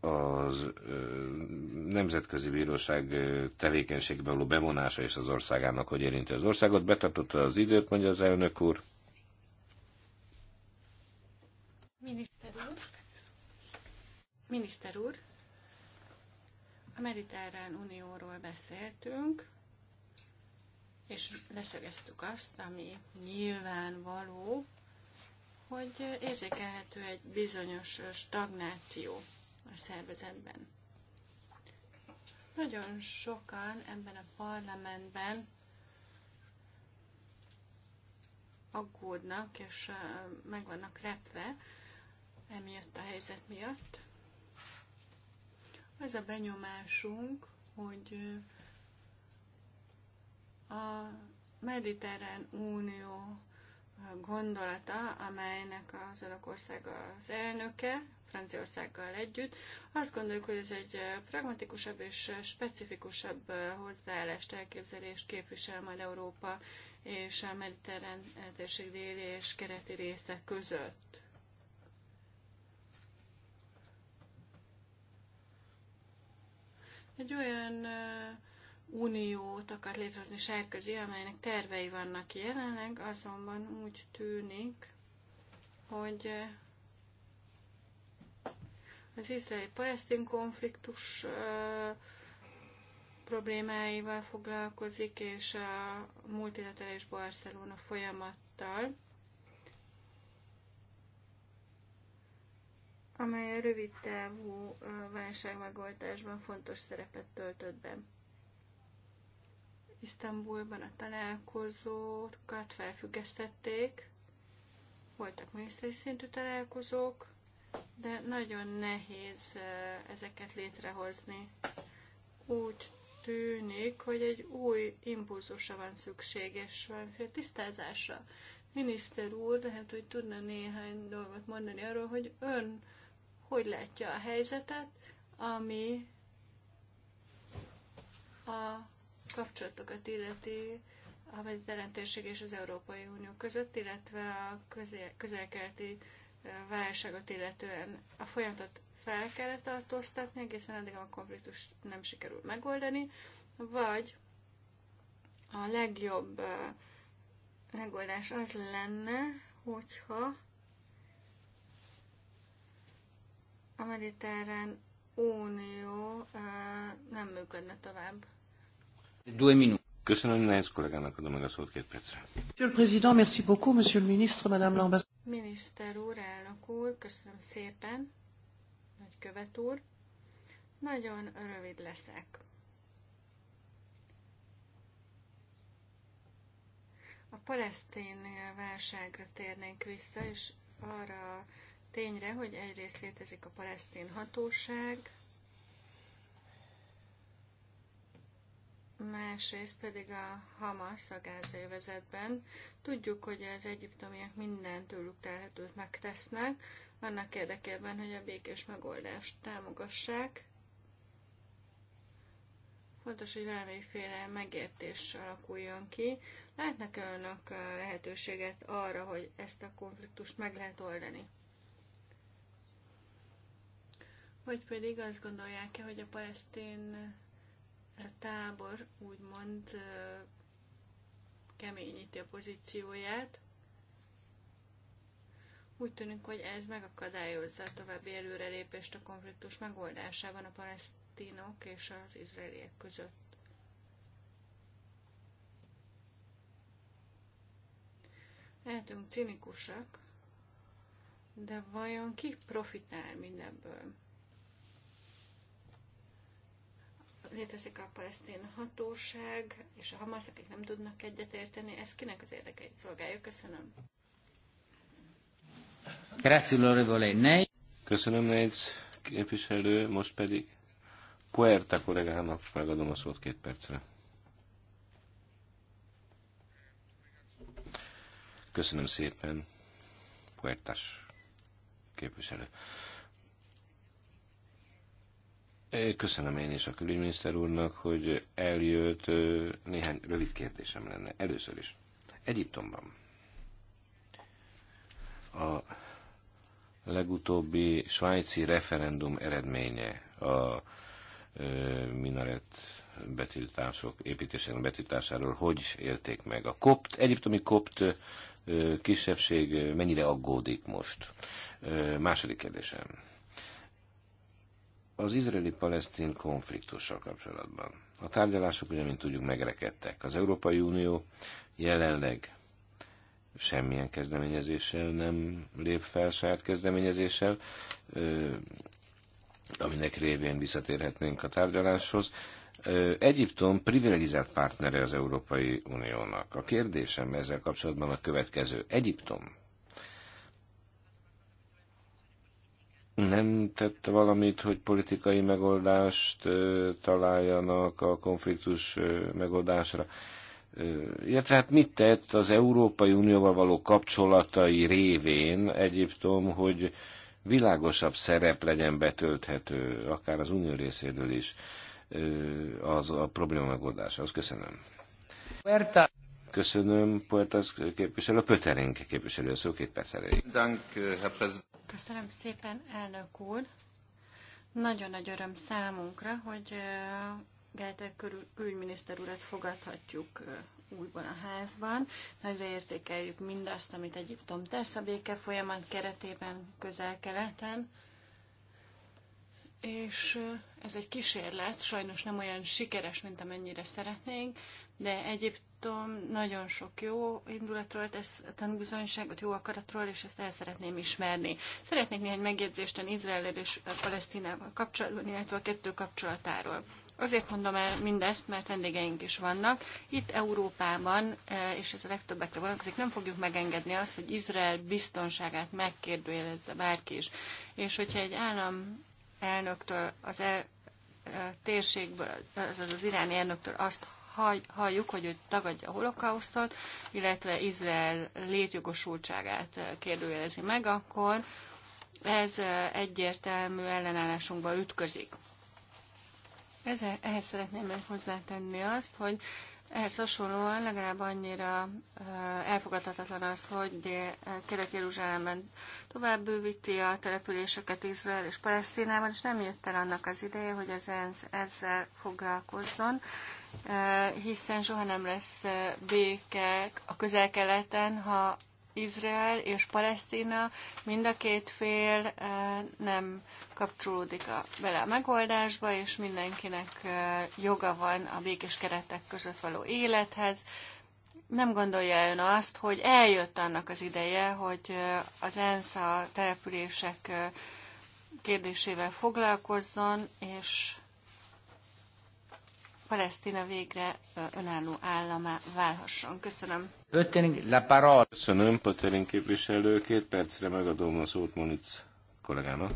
az Nemzetközi Bíróság tevékenységbe való bevonása és az országának, hogy érinti az országot. Betartotta az időt, mondja az elnök úr. Miniszter úr, miniszter úr, a Mediterrán Unióról beszéltünk, és leszögeztük azt, ami nyilvánvaló, hogy érzékelhető egy bizonyos stagnáció a szervezetben. Nagyon sokan ebben a parlamentben aggódnak és meg vannak lepve emiatt a helyzet miatt. Az a benyomásunk, hogy a mediterrán unió gondolata, amelynek az önök országa az elnöke, Franciaországgal együtt. Azt gondoljuk, hogy ez egy eh, pragmatikusabb és eh, specifikusabb eh, hozzáállást, elképzelést képvisel majd Európa és a mediterrán térség déli és kereti része között. Egy olyan uniót akar létrehozni sárközi, amelynek tervei vannak jelenleg, azonban úgy tűnik, hogy az izraeli-palesztin konfliktus problémáival foglalkozik, és a multilaterális Barcelona folyamattal, amely a rövid távú válságmegoldásban fontos szerepet töltött be. Isztambulban a találkozókat felfüggesztették, voltak miniszteri szintű találkozók, de nagyon nehéz ezeket létrehozni. Úgy tűnik, hogy egy új impulzusra van szükséges, és valamiféle tisztázásra. Miniszter úr, lehet, hogy tudna néhány dolgot mondani arról, hogy ön hogy látja a helyzetet, ami a kapcsolatokat illeti a mediterrán térség és az Európai Unió között, illetve a közel-keleti közel válságot illetően a folyamatot fel kellett tartóztatni, egészen addig a konfliktus nem sikerül megoldani, vagy a legjobb megoldás az lenne, hogyha a mediterrán unió nem működne tovább. Due minut. Köszönöm, Lenz kollégának adom meg a szót két percre. Monsieur le Président, merci beaucoup, Monsieur le Ministre, Madame l'Ambassadeur. Miniszter úr, elnök úr, köszönöm szépen, követ úr. Nagyon rövid leszek. A palesztin válságra térnénk vissza, és arra tényre, hogy egyrészt létezik a palesztin hatóság, másrészt pedig a Hamas a vezetben Tudjuk, hogy az egyiptomiak minden tőlük telhetőt megtesznek, annak érdekében, hogy a békés megoldást támogassák. Fontos, hogy valamiféle megértés alakuljon ki. Látnak -e önök lehetőséget arra, hogy ezt a konfliktust meg lehet oldani? Vagy pedig azt gondolják-e, hogy a palesztin tábor úgymond keményíti a pozícióját. Úgy tűnik, hogy ez megakadályozza a további előrelépést a konfliktus megoldásában a palesztinok és az izraeliek között. Lehetünk cinikusak, de vajon ki profitál mindebből? létezik a palesztin hatóság, és a Hamas, akik nem tudnak egyetérteni, ez kinek az érdekeit szolgálja? Köszönöm. Köszönöm, Neitz képviselő, most pedig Puerta kollégának megadom a szót két percre. Köszönöm szépen, Puertas képviselő. Köszönöm én is a külügyminiszter úrnak, hogy eljött. Néhány rövid kérdésem lenne. Először is. Egyiptomban. A legutóbbi svájci referendum eredménye a minaret betiltások, építésének betiltásáról hogy élték meg. A kopt, egyiptomi kopt kisebbség mennyire aggódik most? Második kérdésem az izraeli-palesztin konfliktussal kapcsolatban. A tárgyalások ugye, mint tudjuk, megrekedtek. Az Európai Unió jelenleg semmilyen kezdeményezéssel nem lép fel, saját kezdeményezéssel, aminek révén visszatérhetnénk a tárgyaláshoz. Egyiptom privilegizált partnere az Európai Uniónak. A kérdésem ezzel kapcsolatban a következő. Egyiptom nem tett valamit, hogy politikai megoldást találjanak a konfliktus megoldásra. Illetve hát mit tett az Európai Unióval való kapcsolatai révén Egyiptom, hogy világosabb szerep legyen betölthető, akár az unió részéről is, az a probléma Azt Köszönöm. Puerta. Köszönöm, Puertas képviselő, Pöterénk képviselő, szó két perc elég. Köszönöm szépen, elnök úr. Nagyon nagy öröm számunkra, hogy Gájter külügyminiszter urat fogadhatjuk újban a házban. Nagyra értékeljük mindazt, amit Egyiptom tesz a béke folyamat keretében közel-keleten. És ez egy kísérlet, sajnos nem olyan sikeres, mint amennyire szeretnénk, de Egyiptom nagyon sok jó indulatról tesz tanúbizonyságot, jó akaratról, és ezt el szeretném ismerni. Szeretnék néhány megjegyzést Izrael és Palesztinával kapcsolatban, illetve a kettő kapcsolatáról. Azért mondom el mindezt, mert vendégeink is vannak. Itt Európában, e, és ez a legtöbbekre vonatkozik, nem fogjuk megengedni azt, hogy Izrael biztonságát megkérdőjelezze bárki is. És hogyha egy állam elnöktől az el, a e, térségből, azaz az iráni elnöktől azt halljuk, hogy ő tagadja a holokausztot, illetve Izrael létjogosultságát eh, kérdőjelezi meg, akkor ez eh, egyértelmű ellenállásunkba ütközik. Ez, ehhez szeretném még hozzátenni azt, hogy ehhez hasonlóan legalább annyira eh, elfogadhatatlan az, hogy Kelet-Jeruzsálemben tovább bővíti a településeket Izrael és Palesztinában, és nem jött el annak az ideje, hogy az ENSZ ezzel foglalkozzon, Eh, hiszen soha nem lesz eh, béke a közel-keleten, ha Izrael és Palesztina mind a két fél eh, nem kapcsolódik a, bele a megoldásba, és mindenkinek joga van a békés keretek között való élethez. Nem gondolja ön azt, hogy eljött annak az ideje, hogy az ENSZ a települések kérdésével foglalkozzon, és Palesztina végre önálló államá válhasson. Köszönöm. Pöttering, la parole. Köszönöm, Pöttering képviselő. Két percre megadom a szót Moniz kollégának.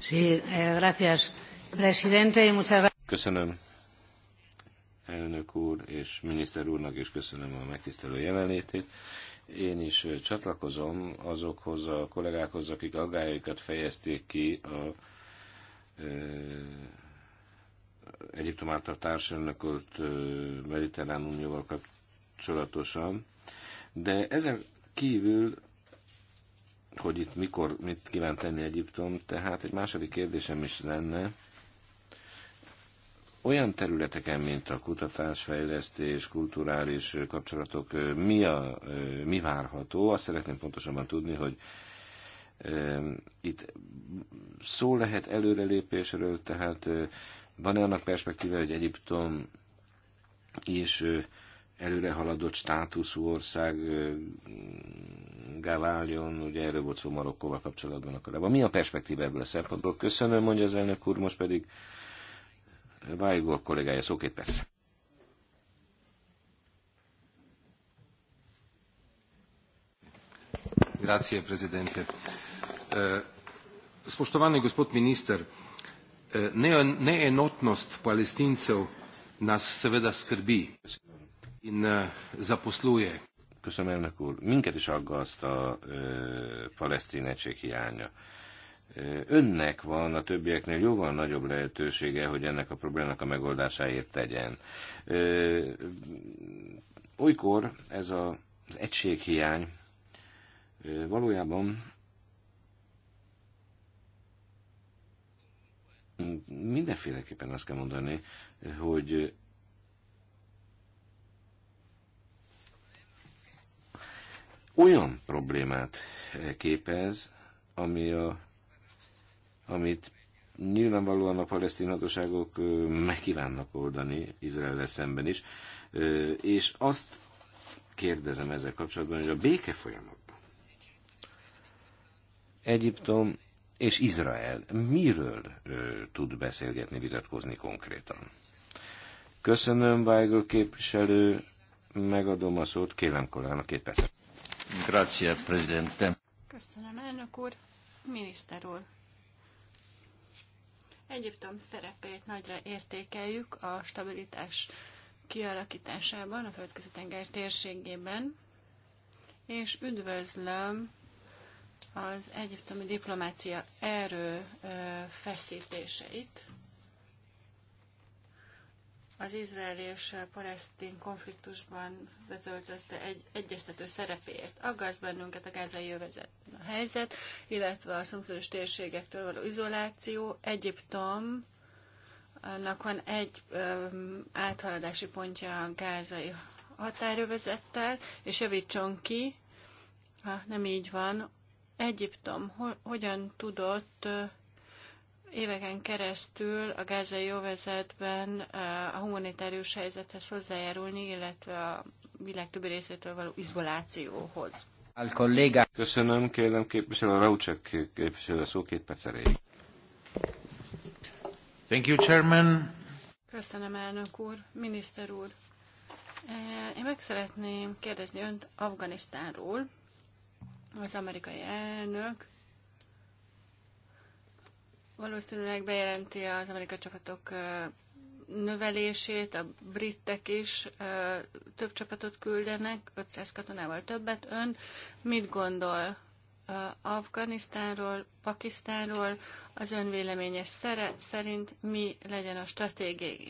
Sí, eh, gracias, presidente, y muchas Köszönöm, elnök úr és miniszter úrnak is köszönöm a megtisztelő jelenlétét. Én is csatlakozom azokhoz a kollégákhoz, akik aggájaikat fejezték ki a Egyiptom által társadalmakult mediterrán unióval kapcsolatosan, de ezen kívül hogy itt mikor, mit kíván tenni Egyiptom, tehát egy második kérdésem is lenne, olyan területeken, mint a kutatás, fejlesztés, kulturális kapcsolatok, mi, a, mi várható? Azt szeretném pontosabban tudni, hogy e, itt szó lehet előrelépésről, tehát van-e annak perspektíve, hogy Egyiptom és előre haladott státuszú ország gáváljon, ugye erről volt szó Marokkóval kapcsolatban a korábban. Mi a perspektíva ebből a szempontból? Köszönöm, mondja az elnök úr, most pedig Vájgol kollégája, szó két perc. Grazie, Uh, Spoštovani gospod minister, neenotnost palestincev nas seveda skrbi in zaposluje. Köszönöm, elnök úr. Minket is aggaszt a palesztin egység hiánya. Önnek van a többieknél jóval nagyobb lehetősége, hogy ennek a problémának a megoldásáért tegyen. Ö, olykor ez a, az egységhiány valójában mindenféleképpen azt kell mondani, hogy olyan problémát képez, ami a, amit nyilvánvalóan a palesztin hatóságok megkívánnak oldani izrael szemben is, és azt kérdezem ezzel kapcsolatban, hogy a béke folyamatban Egyiptom és Izrael miről ö, tud beszélgetni, vitatkozni konkrétan? Köszönöm, Weigl képviselő, megadom a szót, kérem kollégának két percet. Grazie, presidente. Köszönöm, elnök úr, miniszter úr. Egyiptom szerepét nagyra értékeljük a stabilitás kialakításában, a földközi tenger térségében, és üdvözlöm az egyiptomi diplomácia erő feszítéseit. Az izraeli és palesztin konfliktusban betöltötte egy egyeztető szerepért. Aggaszt bennünket a gázai jövezet a helyzet, illetve a szomszédos térségektől való izoláció. Egyiptom annak van egy ö, áthaladási pontja a gázai határövezettel, és javítson ki, ha nem így van, Egyiptom ho- hogyan tudott éveken keresztül a gázai jóvezetben a humanitárius helyzethez hozzájárulni, illetve a világ többi részétől való izolációhoz. Köszönöm, kérem képviselő Raucsek képviselő szó két perc Thank you, Chairman. Köszönöm, elnök úr, miniszter úr. Én meg szeretném kérdezni önt Afganisztánról az amerikai elnök valószínűleg bejelenti az amerikai csapatok növelését, a britek is több csapatot küldenek, 500 katonával többet. Ön mit gondol Afganisztánról, Pakisztánról, az ön véleménye szerint mi legyen a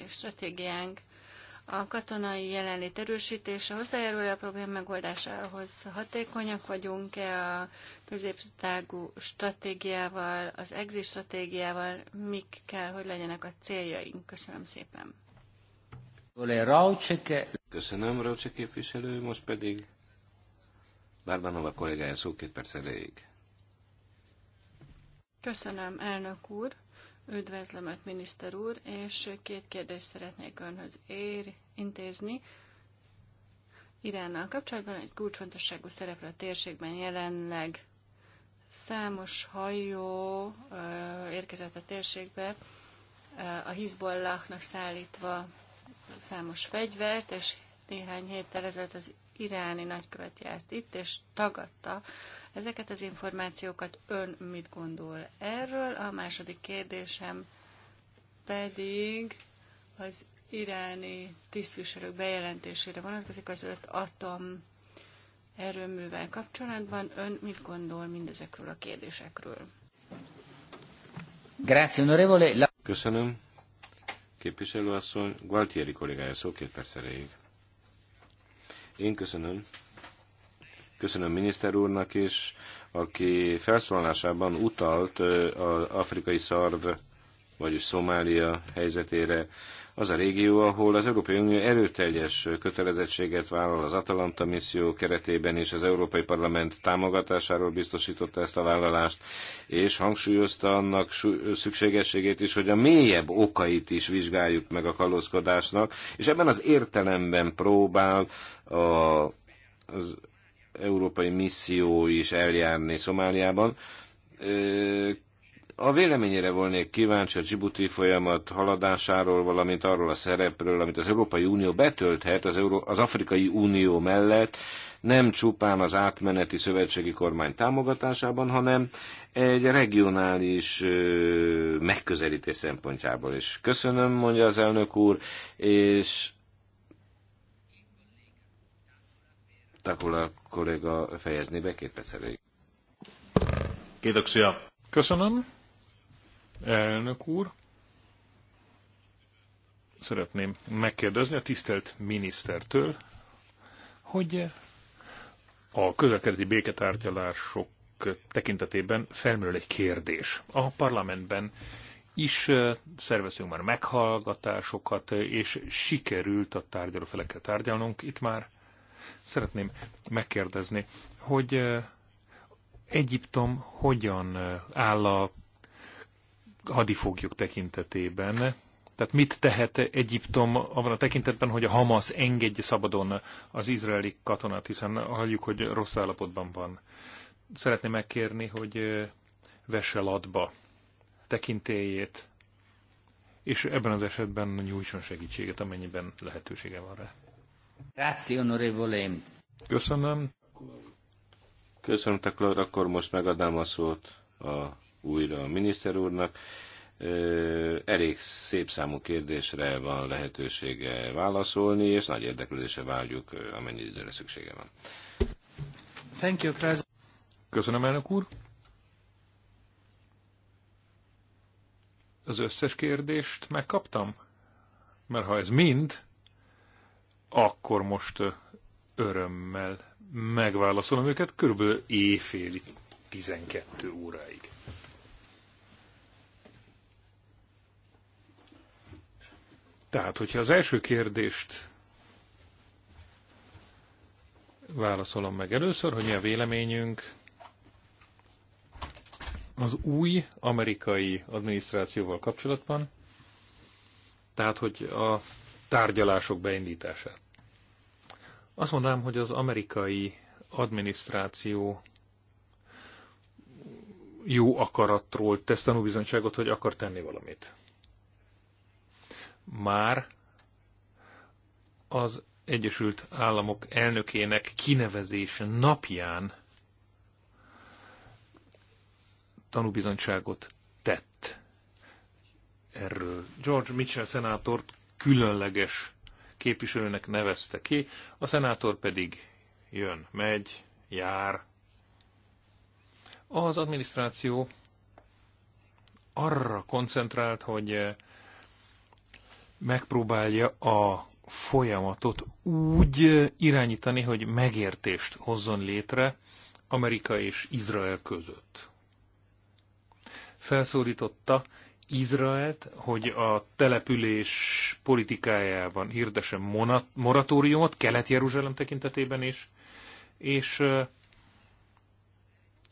stratégiánk a katonai jelenlét erősítése hozzájárul a probléma megoldásához. Hatékonyak vagyunk-e a középtágú stratégiával, az exit stratégiával, mik kell, hogy legyenek a céljaink? Köszönöm szépen. Köszönöm, Rauce képviselő, most pedig Bárbanova kollégája szó két perc elég. Köszönöm, elnök úr. Üdvözlöm Öt miniszter úr, és két kérdést szeretnék Önhöz ér, intézni. Iránnal kapcsolatban egy kulcsfontosságú szereplő a térségben jelenleg számos hajó érkezett a térségbe, a Hizbollahnak szállítva számos fegyvert, és néhány héttel ezelőtt az iráni nagykövet járt itt, és tagadta ezeket az információkat. Ön mit gondol erről? A második kérdésem pedig az iráni tisztviselők bejelentésére vonatkozik az öt atom erőművel kapcsolatban. Ön mit gondol mindezekről a kérdésekről? onorevole. Köszönöm. Képviselőasszony, Gualtieri kollégája szó két perc erejéig. Én köszönöm. Köszönöm miniszter úrnak is, aki felszólalásában utalt az afrikai szarv vagyis Szomália helyzetére. Az a régió, ahol az Európai Unió erőteljes kötelezettséget vállal az Atalanta misszió keretében, és az Európai Parlament támogatásáról biztosította ezt a vállalást, és hangsúlyozta annak szükségességét is, hogy a mélyebb okait is vizsgáljuk meg a kalózkodásnak, és ebben az értelemben próbál a, az európai misszió is eljárni Szomáliában a véleményére volnék kíváncsi a Djibouti folyamat haladásáról, valamint arról a szerepről, amit az Európai Unió betölthet az, Euró- az Afrikai Unió mellett, nem csupán az átmeneti szövetségi kormány támogatásában, hanem egy regionális ö, megközelítés szempontjából is. Köszönöm, mondja az elnök úr, és Takula kolléga fejezni be két perc Köszönöm. Elnök úr, szeretném megkérdezni a tisztelt minisztertől, hogy a közelkedeti béketárgyalások tekintetében felmerül egy kérdés. A parlamentben is eh, szerveztünk már meghallgatásokat, és sikerült a tárgyalófelekkel tárgyalnunk itt már. Szeretném megkérdezni, hogy eh, Egyiptom hogyan eh, áll a hadifoglyok tekintetében. Tehát mit tehet Egyiptom abban a tekintetben, hogy a Hamas engedje szabadon az izraeli katonát, hiszen halljuk, hogy rossz állapotban van. Szeretném megkérni, hogy vesse latba tekintélyét, és ebben az esetben nyújtson segítséget, amennyiben lehetősége van rá. Köszönöm. Köszönöm, Teklor, akkor most megadnám a szót a újra a miniszter úrnak. Elég szép számú kérdésre van lehetősége válaszolni, és nagy érdeklődésre várjuk, amennyi időre szüksége van. Thank you, Köszönöm, elnök úr. Az összes kérdést megkaptam? Mert ha ez mind, akkor most örömmel megválaszolom őket körülbelül éjféli 12 óráig. Tehát, hogyha az első kérdést válaszolom meg először, hogy mi a véleményünk az új amerikai adminisztrációval kapcsolatban, tehát, hogy a tárgyalások beindítását. Azt mondanám, hogy az amerikai adminisztráció jó akaratról tesz tanúbizonyságot, hogy akar tenni valamit már az Egyesült Államok elnökének kinevezése napján tanúbizonyságot tett erről. George Mitchell szenátort különleges képviselőnek nevezte ki, a szenátor pedig jön, megy, jár. Az adminisztráció arra koncentrált, hogy megpróbálja a folyamatot úgy irányítani, hogy megértést hozzon létre Amerika és Izrael között. Felszólította Izraelt, hogy a település politikájában hirdesse moratóriumot Kelet-Jeruzsálem tekintetében is, és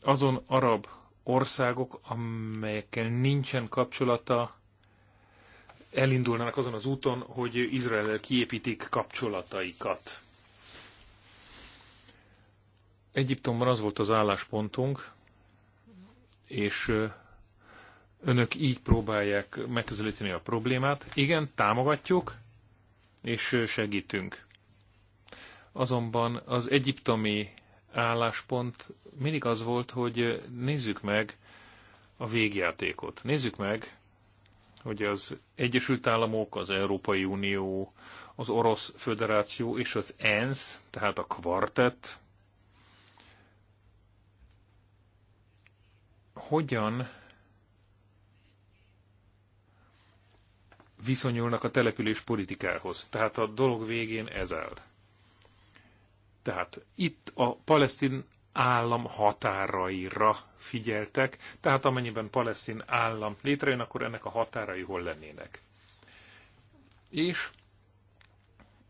azon arab országok, amelyekkel nincsen kapcsolata elindulnának azon az úton, hogy izrael kiépítik kapcsolataikat. Egyiptomban az volt az álláspontunk, és önök így próbálják megközelíteni a problémát. Igen, támogatjuk, és segítünk. Azonban az egyiptomi álláspont mindig az volt, hogy nézzük meg a végjátékot. Nézzük meg, hogy az Egyesült Államok, az Európai Unió, az Orosz Föderáció és az ENSZ, tehát a kvartett, hogyan viszonyulnak a település politikához. Tehát a dolog végén ez áll. Tehát itt a palesztin állam határaira figyeltek, tehát amennyiben palesztin állam létrejön, akkor ennek a határai hol lennének. És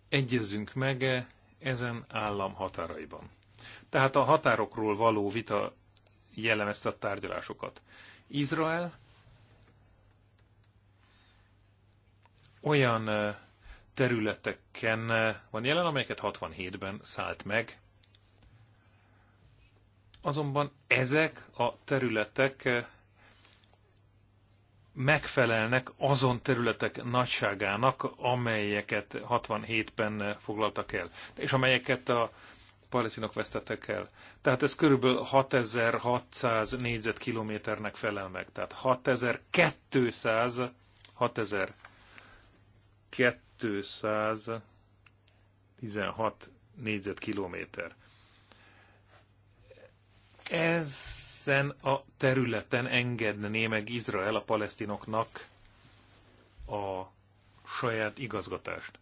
egyezünk meg -e ezen állam határaiban. Tehát a határokról való vita jellemezte a tárgyalásokat. Izrael olyan területeken van jelen, amelyeket 67-ben szállt meg, Azonban ezek a területek eh, megfelelnek azon területek nagyságának, amelyeket 67-ben eh, foglaltak el, és amelyeket a palesztinok vesztettek el. Tehát ez körülbelül 6600 négyzetkilométernek felel meg, tehát 6200 6216 négyzetkilométer ezen a területen engedné meg Izrael a palesztinoknak a saját igazgatást.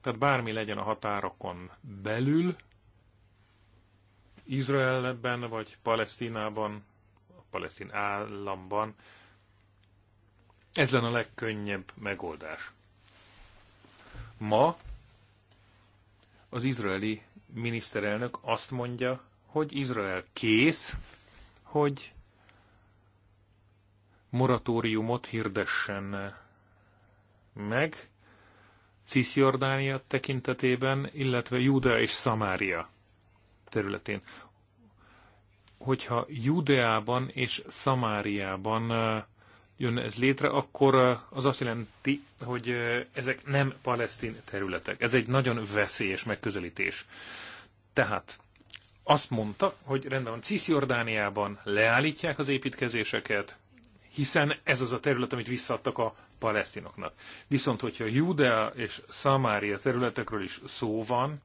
Tehát bármi legyen a határokon belül, Izraelben vagy Palesztinában, a palesztin államban, ez lenne a legkönnyebb megoldás. Ma az izraeli miniszterelnök azt mondja, hogy Izrael kész, hogy moratóriumot hirdessen meg Cisjordánia tekintetében, illetve Júdea és Szamária területén. Hogyha Júdeában és Szamáriában jön ez létre, akkor az azt jelenti, hogy ezek nem palesztin területek. Ez egy nagyon veszélyes megközelítés. Tehát azt mondta, hogy rendben van, Cisziordániában leállítják az építkezéseket, hiszen ez az a terület, amit visszaadtak a palesztinoknak. Viszont, hogyha Judea és Szamária területekről is szó van,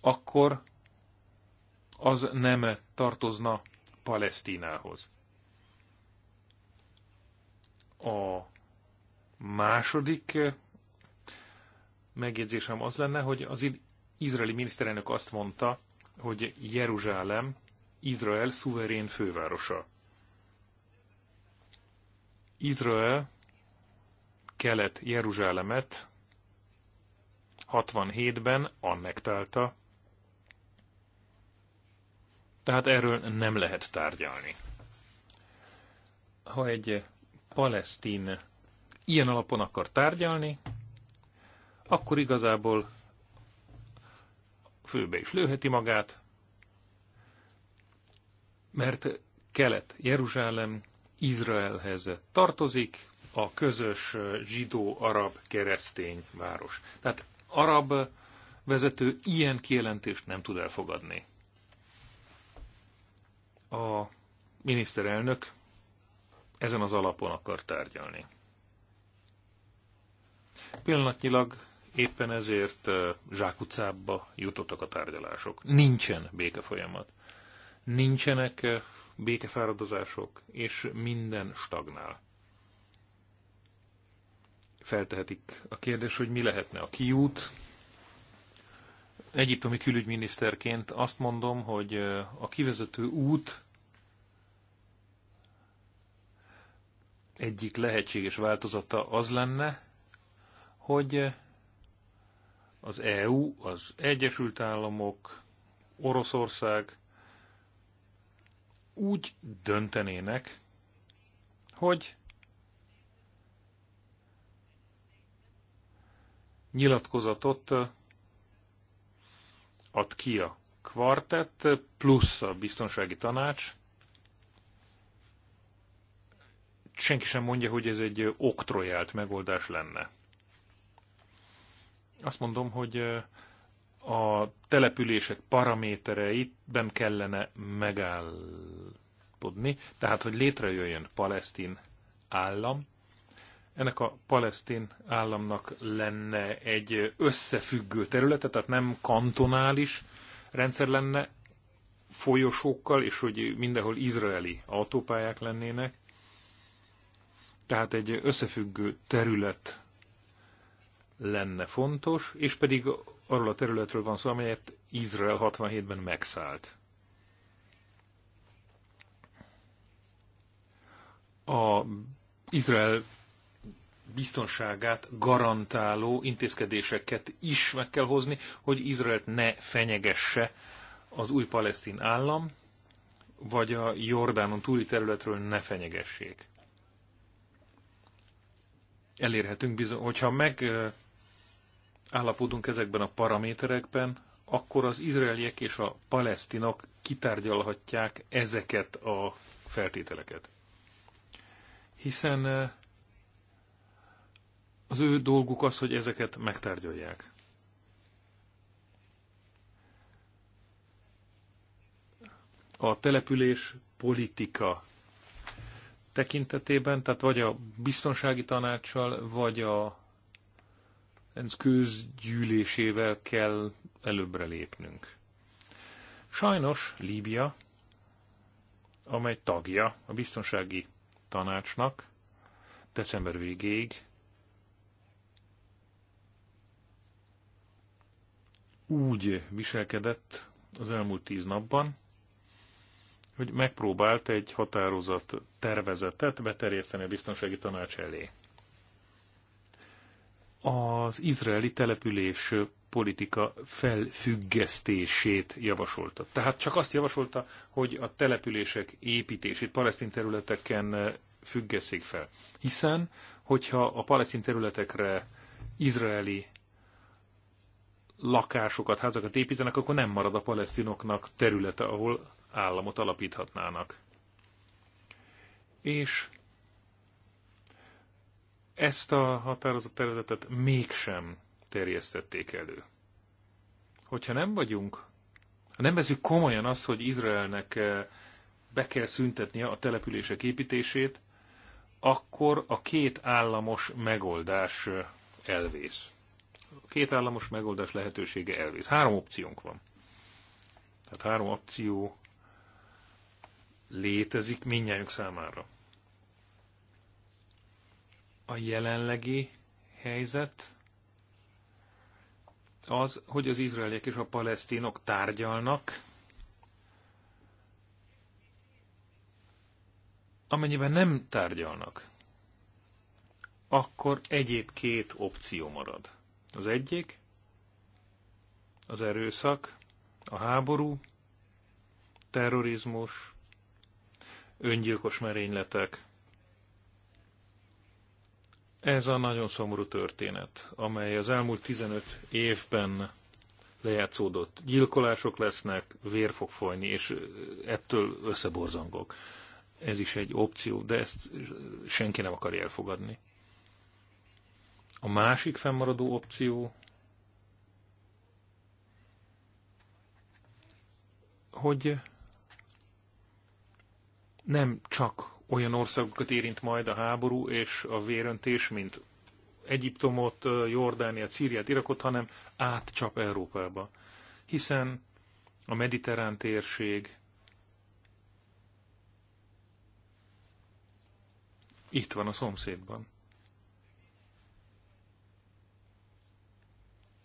akkor az nem tartozna Palesztinához. A második megjegyzésem az lenne, hogy az izraeli miniszterelnök azt mondta, hogy Jeruzsálem Izrael szuverén fővárosa. Izrael kelet Jeruzsálemet 67-ben annektálta, tehát erről nem lehet tárgyalni. Ha egy palesztin ilyen alapon akar tárgyalni, akkor igazából főbe is lőheti magát, mert Kelet-Jeruzsálem Izraelhez tartozik, a közös zsidó-arab-keresztény város. Tehát arab vezető ilyen kijelentést nem tud elfogadni. A miniszterelnök ezen az alapon akar tárgyalni. Pillanatnyilag Éppen ezért zsákutcába jutottak a tárgyalások. Nincsen békefolyamat. Nincsenek békefáradozások, és minden stagnál. Feltehetik a kérdés, hogy mi lehetne a kiút. Egyiptomi külügyminiszterként azt mondom, hogy a kivezető út egyik lehetséges változata az lenne, hogy az EU, az Egyesült Államok, Oroszország úgy döntenének, hogy nyilatkozatot ad ki a kvartett, plusz a biztonsági tanács. Senki sem mondja, hogy ez egy oktrojált megoldás lenne. Azt mondom, hogy a települések paramétereiben kellene megállapodni, tehát hogy létrejöjjön palesztin állam, ennek a palesztin államnak lenne egy összefüggő területe, tehát nem kantonális rendszer lenne folyosókkal, és hogy mindenhol izraeli autópályák lennének. Tehát egy összefüggő terület lenne fontos, és pedig arról a területről van szó, amelyet Izrael 67-ben megszállt. A Izrael biztonságát garantáló intézkedéseket is meg kell hozni, hogy Izraelt ne fenyegesse az új palesztin állam, vagy a Jordánon túli területről ne fenyegessék. Elérhetünk bizony, hogyha meg állapodunk ezekben a paraméterekben, akkor az izraeliek és a palesztinok kitárgyalhatják ezeket a feltételeket. Hiszen eh, az ő dolguk az, hogy ezeket megtárgyalják. A település politika tekintetében, tehát vagy a biztonsági tanácssal, vagy a ENSZ közgyűlésével kell előbbre lépnünk. Sajnos Líbia, amely tagja a biztonsági tanácsnak december végéig úgy viselkedett az elmúlt tíz napban, hogy megpróbált egy határozat tervezetet beterjeszteni a biztonsági tanács elé az izraeli település politika felfüggesztését javasolta. Tehát csak azt javasolta, hogy a települések építését palesztin területeken függesszék fel. Hiszen, hogyha a palesztin területekre izraeli lakásokat, házakat építenek, akkor nem marad a palesztinoknak területe, ahol államot alapíthatnának. És ezt a határozott tervezetet mégsem terjesztették elő. Hogyha nem vagyunk, nem veszük komolyan azt, hogy Izraelnek eh, be kell szüntetnie a települések építését, akkor a két államos megoldás eh, elvész. A két államos megoldás lehetősége elvész. Három opciónk van. Tehát három opció létezik minnyájunk számára a jelenlegi helyzet az, hogy az izraeliek és a palesztinok tárgyalnak, amennyiben nem tárgyalnak, akkor egyéb két opció marad. Az egyik, az erőszak, a háború, terrorizmus, öngyilkos merényletek, ez a nagyon szomorú történet, amely az elmúlt 15 évben lejátszódott. Gyilkolások lesznek, vér fog folyni, és ettől összeborzongok. Ez is egy opció, de ezt senki nem akar elfogadni. A másik fennmaradó opció, hogy nem csak olyan országokat érint majd a háború és a véröntés, mint Egyiptomot, Jordániát, Szíriát, Irakot, hanem átcsap Európába. Hiszen a mediterrán térség itt van a szomszédban.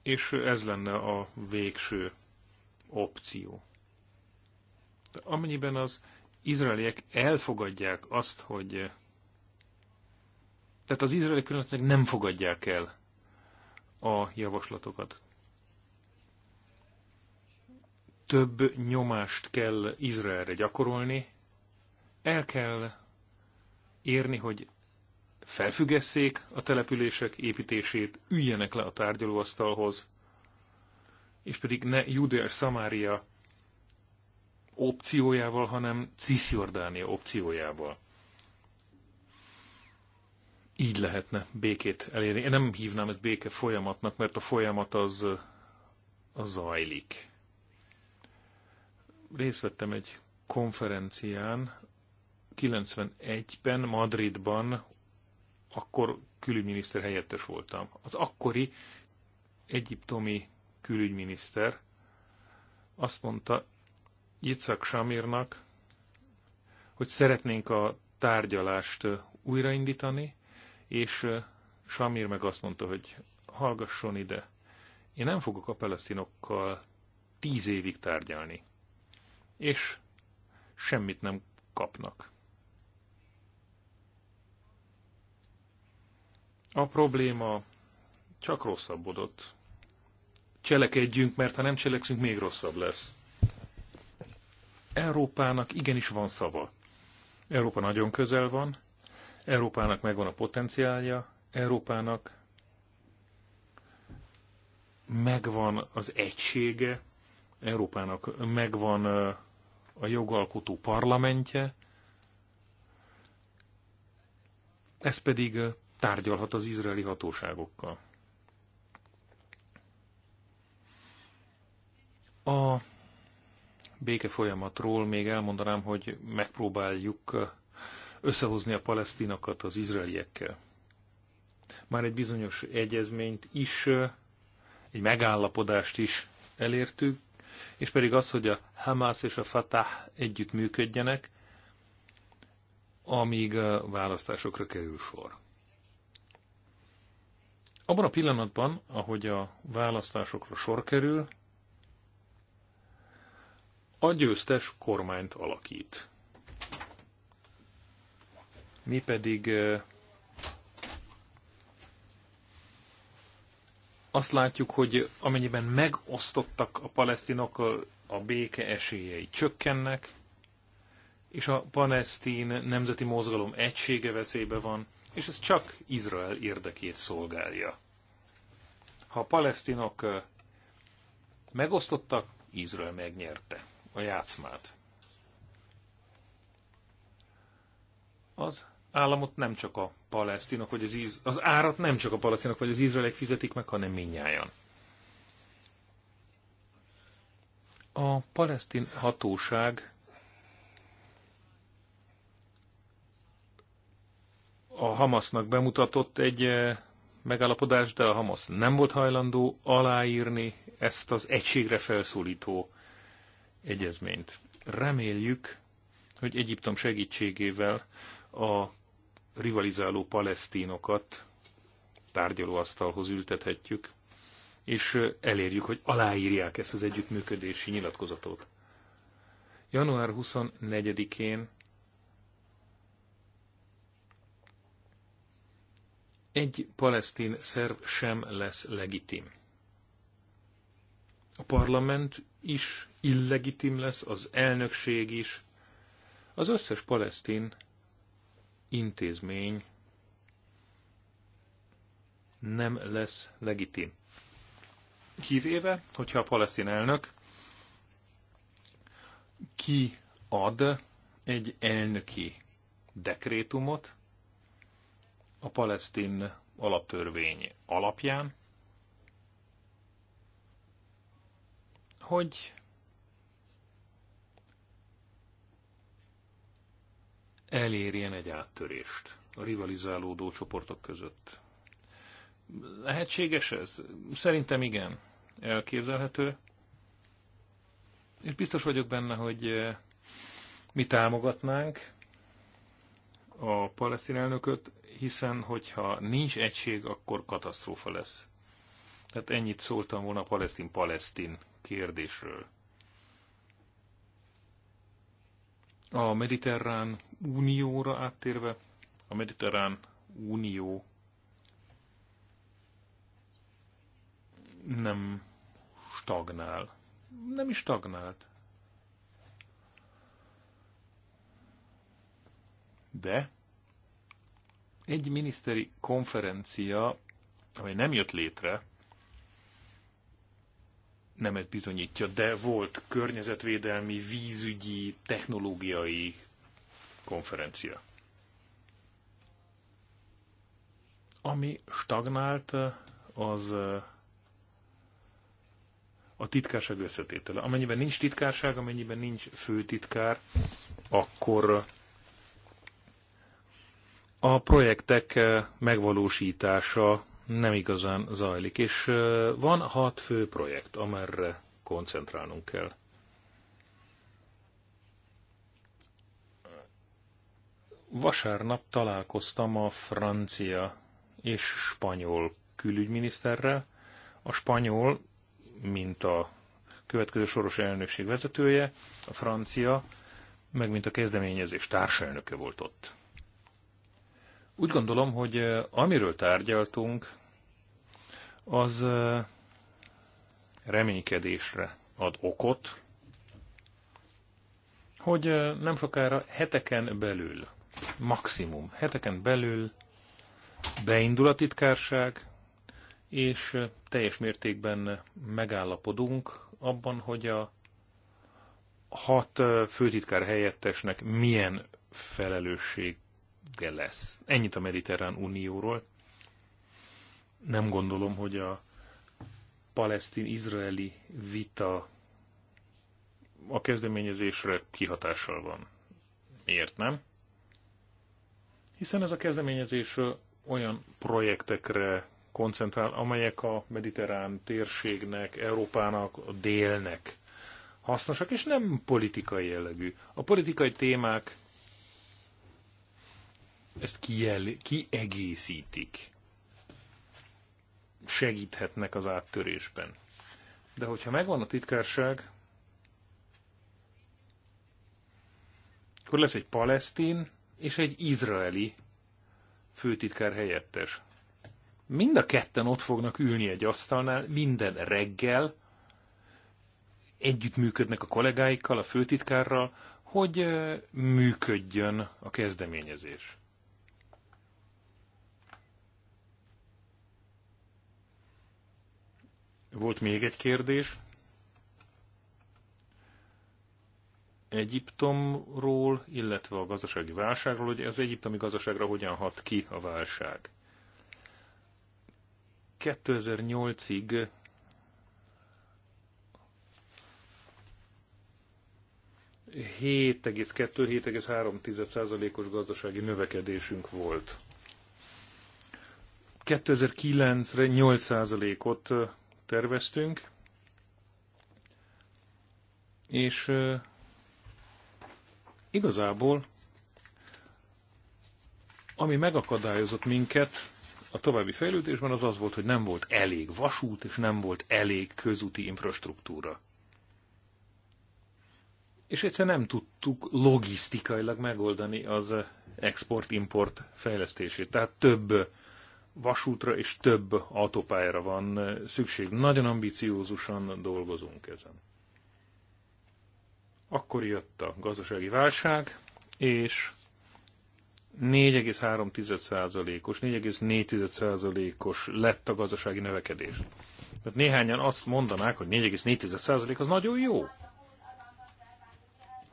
És ez lenne a végső opció. De amennyiben az izraeliek elfogadják azt, hogy tehát az izraeli különösen nem fogadják el a javaslatokat. Több nyomást kell Izraelre gyakorolni, el kell érni, hogy felfüggesszék a települések építését, üljenek le a tárgyalóasztalhoz, és pedig ne Judea és Samária opciójával, hanem Cisjordánia opciójával. Így lehetne békét elérni. Én nem hívnám egy béke folyamatnak, mert a folyamat az, az zajlik. Részt vettem egy konferencián 91-ben Madridban, akkor külügyminiszter helyettes voltam. Az akkori egyiptomi külügyminiszter azt mondta, Yitzhak Samirnak, hogy szeretnénk a tárgyalást újraindítani, és Samir meg azt mondta, hogy hallgasson ide, én nem fogok a palesztinokkal tíz évig tárgyalni, és semmit nem kapnak. A probléma csak rosszabbodott. Cselekedjünk, mert ha nem cselekszünk, még rosszabb lesz. Európának igenis van szava. Európa nagyon közel van, Európának megvan a potenciálja, Európának megvan az egysége, Európának megvan a jogalkotó parlamentje, ez pedig tárgyalhat az izraeli hatóságokkal. A béke folyamatról még elmondanám, hogy megpróbáljuk összehozni a palesztinakat az izraeliekkel. Már egy bizonyos egyezményt is, egy megállapodást is elértük, és pedig az, hogy a Hamas és a Fatah együtt működjenek, amíg a választásokra kerül sor. Abban a pillanatban, ahogy a választásokra sor kerül, a győztes kormányt alakít. Mi pedig azt látjuk, hogy amennyiben megosztottak a palesztinok, a béke esélyei csökkennek, és a palesztin nemzeti mozgalom egysége veszélybe van, és ez csak Izrael érdekét szolgálja. Ha a palesztinok megosztottak, Izrael megnyerte a játszmát. Az államot nem csak a palesztinok, vagy az, íz, az árat nem csak a palesztinok, vagy az izraelek fizetik meg, hanem minnyáján. A palesztin hatóság a Hamasznak bemutatott egy eh, megállapodást de a Hamas nem volt hajlandó aláírni ezt az egységre felszólító egyezményt. Reméljük, hogy Egyiptom segítségével a rivalizáló palesztínokat tárgyalóasztalhoz ültethetjük, és elérjük, hogy aláírják ezt az együttműködési nyilatkozatot. Január 24-én egy palesztin szerv sem lesz legitim. A parlament is illegitim lesz, az elnökség is, az összes palesztin intézmény nem lesz legitim. Kivéve, hogyha a palesztin elnök kiad egy elnöki dekrétumot a palesztin alaptörvény alapján, hogy elérjen egy áttörést a rivalizálódó csoportok között. Lehetséges ez? Szerintem igen. Elképzelhető. És biztos vagyok benne, hogy eh, mi támogatnánk a palesztin elnököt, hiszen hogyha nincs egység, akkor katasztrófa lesz. Tehát ennyit szóltam volna a palesztin-palesztin kérdésről. A Mediterrán Unióra áttérve, a Mediterrán Unió nem stagnál. Nem is stagnált. De egy miniszteri konferencia, ami nem jött létre, nemet bizonyítja, de volt környezetvédelmi, vízügyi, technológiai konferencia. Ami stagnált, az eh, a titkárság összetétele. Amennyiben nincs titkárság, amennyiben nincs főtitkár, akkor eh, a projektek eh, megvalósítása nem igazán zajlik, és van hat fő projekt, amerre koncentrálnunk kell. Vasárnap találkoztam a francia és spanyol külügyminiszterrel. A spanyol, mint a következő soros elnökség vezetője, a francia, meg mint a kezdeményezés társelnöke volt ott. Úgy gondolom, hogy amiről tárgyaltunk, az reménykedésre ad okot, hogy nem sokára heteken belül, maximum heteken belül beindul a titkárság, és teljes mértékben megállapodunk abban, hogy a hat főtitkár helyettesnek milyen felelősség de lesz. Ennyit a Mediterrán Unióról. Nem gondolom, hogy a palesztin-izraeli vita a kezdeményezésre kihatással van. Miért nem? Hiszen ez a kezdeményezés olyan projektekre koncentrál, amelyek a mediterrán térségnek, Európának, a délnek hasznosak, és nem politikai jellegű. A politikai témák ezt kiel, kiegészítik, segíthetnek az áttörésben. De hogyha megvan a titkárság, akkor lesz egy palesztin és egy izraeli főtitkár helyettes. Mind a ketten ott fognak ülni egy asztalnál minden reggel, együttműködnek a kollégáikkal, a főtitkárral, hogy működjön a kezdeményezés. Volt még egy kérdés. Egyiptomról, illetve a gazdasági válságról, hogy az egyiptomi gazdaságra hogyan hat ki a válság. 2008-ig 3%-os gazdasági növekedésünk volt. 2009-re 8%-ot terveztünk, és igazából ami megakadályozott minket a további fejlődésben az az volt, hogy nem volt elég vasút, és nem volt elég közúti infrastruktúra. És egyszerűen nem tudtuk logisztikailag megoldani az export-import fejlesztését. Tehát több vasútra és több autópályára van szükség. Nagyon ambiciózusan dolgozunk ezen. Akkor jött a gazdasági válság, és 4,3%-os, 4,4%-os lett a gazdasági növekedés. Tehát néhányan azt mondanák, hogy 4,4% az nagyon jó.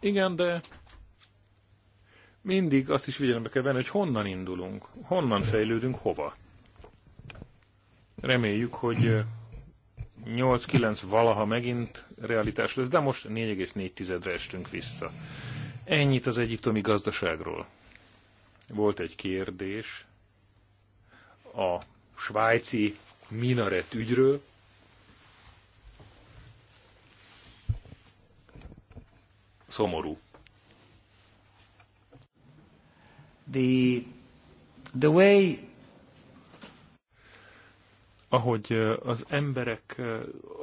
Igen, de mindig azt is figyelembe kell venni, hogy honnan indulunk, honnan fejlődünk, hova. Reméljük, hogy 8-9 valaha megint realitás lesz, de most 4,4-re estünk vissza. Ennyit az egyiptomi gazdaságról. Volt egy kérdés a svájci minaret ügyről. Szomorú. The, the way ahogy az emberek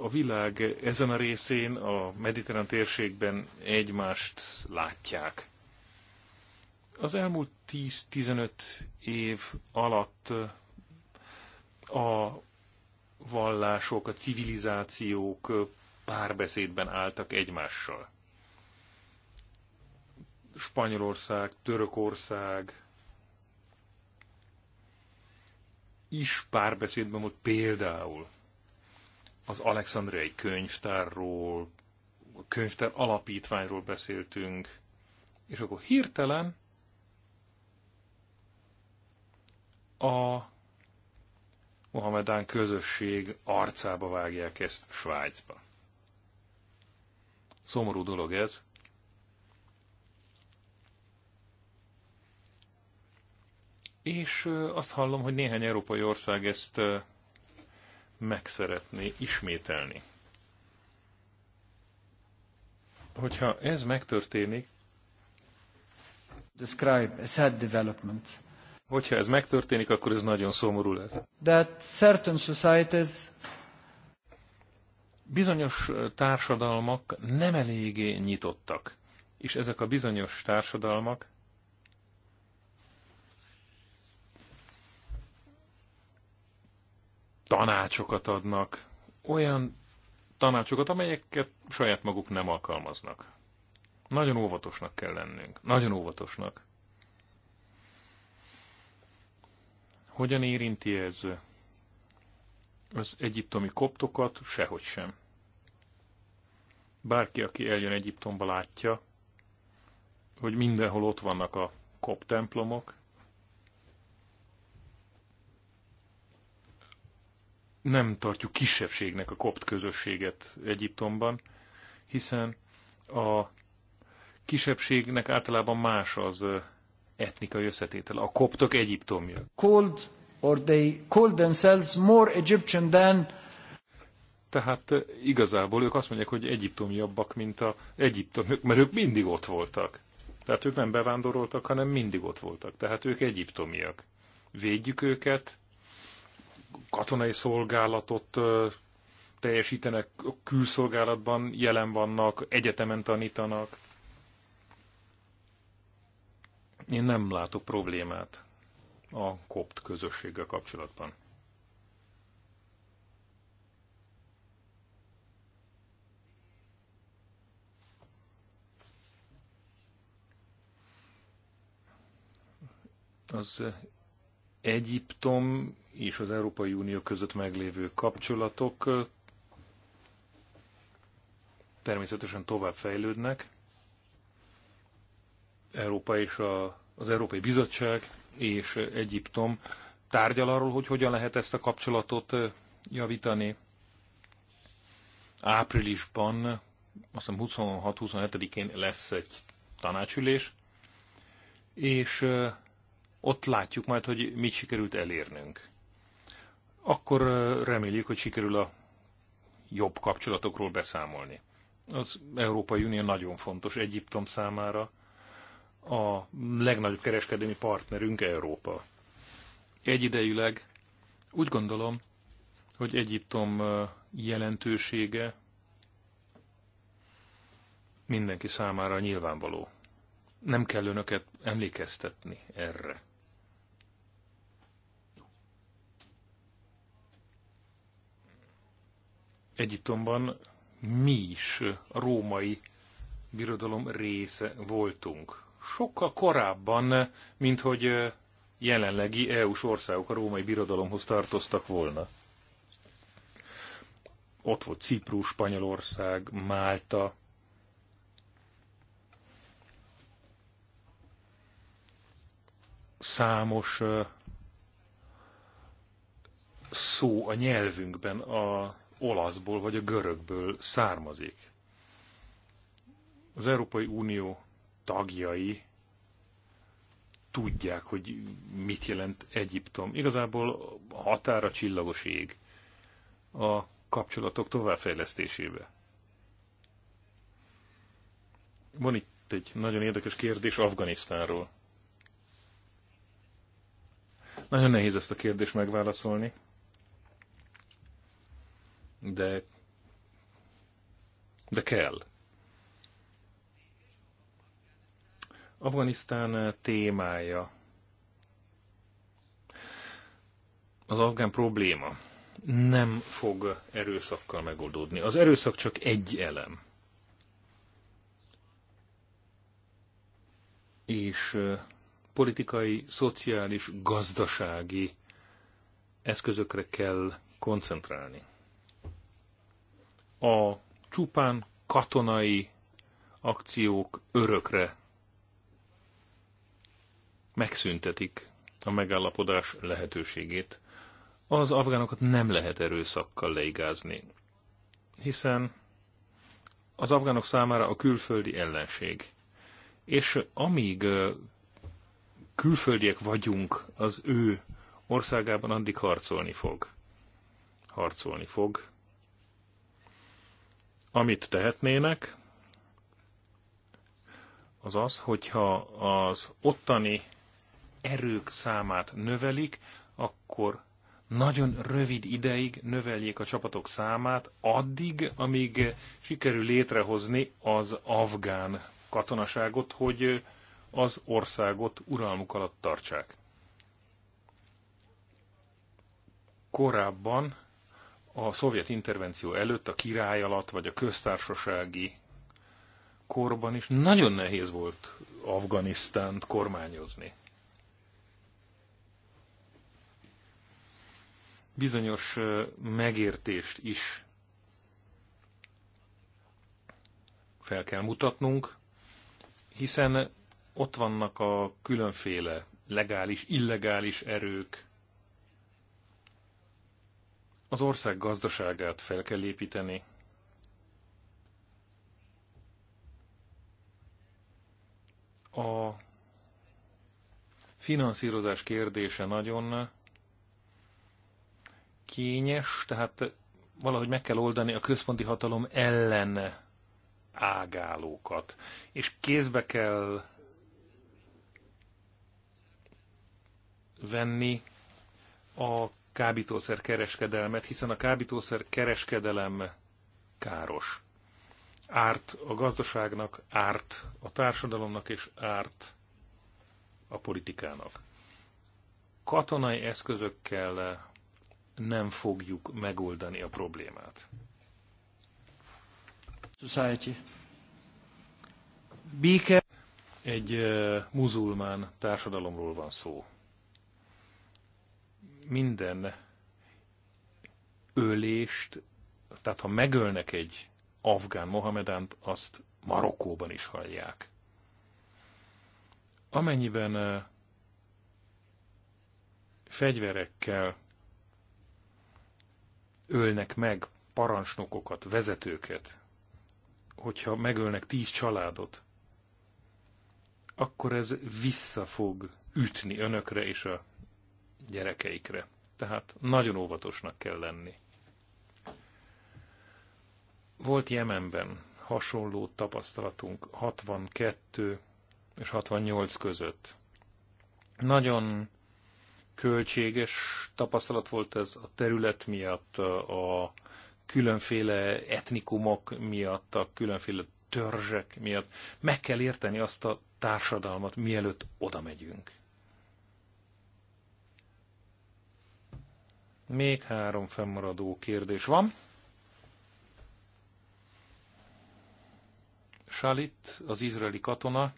a világ ezen a részén, a mediterrán térségben egymást látják. Az elmúlt 10-15 év alatt a vallások, a civilizációk párbeszédben álltak egymással. Spanyolország, Törökország, is párbeszédben volt például az Alexandriai könyvtárról, a könyvtár alapítványról beszéltünk, és akkor hirtelen a Mohamedán közösség arcába vágják ezt Svájcba. Szomorú dolog ez, És azt hallom, hogy néhány európai ország ezt meg szeretné ismételni. Hogyha ez megtörténik, describe a sad development. Hogyha ez megtörténik, akkor ez nagyon szomorú lesz. That certain societies bizonyos társadalmak nem eléggé nyitottak, és ezek a bizonyos társadalmak tanácsokat adnak, olyan tanácsokat, amelyeket saját maguk nem alkalmaznak. Nagyon óvatosnak kell lennünk. Nagyon óvatosnak. Hogyan érinti ez az egyiptomi koptokat? Sehogy sem. Bárki, aki eljön Egyiptomba, látja, hogy mindenhol ott vannak a kop templomok, nem tartjuk kisebbségnek a kopt közösséget Egyiptomban, hiszen a kisebbségnek általában más az etnikai összetétele. A koptok egyiptomiak. Cold, or they call themselves more Egyptian than tehát igazából ők azt mondják, hogy egyiptomiabbak, mint a egyiptomiak, mert ők mindig ott voltak. Tehát ők nem bevándoroltak, hanem mindig ott voltak. Tehát ők egyiptomiak. Védjük őket, katonai szolgálatot teljesítenek, külszolgálatban jelen vannak, egyetemen tanítanak. Én nem látok problémát a kopt közösséggel kapcsolatban. Az Egyiptom és az Európai Unió között meglévő kapcsolatok természetesen tovább fejlődnek. Európa és a, az Európai Bizottság és Egyiptom tárgyal arról, hogy hogyan lehet ezt a kapcsolatot javítani. Áprilisban, azt hiszem 26-27-én lesz egy tanácsülés, és ott látjuk majd, hogy mit sikerült elérnünk akkor reméljük, hogy sikerül a jobb kapcsolatokról beszámolni. Az Európai Unió nagyon fontos Egyiptom számára, a legnagyobb kereskedelmi partnerünk Európa. Egyidejűleg úgy gondolom, hogy Egyiptom jelentősége mindenki számára nyilvánvaló. Nem kell önöket emlékeztetni erre. Egyiptomban mi is a római birodalom része voltunk. Sokkal korábban, mint hogy jelenlegi EU-s országok a római birodalomhoz tartoztak volna. Ott volt Ciprus, Spanyolország, Málta. Számos szó a nyelvünkben a olaszból vagy a görögből származik. Az Európai Unió tagjai tudják, hogy mit jelent Egyiptom. Igazából a határa csillagos ég a kapcsolatok továbbfejlesztésébe. Van itt egy nagyon érdekes kérdés Afganisztánról. Nagyon nehéz ezt a kérdést megválaszolni de, de kell. Afganisztán témája, az afgán probléma nem fog erőszakkal megoldódni. Az erőszak csak egy elem. És politikai, szociális, gazdasági eszközökre kell koncentrálni a csupán katonai akciók örökre megszüntetik a megállapodás lehetőségét. Az afgánokat nem lehet erőszakkal leigázni, hiszen az afgánok számára a külföldi ellenség. És amíg külföldiek vagyunk az ő országában, addig harcolni fog. Harcolni fog amit tehetnének, az az, hogyha az ottani erők számát növelik, akkor nagyon rövid ideig növeljék a csapatok számát, addig, amíg sikerül létrehozni az afgán katonaságot, hogy az országot uralmuk alatt tartsák. Korábban a szovjet intervenció előtt, a király alatt, vagy a köztársasági korban is nagyon nehéz volt Afganisztánt kormányozni. Bizonyos megértést is fel kell mutatnunk, hiszen ott vannak a különféle legális, illegális erők, az ország gazdaságát fel kell építeni, a finanszírozás kérdése nagyon kényes, tehát valahogy meg kell oldani a központi hatalom ellen ágálókat, és kézbe kell venni a kábítószer kereskedelmet, hiszen a kábítószer kereskedelem káros. Árt a gazdaságnak, árt a társadalomnak és árt a politikának. Katonai eszközökkel nem fogjuk megoldani a problémát. Society. Béke. Egy eh, muzulmán társadalomról van szó minden ölést, tehát ha megölnek egy afgán Mohamedánt, azt Marokkóban is hallják. Amennyiben fegyverekkel ölnek meg parancsnokokat, vezetőket, hogyha megölnek tíz családot, akkor ez vissza fog ütni önökre és a gyerekeikre. Tehát nagyon óvatosnak kell lenni. Volt Jemenben hasonló tapasztalatunk 62 és 68 között. Nagyon költséges tapasztalat volt ez a terület miatt, a különféle etnikumok miatt, a különféle törzsek miatt. Meg kell érteni azt a társadalmat, mielőtt oda megyünk. Még három fennmaradó kérdés van. Salit, az izraeli katona,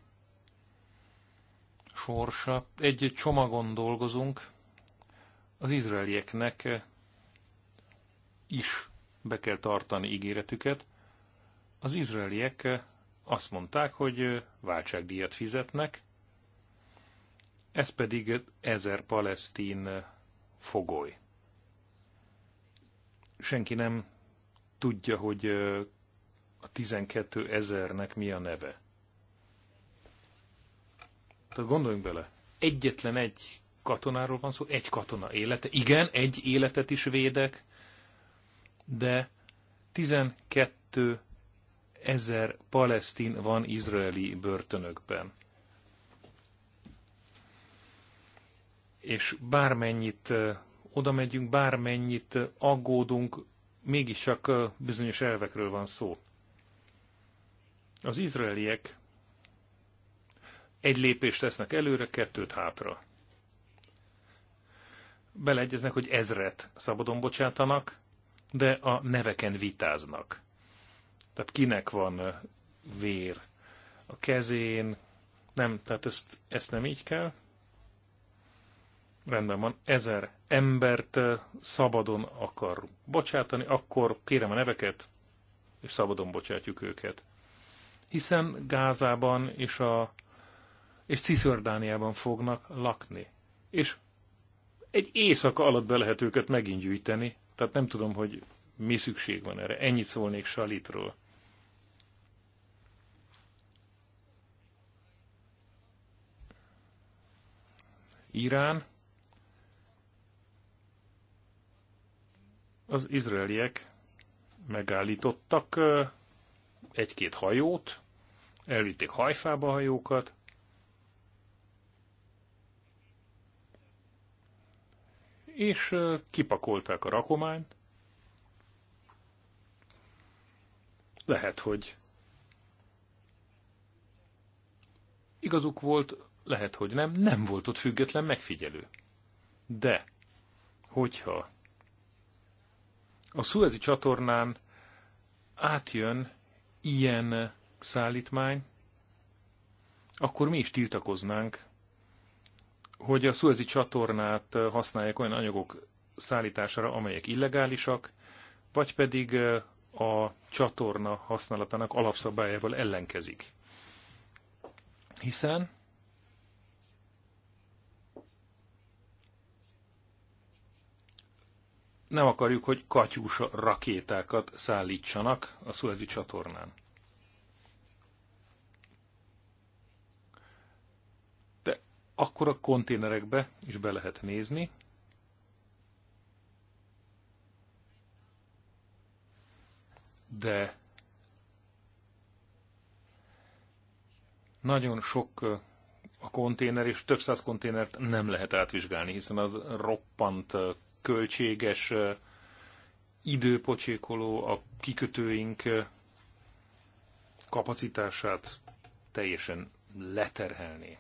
sorsa. Egy, csomagon dolgozunk, az izraelieknek is be kell tartani ígéretüket. Az izraeliek azt mondták, hogy váltságdíjat fizetnek, ez pedig ezer palesztin fogoly senki nem tudja, hogy a 12 ezernek mi a neve. Tehát gondoljunk bele, egyetlen egy katonáról van szó, egy katona élete. Igen, egy életet is védek, de 12 ezer palesztin van izraeli börtönökben. És bármennyit oda megyünk, bármennyit aggódunk, mégiscsak bizonyos elvekről van szó. Az izraeliek egy lépést tesznek előre, kettőt hátra. Beleegyeznek, hogy ezret szabadon bocsátanak, de a neveken vitáznak. Tehát kinek van vér a kezén, nem, tehát ezt, ezt nem így kell rendben van, ezer embert szabadon akar bocsátani, akkor kérem a neveket, és szabadon bocsátjuk őket. Hiszen Gázában és, a, és Ciszördániában fognak lakni. És egy éjszaka alatt be lehet őket megint gyűjteni, tehát nem tudom, hogy mi szükség van erre. Ennyit szólnék Salitról. Irán, az izraeliek megállítottak egy-két hajót, elvitték hajfába a hajókat, és kipakolták a rakományt. Lehet, hogy igazuk volt, lehet, hogy nem, nem volt ott független megfigyelő. De, hogyha a szuezi csatornán átjön ilyen szállítmány, akkor mi is tiltakoznánk, hogy a szuezi csatornát használják olyan anyagok szállítására, amelyek illegálisak, vagy pedig a csatorna használatának alapszabályával ellenkezik. Hiszen nem akarjuk, hogy katyús rakétákat szállítsanak a szuezi csatornán. De akkor a konténerekbe is be lehet nézni. De nagyon sok a konténer, és több száz konténert nem lehet átvizsgálni, hiszen az roppant költséges, időpocsékoló a kikötőink kapacitását teljesen leterhelni.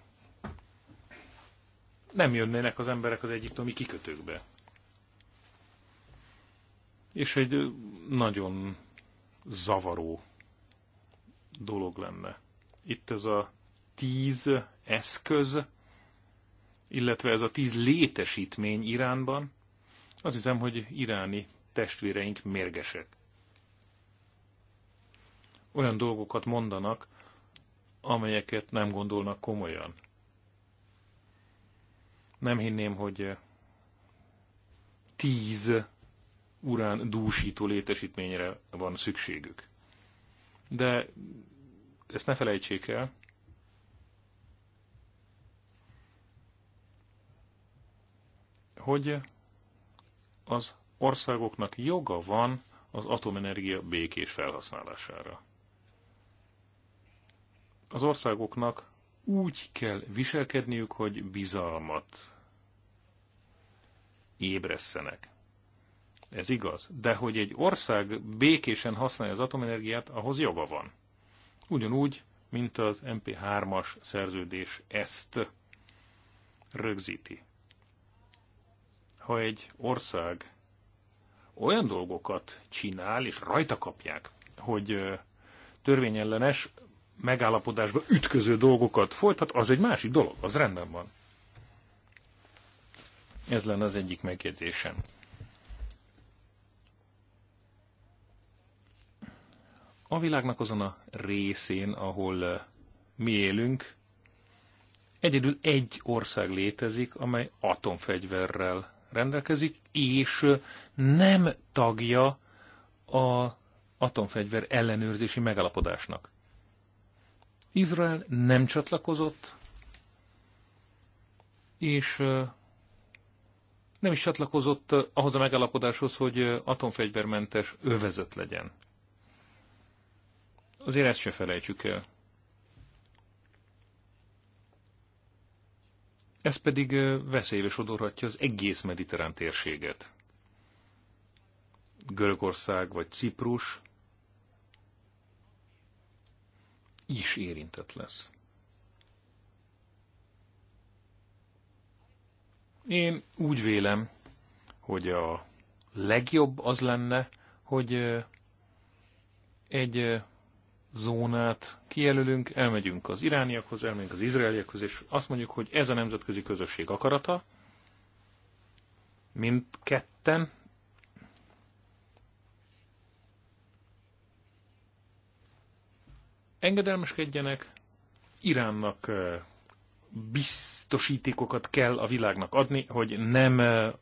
Nem jönnének az emberek az egyiptomi kikötőkbe. És egy nagyon zavaró dolog lenne. Itt ez a tíz eszköz, illetve ez a tíz létesítmény Iránban, azt hiszem, hogy iráni testvéreink mérgesek. Olyan dolgokat mondanak, amelyeket nem gondolnak komolyan. Nem hinném, hogy eh, tíz urán dúsító létesítményre van szükségük. De ezt ne felejtsék el, hogy az országoknak joga van az atomenergia békés felhasználására. Az országoknak úgy kell viselkedniük, hogy bizalmat ébresztenek. Ez igaz. De hogy egy ország békésen használja az atomenergiát, ahhoz joga van. Ugyanúgy, mint az MP3-as szerződés ezt rögzíti ha egy ország olyan dolgokat csinál, és rajta kapják, hogy törvényellenes megállapodásba ütköző dolgokat folytat, az egy másik dolog, az rendben van. Ez lenne az egyik megjegyzésem. A világnak azon a részén, ahol mi élünk, egyedül egy ország létezik, amely atomfegyverrel rendelkezik, és nem tagja a atomfegyver ellenőrzési megalapodásnak. Izrael nem csatlakozott, és nem is csatlakozott ahhoz a megalapodáshoz, hogy atomfegyvermentes övezet legyen. Azért ezt se felejtsük el. Ez pedig veszélybe sodorhatja az egész mediterrán térséget. Görögország vagy Ciprus is érintett lesz. Én úgy vélem, hogy a legjobb az lenne, hogy egy zónát kijelölünk, elmegyünk az irániakhoz, elmegyünk az izraeliekhoz, és azt mondjuk, hogy ez a nemzetközi közösség akarata, mindketten, engedelmeskedjenek, Iránnak eh, biztosítékokat kell a világnak adni, hogy nem eh,